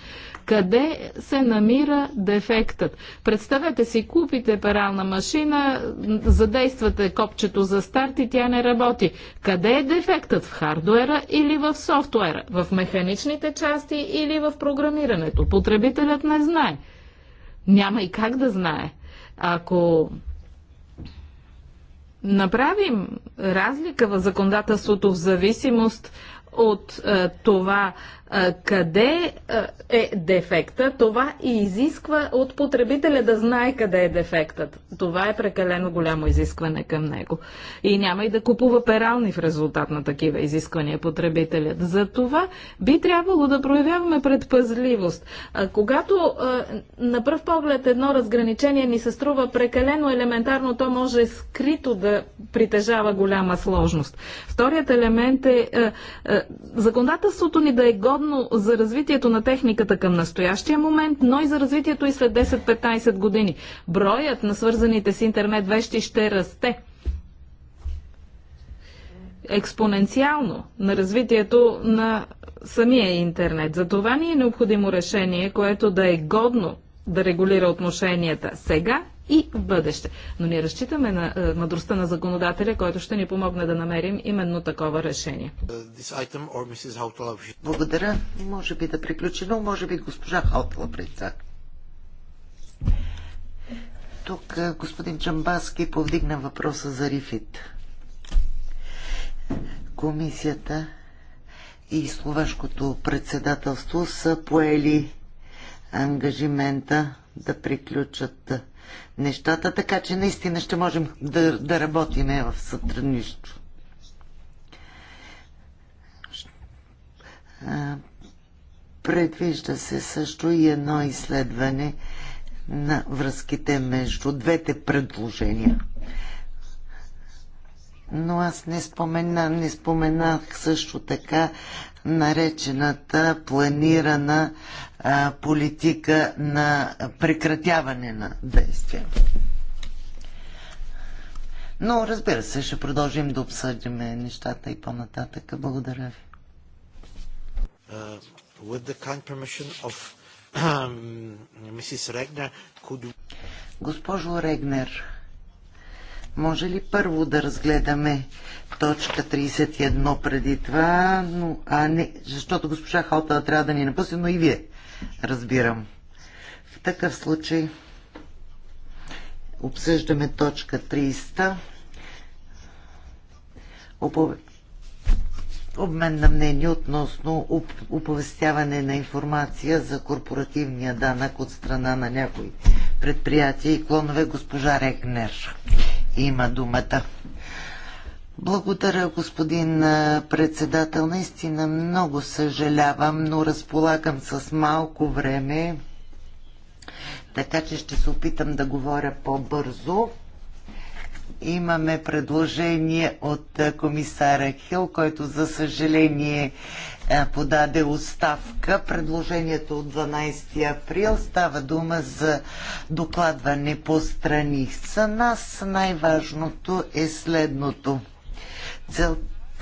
къде се намира дефектът. Представете си, купите перална машина, задействате копчето за старт и тя не работи. Къде е дефектът? В хардуера или в софтуера? В механичните части или в програмирането? Потребителят не знае. Няма и как да знае. Ако направим разлика в законодателството в зависимост от е, това къде е дефекта, това и изисква от потребителя да знае къде е дефектът. Това е прекалено голямо изискване към него. И няма и да купува перални в резултат на такива изисквания потребителят. За това би трябвало да проявяваме предпазливост. А когато а, на пръв поглед едно разграничение ни се струва прекалено елементарно, то може скрито да притежава голяма сложност. Вторият елемент е законодателството ни да е годно сходно за развитието на техниката към настоящия момент, но и за развитието и след 10-15 години. Броят на свързаните с интернет вещи ще расте експоненциално на развитието на самия интернет. За това ни е необходимо решение, което да е годно да регулира отношенията сега и в бъдеще. Но ние разчитаме на е, мъдростта на законодателя, който ще ни помогне да намерим именно такова решение. Благодаря. Може би да приключи, но може би госпожа Халтала преца. Тук е, господин Чамбаски повдигна въпроса за Рифит. Комисията и словашкото председателство са поели ангажимента да приключат нещата, така че наистина ще можем да, да работим в сътрудничество. Предвижда се също и едно изследване на връзките между двете предложения. Но аз не, спомена, не споменах също така наречената планирана политика на прекратяване на действия. Но разбира се, ще продължим да обсъдим нещата и по-нататък. Благодаря ви. Uh, with the kind permission of Mrs. Um, Regner, could Госпожо Регнер, може ли първо да разгледаме точка 31 преди това, но, а не, защото госпожа Халта трябва да ни напусне, но и вие разбирам. В такъв случай обсъждаме точка 300. Обмен на мнение относно оповестяване на информация за корпоративния данък от страна на някои предприятия и клонове госпожа Регнер. Има думата. Благодаря, господин председател. Наистина много съжалявам, но разполагам с малко време, така че ще се опитам да говоря по-бързо. Имаме предложение от комисара Хил, който за съжаление подаде оставка. Предложението от 12 април става дума за докладване по страни. За нас най-важното е следното – Цел,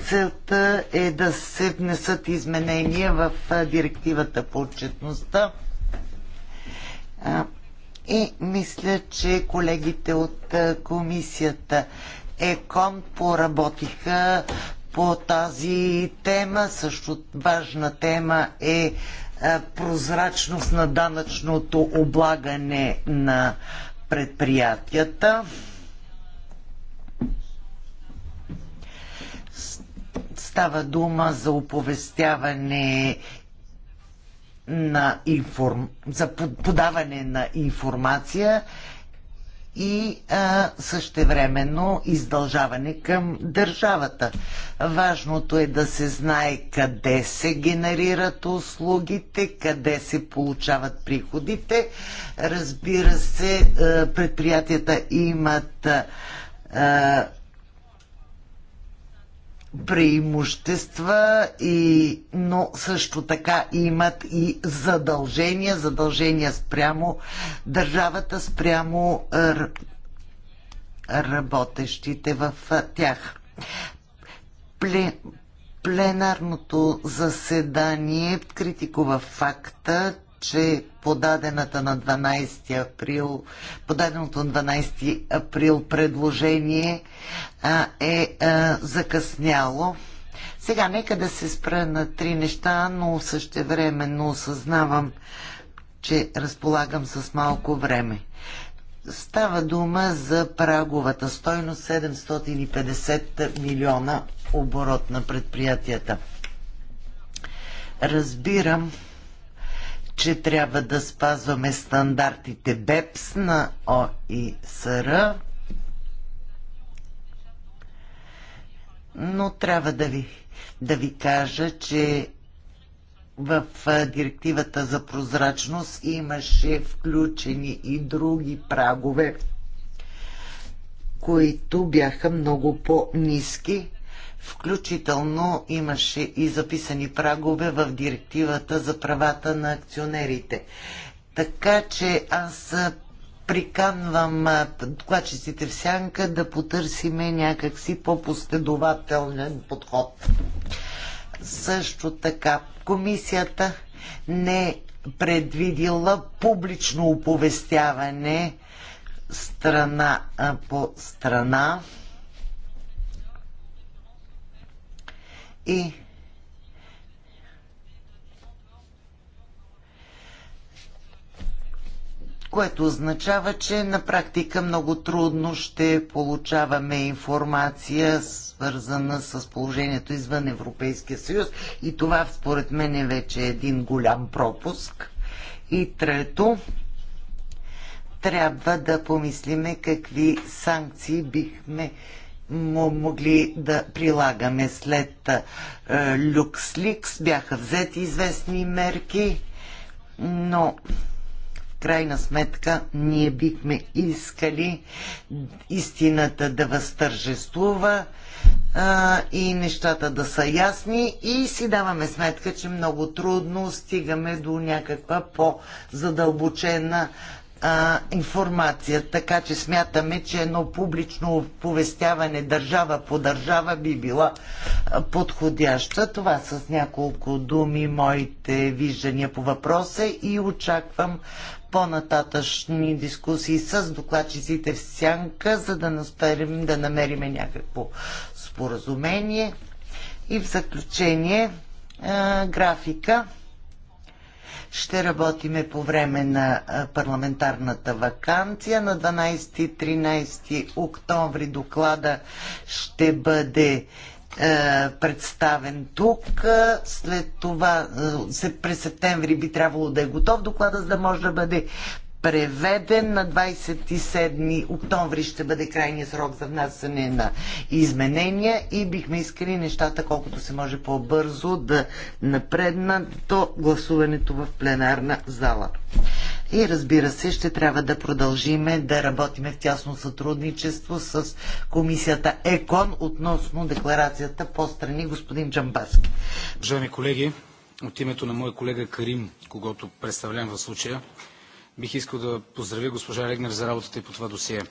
целта е да се внесат изменения в директивата по отчетността. И мисля, че колегите от комисията ЕКОН поработиха по тази тема. Също важна тема е прозрачност на данъчното облагане на предприятията. Става дума за оповестяване на информ... за подаване на информация и а, същевременно издължаване към държавата. Важното е да се знае къде се генерират услугите, къде се получават приходите. Разбира се, предприятията имат а, преимущества, и, но също така имат и задължения, задължения спрямо държавата, спрямо е, работещите в е, тях. Пле, пленарното заседание критикува факта, че подадената на 12 април, подаденото на 12 април предложение а, е а, закъсняло. Сега нека да се спра на три неща, но същевременно осъзнавам, че разполагам с малко време. Става дума за праговата стойност 750 милиона оборот на предприятията. Разбирам, че трябва да спазваме стандартите БЕПС на ОИСР, но трябва да ви, да ви кажа, че в директивата за прозрачност имаше включени и други прагове, които бяха много по-низки Включително имаше и записани прагове в директивата за правата на акционерите. Така че аз приканвам докладчиците в сянка да потърсиме някакси по-последователен подход. Също така, комисията не е предвидила публично оповестяване страна по страна И което означава, че на практика много трудно ще получаваме информация, свързана с положението извън Европейския съюз. И това, според мен, е вече един голям пропуск. И трето, трябва да помислиме какви санкции бихме могли да прилагаме след Люксликс. Е, Бяха взети известни мерки, но в крайна сметка ние бихме искали истината да възтържествува а, и нещата да са ясни и си даваме сметка, че много трудно стигаме до някаква по-задълбочена а, информация, така че смятаме, че едно публично оповестяване държава по държава би била подходяща. Това с няколко думи моите виждания по въпроса и очаквам по-нататъчни дискусии с докладчиците в сянка, за да насперим да намерим някакво споразумение. И в заключение а, графика ще работиме по време на парламентарната вакансия. На 12-13 октомври доклада ще бъде представен тук. След това през септември би трябвало да е готов доклада, за да може да бъде преведен на 27 октомври ще бъде крайния срок за внасяне на изменения и бихме искали нещата колкото се може по-бързо да напреднат до гласуването в пленарна зала. И разбира се, ще трябва да продължиме да работиме в тясно сътрудничество с комисията ЕКОН относно декларацията по страни господин Джамбаски. Уважаеми колеги, от името на моя колега Карим, когато представлявам в случая, Бих искал да поздравя госпожа Регнер за работата и по това досие.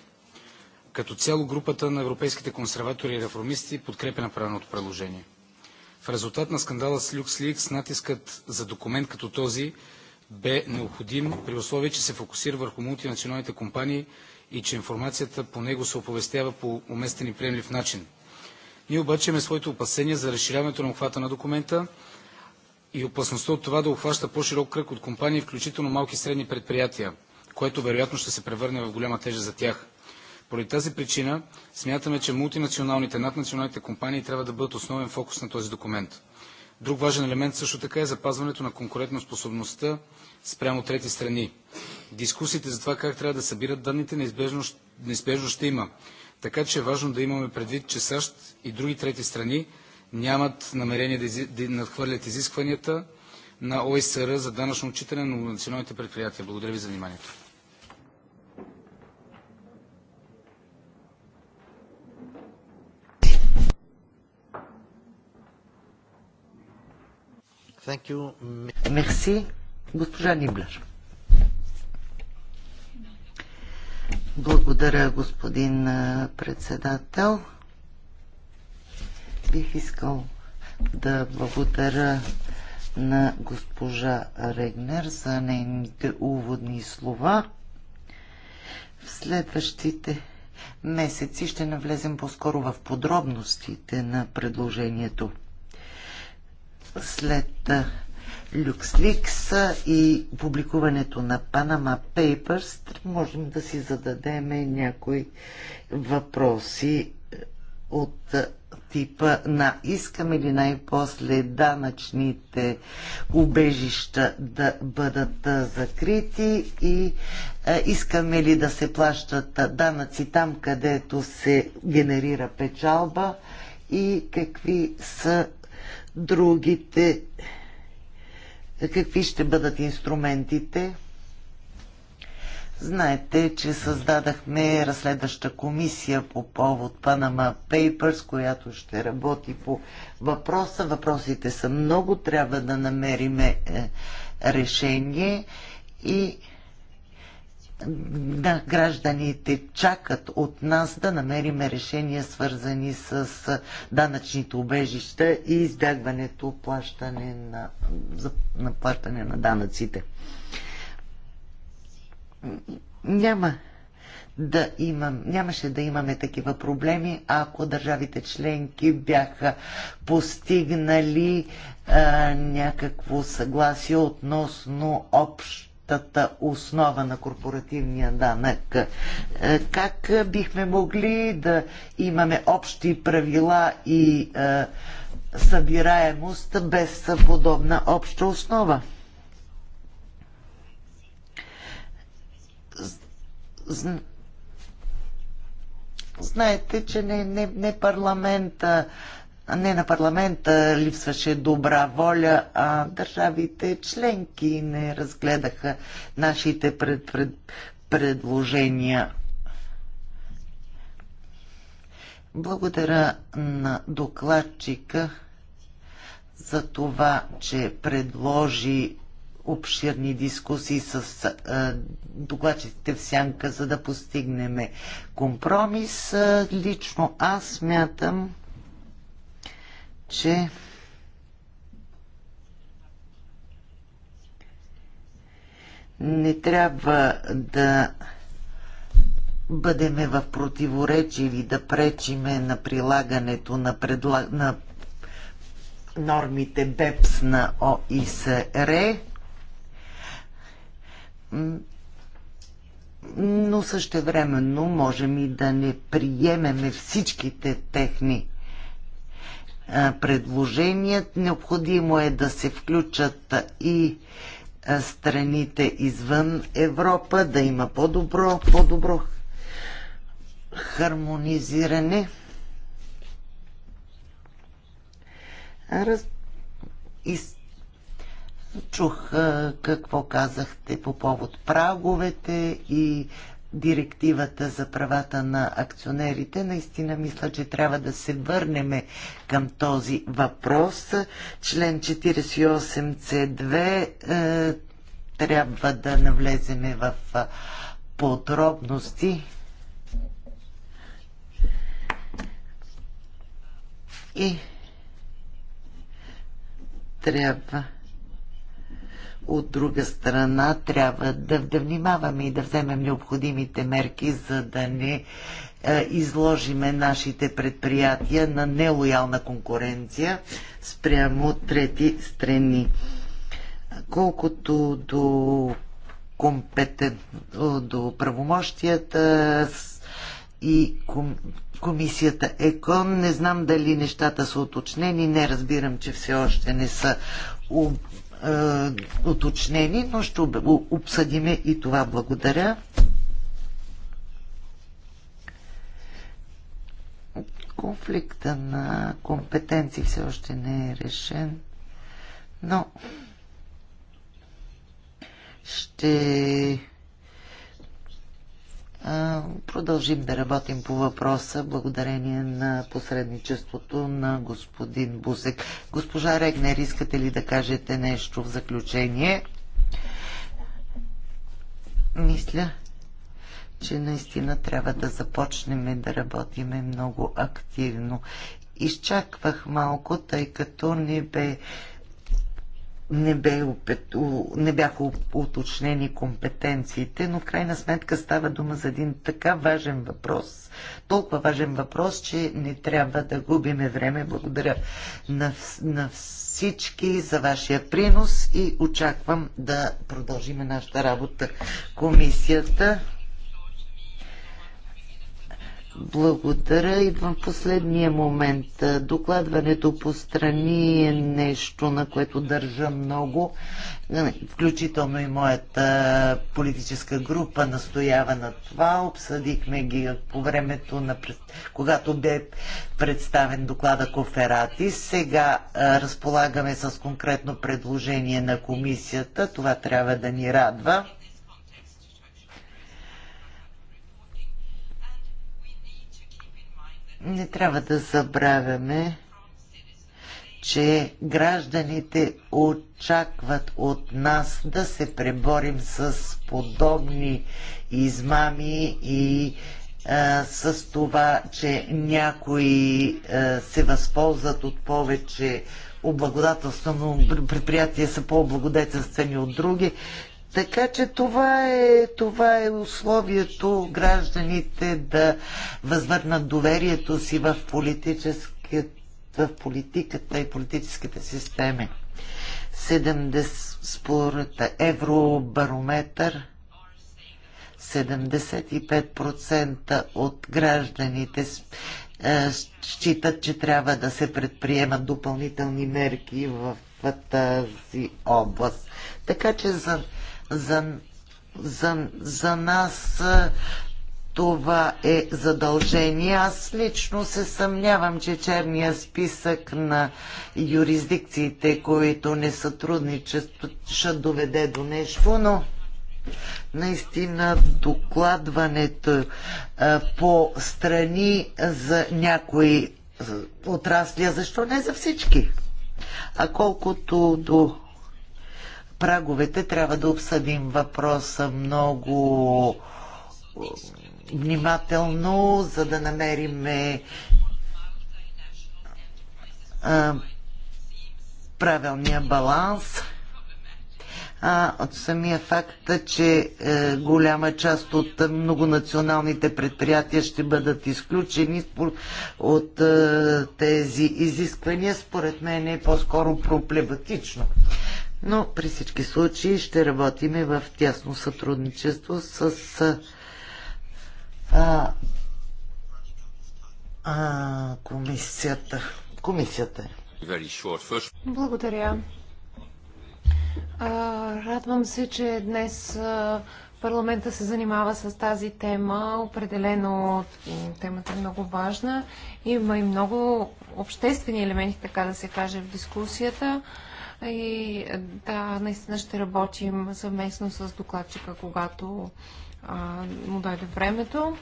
Като цяло групата на европейските консерватори и реформисти подкрепя направеното предложение. В резултат на скандала с LuxLeaks натискът за документ като този бе необходим при условие, че се фокусира върху мултинационалните компании и че информацията по него се оповестява по уместен и приемлив начин. Ние обаче имаме своите опасения за разширяването на обхвата на документа и опасността от това да обхваща по-широк кръг от компании, включително малки и средни предприятия, което вероятно ще се превърне в голяма тежест за тях. Поради тази причина смятаме, че мултинационалните, наднационалните компании трябва да бъдат основен фокус на този документ. Друг важен елемент също така е запазването на конкурентоспособността спрямо трети страни. Дискусиите за това как трябва да събират данните неизбежно, неизбежно ще има. Така че е важно да имаме предвид, че САЩ и други трети страни нямат намерение да надхвърлят изискванията на ОСР за данъчно отчитане на националните предприятия. Благодаря ви за вниманието. Мерси. Госпожа Ниблер. Благодаря, господин председател. Бих искал да благодаря на госпожа Регнер за нейните уводни слова. В следващите месеци ще навлезем по-скоро в подробностите на предложението. След Люксликс и публикуването на Panama Papers можем да си зададем някои въпроси от типа на искаме ли най-после данъчните убежища да бъдат закрити и искаме ли да се плащат данъци там, където се генерира печалба и какви са другите, какви ще бъдат инструментите Знаете, че създадахме разследваща комисия по повод Panama Papers, която ще работи по въпроса. Въпросите са много, трябва да намериме е, решение и да, гражданите чакат от нас да намериме решения свързани с е, данъчните убежища и избягването плащане на, за, на плащане на данъците няма да имам, нямаше да имаме такива проблеми, ако държавите членки бяха постигнали а, някакво съгласие относно общата основа на корпоративния данък. Как бихме могли да имаме общи правила и а, събираемост без подобна обща основа? Знаете, че не, не, не парламента не на парламента липсваше добра воля, а държавите членки не разгледаха нашите пред, пред, предложения. Благодаря на докладчика за това, че предложи обширни дискусии с а, докладчиците в сянка, за да постигнем компромис. А, лично аз смятам, че не трябва да бъдеме в противоречие или да пречиме на прилагането на, предла... на нормите БЕПС на ОИСР но същевременно можем и да не приемеме всичките техни предложения. Необходимо е да се включат и страните извън Европа, да има по-добро, по-добро хармонизиране. Раз... И... Чух какво казахте по повод праговете и директивата за правата на акционерите. Наистина мисля, че трябва да се върнем към този въпрос. Член 48C2 е, трябва да навлеземе в подробности. И трябва от друга страна трябва да, да внимаваме и да вземем необходимите мерки, за да не е, изложиме нашите предприятия на нелоялна конкуренция спрямо трети страни. Колкото до компетен... до правомощията и ком, комисията ЕКОН. Не знам дали нещата са уточнени. Не разбирам, че все още не са е, уточнени, но ще обсъдиме и това. Благодаря. Конфликта на компетенции все още не е решен, но ще продължим да работим по въпроса благодарение на посредничеството на господин Бусек. Госпожа Регнер, искате ли да кажете нещо в заключение? Мисля, че наистина трябва да започнем да работиме много активно. Изчаквах малко, тъй като не бе не, бе, не бяха уточнени компетенциите, но в крайна сметка става дума за един така важен въпрос. Толкова важен въпрос, че не трябва да губиме време. Благодаря на, на всички за вашия принос и очаквам да продължим нашата работа. Комисията благодаря. И в последния момент. Докладването по страни е нещо, на което държа много. Включително и моята политическа група настоява на това. Обсъдихме ги по времето, на, когато бе представен доклада Коферати. Сега разполагаме с конкретно предложение на комисията. Това трябва да ни радва Не трябва да забравяме, че гражданите очакват от нас да се преборим с подобни измами и а, с това, че някои а, се възползват от повече облагодателствено предприятия са по-облагодетелствени от други. Така че това е, това е условието гражданите да възвърнат доверието си в, в политиката и политическите системи. 70 според Евробарометър 75% от гражданите е, считат, че трябва да се предприемат допълнителни мерки в тази област. Така че за за, за, за нас това е задължение. Аз лично се съмнявам, че черния списък на юрисдикциите, които не сътрудничат, ще доведе до нещо, но наистина докладването по страни за някои отрасли, а защо не за всички? А колкото до праговете трябва да обсъдим въпроса много внимателно, за да намерим правилния баланс. А от самия факт, че е, голяма част от многонационалните предприятия ще бъдат изключени от е, тези изисквания, според мен е по-скоро проблематично. Но при всички случаи ще работиме в тясно сътрудничество с а, а, комисията. Комисията. Е. Благодаря. Радвам се, че днес парламента се занимава с тази тема. Определено темата е много важна. Има и много обществени елементи, така да се каже, в дискусията. И да, наистина ще работим съвместно с докладчика, когато а, му дойде времето.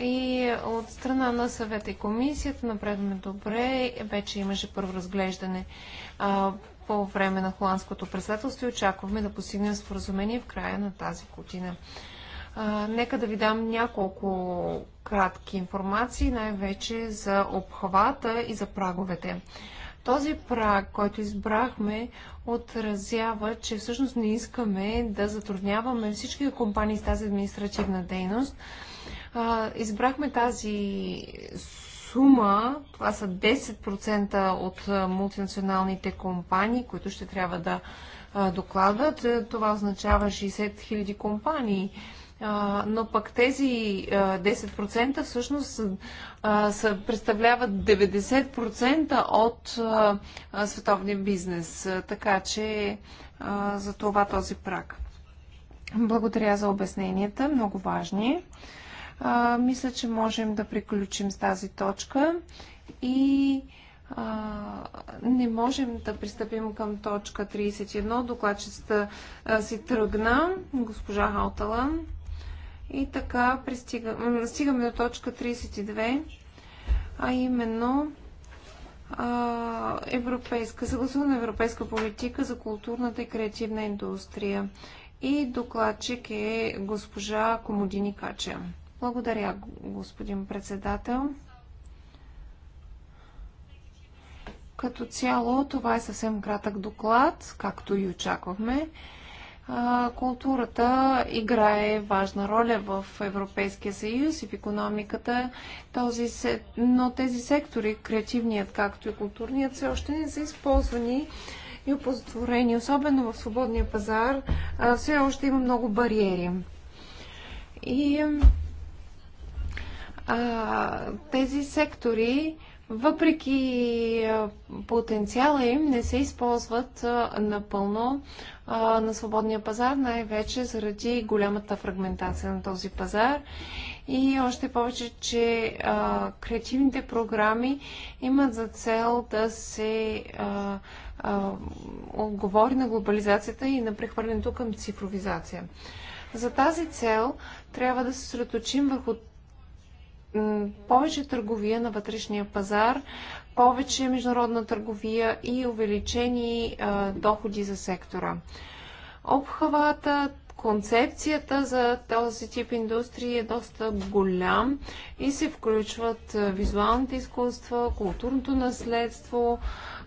И от страна на съвета и комисията напредваме добре. Вече имаше първо разглеждане а, по време на холандското председателство и очакваме да постигнем споразумение в края на тази година. А, нека да ви дам няколко кратки информации, най-вече за обхвата и за праговете. Този праг, който избрахме, отразява, че всъщност не искаме да затрудняваме всички компании с тази административна дейност. Избрахме тази сума, това са 10% от мултинационалните компании, които ще трябва да докладват. Това означава 60 000 компании но пък тези 10% всъщност представляват 90% от световния бизнес. Така че за това този прак. Благодаря за обясненията, много важни. Мисля, че можем да приключим с тази точка и не можем да пристъпим към точка 31. Докладчицата си тръгна, госпожа Халтала. И така пристига, стигаме до точка 32, а именно а, европейска, съгласувана европейска политика за културната и креативна индустрия. И докладчик е госпожа Комодини Кача. Благодаря, господин председател. Като цяло, това е съвсем кратък доклад, както и очаквахме културата играе важна роля в Европейския съюз и в економиката, този, но тези сектори, креативният както и културният, все още не са използвани и опозотворени, особено в свободния пазар, все още има много бариери. И а, тези сектори въпреки потенциала им, не се използват напълно на свободния пазар, най-вече заради голямата фрагментация на този пазар. И още повече, че а, креативните програми имат за цел да се а, а, отговори на глобализацията и на прехвърлянето към цифровизация. За тази цел трябва да се средоточим върху повече търговия на вътрешния пазар, повече международна търговия и увеличени а, доходи за сектора. Обхвата, концепцията за този тип индустрии е доста голям и се включват визуалните изкуства, културното наследство,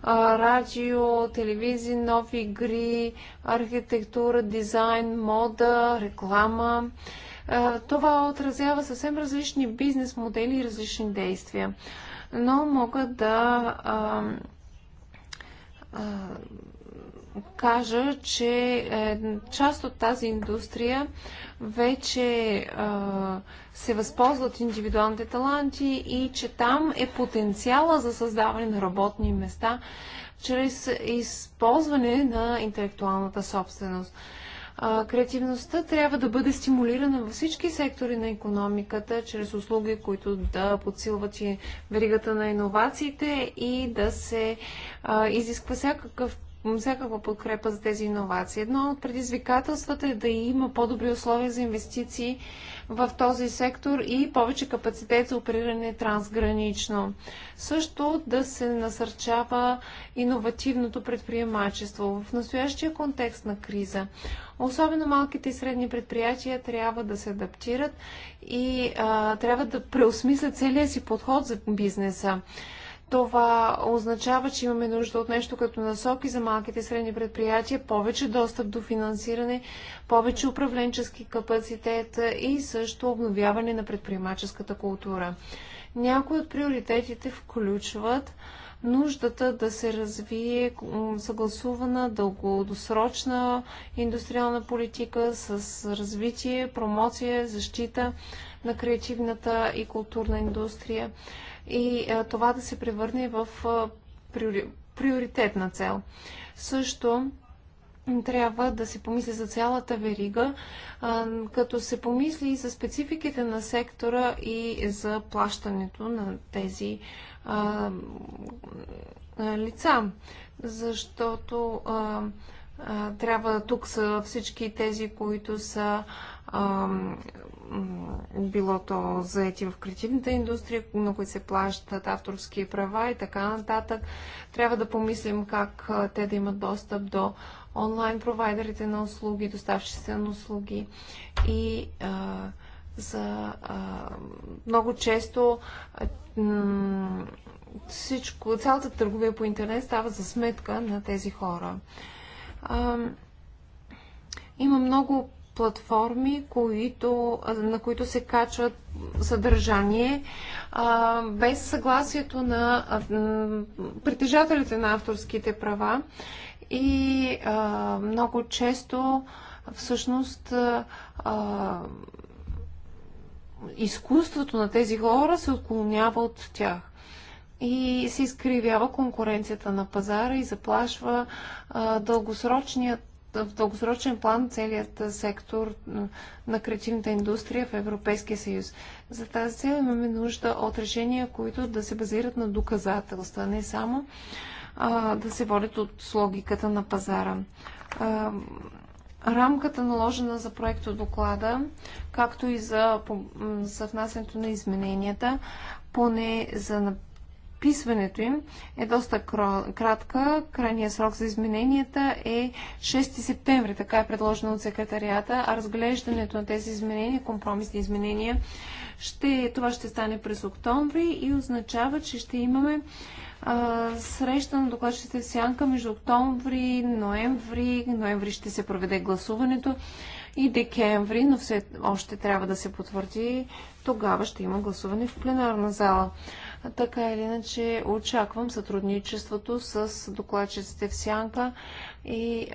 а, радио, телевизии, нови игри, архитектура, дизайн, мода, реклама това отразява съвсем различни бизнес модели и различни действия. Но мога да а, а, кажа, че е, част от тази индустрия вече а, се възползват индивидуалните таланти и че там е потенциала за създаване на работни места чрез използване на интелектуалната собственост креативността трябва да бъде стимулирана във всички сектори на економиката, чрез услуги, които да подсилват и веригата на иновациите и да се а, изисква всякакъв всякаква подкрепа за тези иновации. Едно от предизвикателствата е да има по-добри условия за инвестиции в този сектор и повече капацитет за опериране трансгранично. Също да се насърчава иновативното предприемачество в настоящия контекст на криза. Особено малките и средни предприятия трябва да се адаптират и а, трябва да преосмислят целия си подход за бизнеса. Това означава, че имаме нужда от нещо като насоки за малките и средни предприятия, повече достъп до финансиране, повече управленчески капацитет и също обновяване на предприемаческата култура. Някои от приоритетите включват нуждата да се развие съгласувана дългодосрочна индустриална политика с развитие, промоция, защита на креативната и културна индустрия и това да се превърне в приоритетна цел. Също трябва да се помисли за цялата верига, като се помисли и за спецификите на сектора и за плащането на тези а, лица. Защото а, а, трябва тук са всички тези, които са било то заети в креативната индустрия, на които се плащат авторски права и така нататък. Трябва да помислим как те да имат достъп до онлайн провайдерите на услуги, доставчиците на услуги и а, за а, много често а, всичко, цялата търговия по интернет става за сметка на тези хора. А, има много платформи, които, на които се качват съдържание а, без съгласието на а, притежателите на авторските права и а, много често всъщност а, изкуството на тези хора се отклонява от тях и се изкривява конкуренцията на пазара и заплашва а, дългосрочният в дългосрочен план целият сектор на креативната индустрия в Европейския съюз. За тази цел имаме нужда от решения, които да се базират на доказателства, не само а, да се водят от логиката на пазара. А, рамката наложена за проекто доклада, както и за, за внасянето на измененията, поне за вписването им е доста кратка. Крайният срок за измененията е 6 септември, така е предложено от секретарията, а разглеждането на тези изменения, компромисни изменения, ще, това ще стане през октомври и означава, че ще имаме а, среща на докладчите в Сянка между октомври, ноември. Ноември ще се проведе гласуването и декември, но все още трябва да се потвърди. Тогава ще има гласуване в пленарна зала. Така или иначе очаквам сътрудничеството с докладчиците в Сянка и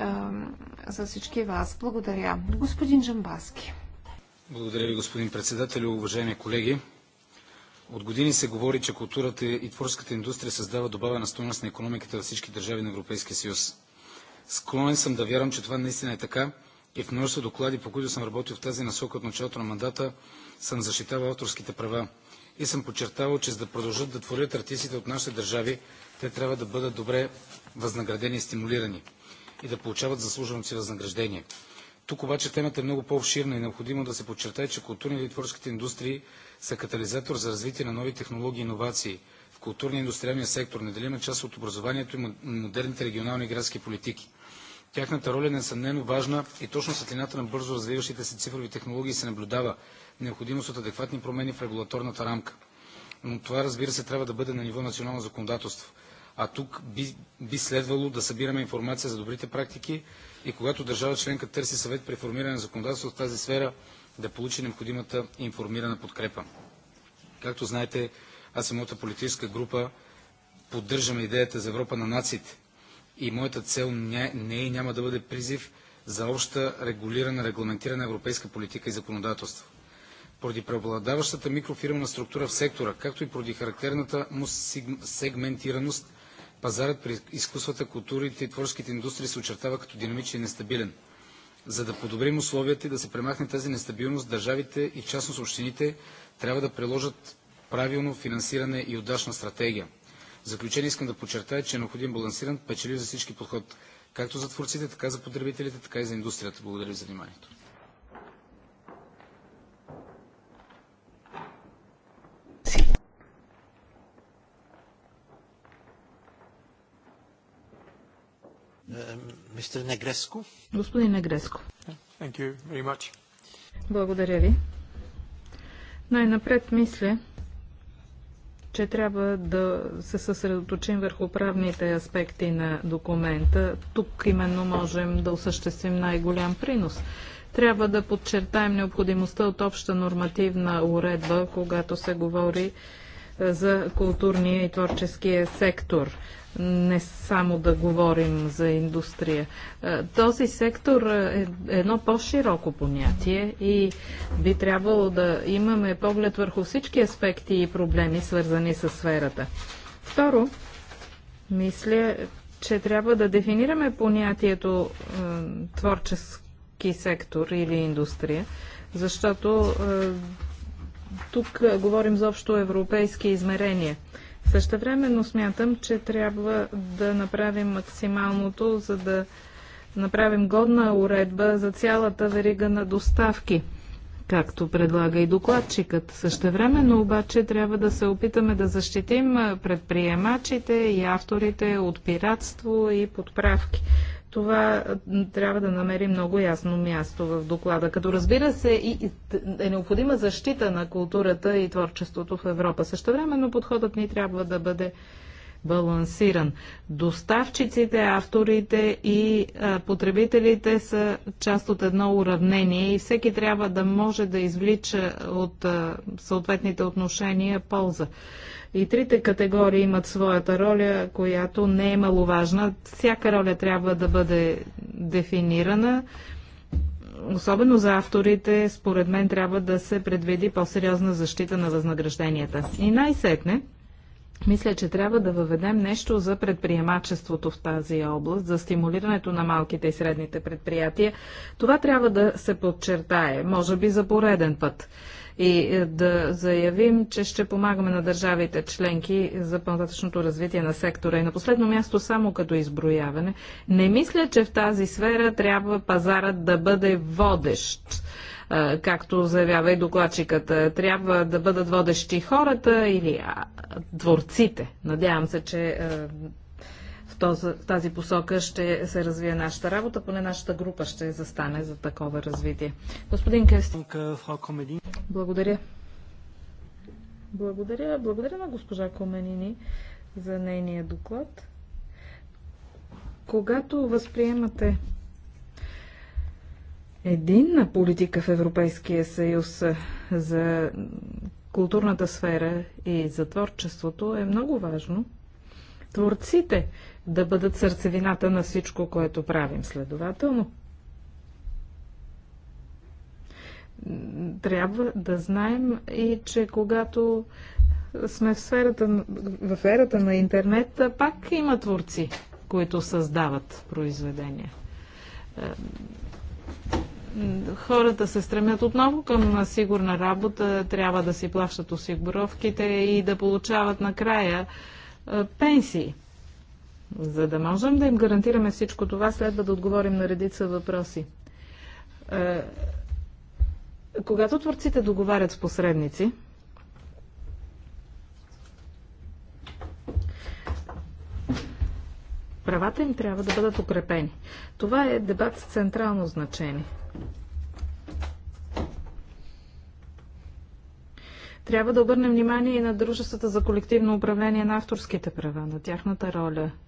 а, всички вас. Благодаря. Господин Джамбаски. Благодаря ви, господин председател. Уважаеми колеги, от години се говори, че културата и творческата индустрия създава добавена стойност на економиката във всички държави на Европейския съюз. Склонен съм да вярвам, че това наистина е така и в множество доклади, по които съм работил в тази насока от началото на мандата, съм защитавал авторските права и съм подчертавал, че за да продължат да творят артистите от нашите държави, те трябва да бъдат добре възнаградени и стимулирани и да получават заслуженото си възнаграждение. Тук обаче темата е много по-обширна и необходимо да се подчертае, че културните и творческите индустрии са катализатор за развитие на нови технологии и иновации в културния и индустриалния сектор, неделима част от образованието и модерните регионални и градски политики. Тяхната роля е несъмнено важна и точно светлината на бързо развиващите се цифрови технологии се наблюдава, необходимост от адекватни промени в регулаторната рамка. Но това, разбира се, трябва да бъде на ниво национално законодателство. А тук би, би следвало да събираме информация за добрите практики и когато държава членка търси съвет при формиране на законодателство в тази сфера, да получи необходимата информирана подкрепа. Както знаете, аз и моята политическа група поддържаме идеята за Европа на нациите. И моята цел не, не и няма да бъде призив за обща регулирана, регламентирана европейска политика и законодателство поради преобладаващата микрофирмена структура в сектора, както и поради характерната му сегментираност, пазарът при изкуствата, културите и творческите индустрии се очертава като динамичен и нестабилен. За да подобрим условията и да се премахне тази нестабилност, държавите и в частност общините трябва да приложат правилно финансиране и удачна стратегия. В заключение искам да подчертая, че е необходим балансиран, печелив за всички подход, както за творците, така за потребителите, така и за индустрията. Благодаря ви за вниманието. Мистер Негреско. Господин Негреско. Thank you very much. Благодаря ви. Най-напред мисля, че трябва да се съсредоточим върху правните аспекти на документа. Тук именно можем да осъществим най-голям принос. Трябва да подчертаем необходимостта от обща нормативна уредба, когато се говори за културния и творческия сектор. Не само да говорим за индустрия. Е, този сектор е едно по-широко понятие и би трябвало да имаме поглед върху всички аспекти и проблеми, свързани с сферата. Второ, мисля, че трябва да дефинираме понятието е, творчески сектор или индустрия, защото е, тук говорим за общо европейски измерения. Същевременно смятам, че трябва да направим максималното, за да направим годна уредба за цялата верига на доставки, както предлага и докладчикът. Същевременно обаче трябва да се опитаме да защитим предприемачите и авторите от пиратство и подправки това трябва да намери много ясно място в доклада. Като разбира се, и е необходима защита на културата и творчеството в Европа. Същевременно подходът ни трябва да бъде балансиран. Доставчиците, авторите и а, потребителите са част от едно уравнение и всеки трябва да може да извлича от а, съответните отношения полза. И трите категории имат своята роля, която не е маловажна. Всяка роля трябва да бъде дефинирана. Особено за авторите, според мен, трябва да се предвиди по-сериозна защита на възнагражденията. И най-сетне, мисля, че трябва да въведем нещо за предприемачеството в тази област, за стимулирането на малките и средните предприятия. Това трябва да се подчертае, може би за пореден път и е, да заявим, че ще помагаме на държавите членки за по-нататъчното развитие на сектора. И на последно място, само като изброяване, не мисля, че в тази сфера трябва пазарът да бъде водещ е, както заявява и докладчиката. Трябва да бъдат водещи хората или дворците. Надявам се, че е, тази посока ще се развие нашата работа, поне нашата група ще застане за такова развитие. Господин Кестин. Благодаря. Благодаря. Благодаря на госпожа Коменини за нейния доклад. Когато възприемате единна политика в Европейския съюз за културната сфера и за творчеството е много важно творците да бъдат сърцевината на всичко, което правим. Следователно, трябва да знаем и, че когато сме в сферата, в ерата на интернет, пак има творци, които създават произведения. Хората се стремят отново към сигурна работа, трябва да си плащат осигуровките и да получават накрая пенсии. За да можем да им гарантираме всичко това, следва да отговорим на редица въпроси. Е, когато творците договарят с посредници, правата им трябва да бъдат укрепени. Това е дебат с централно значение. Трябва да обърнем внимание и на дружествата за колективно управление на авторските права, на тяхната роля –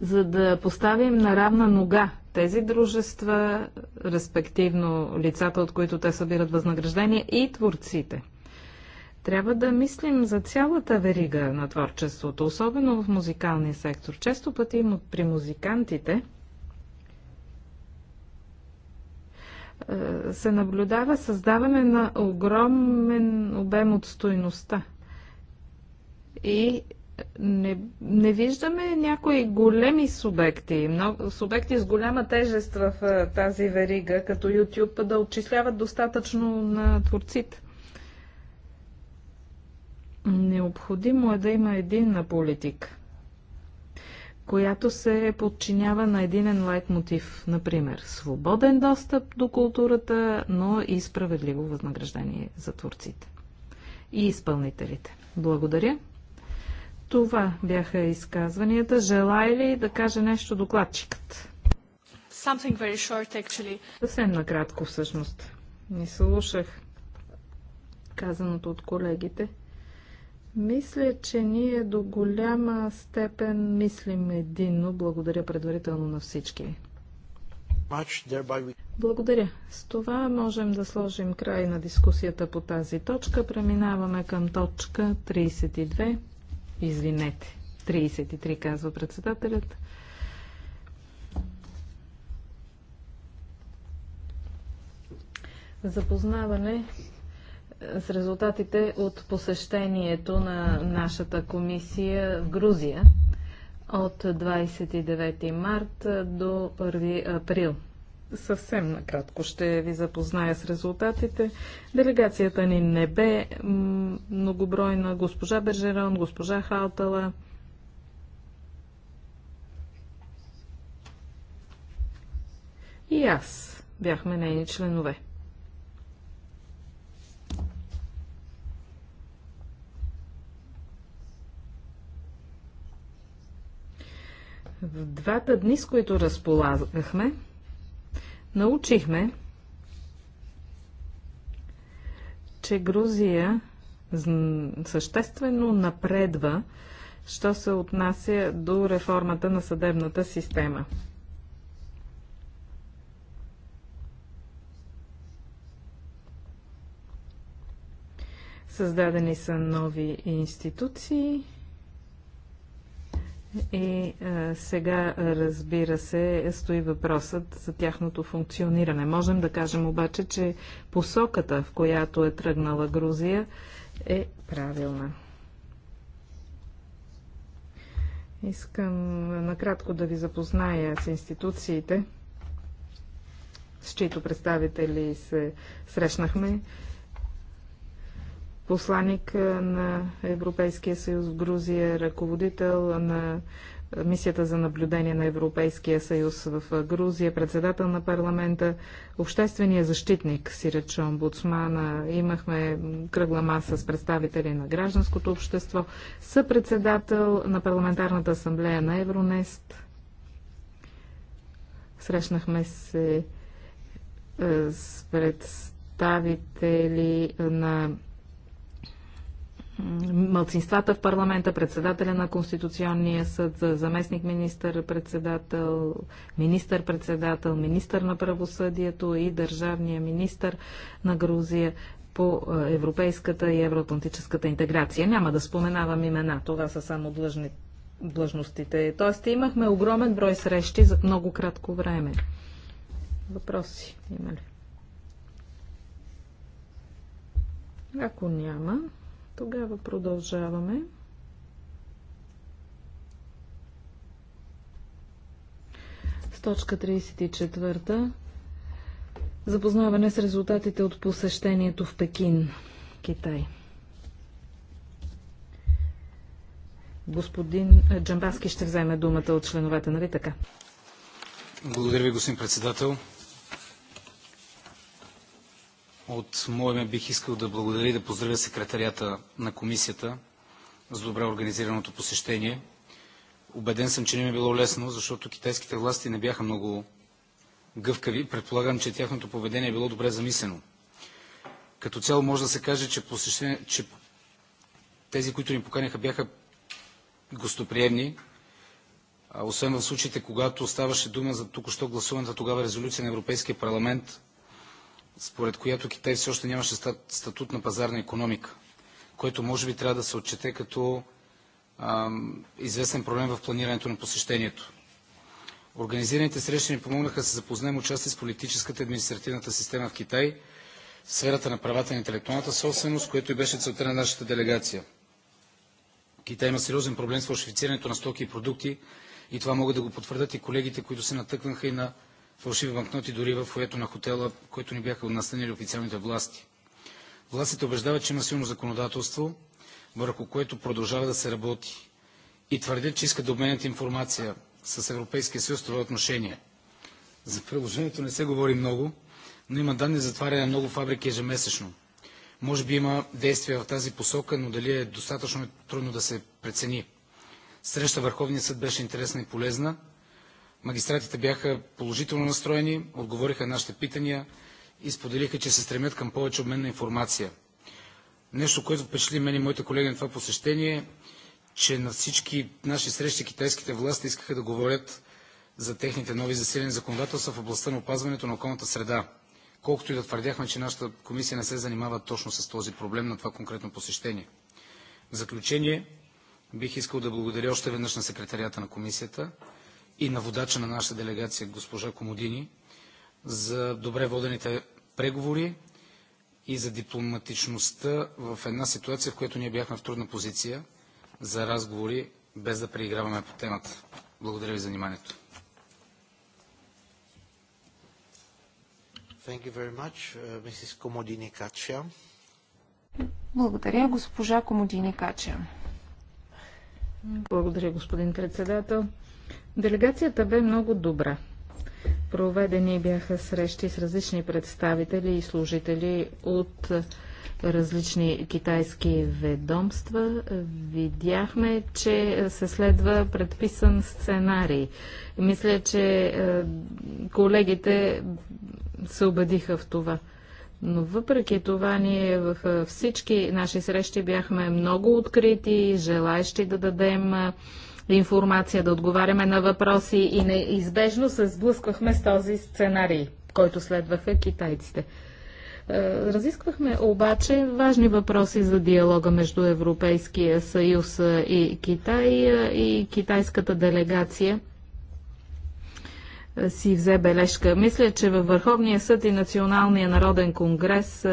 за да поставим на равна нога тези дружества, респективно лицата, от които те събират възнаграждения и творците. Трябва да мислим за цялата верига на творчеството, особено в музикалния сектор. Често пъти при музикантите е, се наблюдава създаване на огромен обем от стойността. И не, не виждаме някои големи субекти, много, субекти с голяма тежест в е, тази верига, като YouTube, да отчисляват достатъчно на творците. Необходимо е да има единна политика, която се подчинява на единен лайт мотив, например свободен достъп до културата, но и справедливо възнаграждение за творците и изпълнителите. Благодаря. Това бяха изказванията. Желая ли да каже нещо докладчикът? Something very short, actually. Съвсем накратко, всъщност. Не слушах казаното от колегите. Мисля, че ние до голяма степен мислим единно. Благодаря предварително на всички. Благодаря. С това можем да сложим край на дискусията по тази точка. Преминаваме към точка 32. Извинете. 33, казва председателят. Запознаване е, с резултатите от посещението на нашата комисия в Грузия от 29 март е, до 1 април Съвсем накратко ще ви запозная с резултатите. Делегацията ни не бе многобройна. Госпожа Бержерон, госпожа Халтала, и аз бяхме нейни членове. В двата дни, с които разполагахме, научихме, че Грузия съществено напредва, що се отнася до реформата на съдебната система. Създадени са нови институции, и а, е, сега, е, разбира се, стои въпросът за тяхното функциониране. Можем да кажем обаче, че посоката, в която е тръгнала Грузия, е правилна. Искам е, накратко да ви запозная с институциите, с чието представители се срещнахме посланник е, на Европейския съюз в Грузия, ръководител на мисията за наблюдение на Европейския съюз в е, Грузия, председател на парламента, обществения защитник Сиреч Омбудсмана. Имахме кръгла маса с представители на гражданското общество, съпредседател на парламентарната асамблея на Евронест. Срещнахме се е, с представители на мълцинствата в парламента, председателя на Конституционния съд, заместник министър-председател, министър-председател, министър на правосъдието и държавния министър на Грузия по е, европейската и евроатлантическата интеграция. Няма да споменавам имена, това са само длъжни, длъжностите. Тоест имахме огромен брой срещи за много кратко време. Въпроси има ли? Ако няма, тогава продължаваме. С точка 34. Запознаване с резултатите от посещението в Пекин, Китай. Господин Джамбаски ще вземе думата от членовете, нали така? Благодаря ви, господин председател. От мое име бих искал да благодаря и да поздравя секретарията на комисията за добре организираното посещение. Обеден съм, че не ми е било лесно, защото китайските власти не бяха много гъвкави. Предполагам, че тяхното поведение е било добре замислено. Като цяло може да се каже, че, посещение, че тези, които ни поканиха, бяха гостоприемни. А освен в случаите, когато ставаше дума за току-що гласуваната тогава резолюция на Европейския парламент според която Китай все още нямаше статут на пазарна економика, което може би трябва да се отчете като а, известен проблем в планирането на посещението. Организираните срещи ни помогнаха да се запознаем участие с политическата и административната система в Китай, в сферата на правата на интелектуалната собственост, което и беше целта на нашата делегация. Китай има сериозен проблем с фалшифицирането на стоки и продукти и това могат да го потвърдят и колегите, които се натъкнаха и на фалшиви банкноти дори в фоето на хотела, който ни бяха настанили официалните власти. Властите убеждават, че има силно законодателство, върху което продължава да се работи. И твърдят, че искат да обменят информация с Европейския съюз в това отношение. За приложението не се говори много, но има данни за затваряне на много фабрики ежемесечно. Може би има действия в тази посока, но дали е достатъчно е трудно да се прецени. Среща Върховния съд беше интересна и полезна, Магистратите бяха положително настроени, отговориха на нашите питания и споделиха, че се стремят към повече обмен на информация. Нещо, което впечатли мен и моите колеги на това посещение, че на всички наши срещи китайските власти искаха да говорят за техните нови засилени законодателства в областта на опазването на околната среда. Колкото и да твърдяхме, че нашата комисия не се занимава точно с този проблем на това конкретно посещение. В заключение, бих искал да благодаря още веднъж на секретарията на комисията, и на водача на нашата делегация, госпожа Комодини, за добре водените преговори и за дипломатичността в една ситуация, в която ние бяхме в трудна позиция за разговори, без да преиграваме по темата. Благодаря ви за вниманието. Uh, Благодаря, госпожа Комодини Кача. Благодаря, господин председател. Делегацията бе много добра. Проведени бяха срещи с различни представители и служители от различни китайски ведомства. Видяхме, че се следва предписан сценарий. Мисля, че е, колегите се убедиха в това. Но въпреки това ние в е, всички наши срещи бяхме много открити, желаещи да дадем е, информация, да отговаряме на въпроси и неизбежно се сблъсквахме с този сценарий, който следваха китайците. Е, разисквахме обаче важни въпроси за диалога между Европейския съюз и Китай е, и китайската делегация е, си взе бележка. Мисля, че във Върховния съд и Националния народен конгрес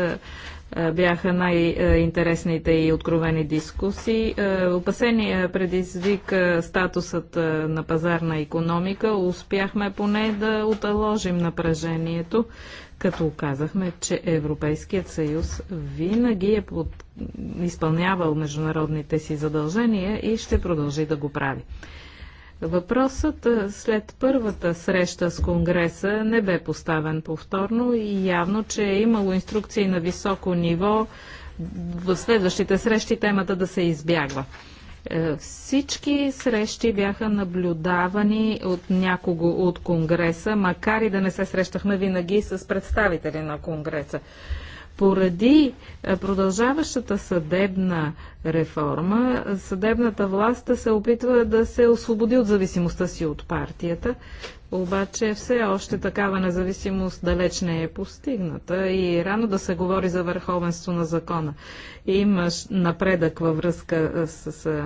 е, бяха най-интересните и откровени дискусии. Е, опасения предизвик е, статусът на пазарна економика. Успяхме поне да оталожим напрежението, като казахме, че Европейският съюз винаги е под... изпълнявал международните си задължения и ще продължи да го прави. Въпросът след първата среща с Конгреса не бе поставен повторно и явно, че е имало инструкции на високо ниво в следващите срещи темата да се избягва. Е, всички срещи бяха наблюдавани от някого от Конгреса, макар и да не се срещахме винаги с представители на Конгреса. Поради е, продължаващата съдебна реформа, съдебната власт се опитва да се освободи от зависимостта си от партията, обаче все още такава независимост далеч не е постигната и рано да се говори за върховенство на закона. Има напредък във връзка е, с е,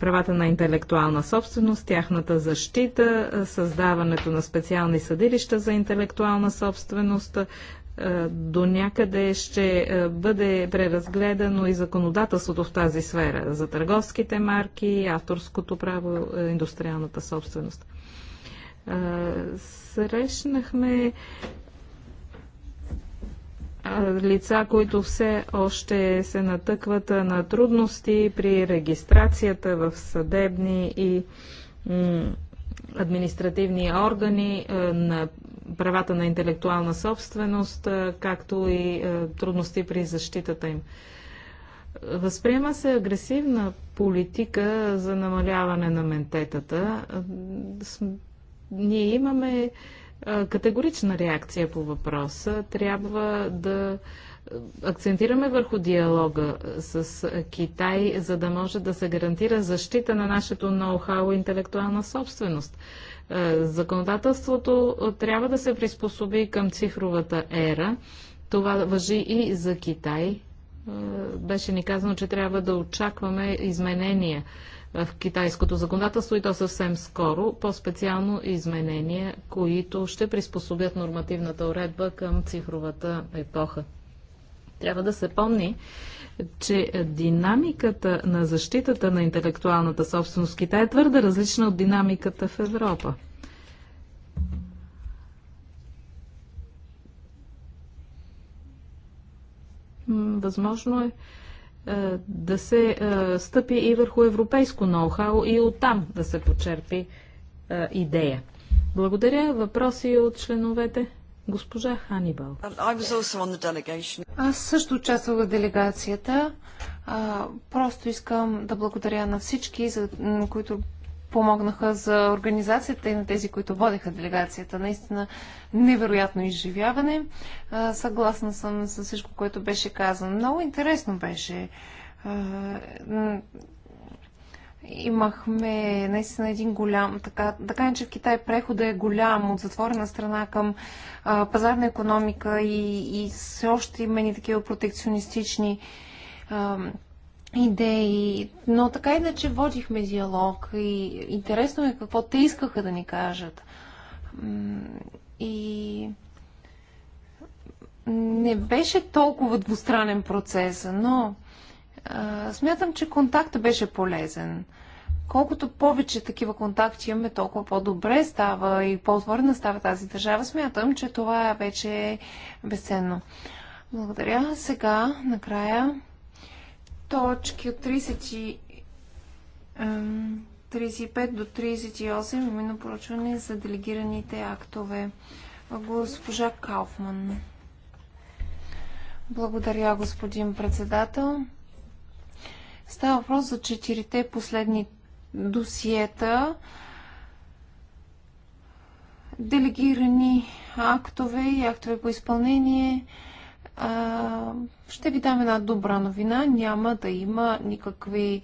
правата на интелектуална собственост, тяхната защита, създаването на специални съдилища за интелектуална собственост, е, до някъде ще е, бъде преразгледано и законодателството в тази сфера за търговските марки, авторското право, е, индустриалната собственост. Срещнахме лица, които все още се натъкват на трудности при регистрацията в съдебни и административни органи, е, на правата на интелектуална собственост, е, както и е, трудности при защитата им. Възприема се агресивна политика за намаляване на ментетата. Ние имаме категорична реакция по въпроса. Трябва да акцентираме върху диалога с Китай, за да може да се гарантира защита на нашето ноу-хау и интелектуална собственост. Е, законодателството трябва да се приспособи към цифровата ера. Това въжи и за Китай. Е, беше ни казано, че трябва да очакваме изменения в китайското законодателство и то съвсем скоро, по-специално изменения, които ще приспособят нормативната уредба към цифровата епоха. Трябва да се помни, че динамиката на защитата на интелектуалната собственост в Китай е твърде различна от динамиката в Европа. Възможно е, е да се е, стъпи и върху европейско ноу-хау и оттам да се почерпи е, идея. Благодаря. Въпроси от членовете? Госпожа Ханибал. Аз също участвах в делегацията. А, просто искам да благодаря на всички, за, които помогнаха за организацията и на тези, които водеха делегацията. Наистина невероятно изживяване. А, съгласна съм с всичко, което беше казано. Много интересно беше имахме наистина един голям, така, кажем, че в Китай прехода е голям от затворена страна към а, пазарна економика и, и все още има и такива протекционистични а, идеи. Но така иначе водихме диалог и интересно е какво те искаха да ни кажат. И не беше толкова двустранен процес, но смятам, че контактът беше полезен. Колкото повече такива контакти имаме, толкова по-добре става и по-отворена става тази държава. Смятам, че това вече е безценно. Благодаря. Сега, накрая, точки от 30 35 до 38, именно поручване за делегираните актове. Госпожа Кауфман. Благодаря, господин председател. Става въпрос за четирите последни досиета, делегирани актове и актове по изпълнение. ще ви дам една добра новина. Няма да има никакви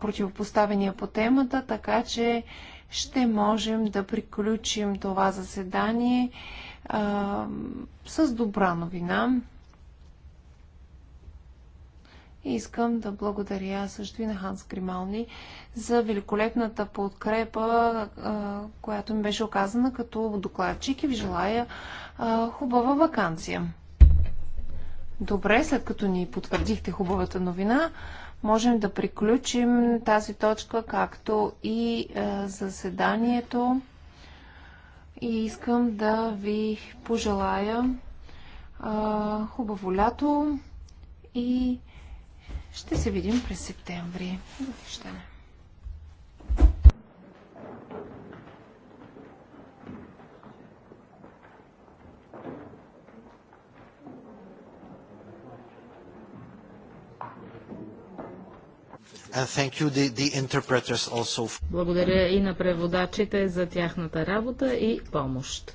противопоставения по темата, така че ще можем да приключим това заседание с добра новина. И искам да благодаря също и на Ханс Кримални за великолепната подкрепа, която ми беше оказана като докладчик и ви желая хубава вакансия. Добре, след като ни потвърдихте хубавата новина, можем да приключим тази точка, както и заседанието. И искам да ви пожелая хубаво лято и ще се видим през септември. Довиждане. Uh, the, the Благодаря и на преводачите за тяхната работа и помощ.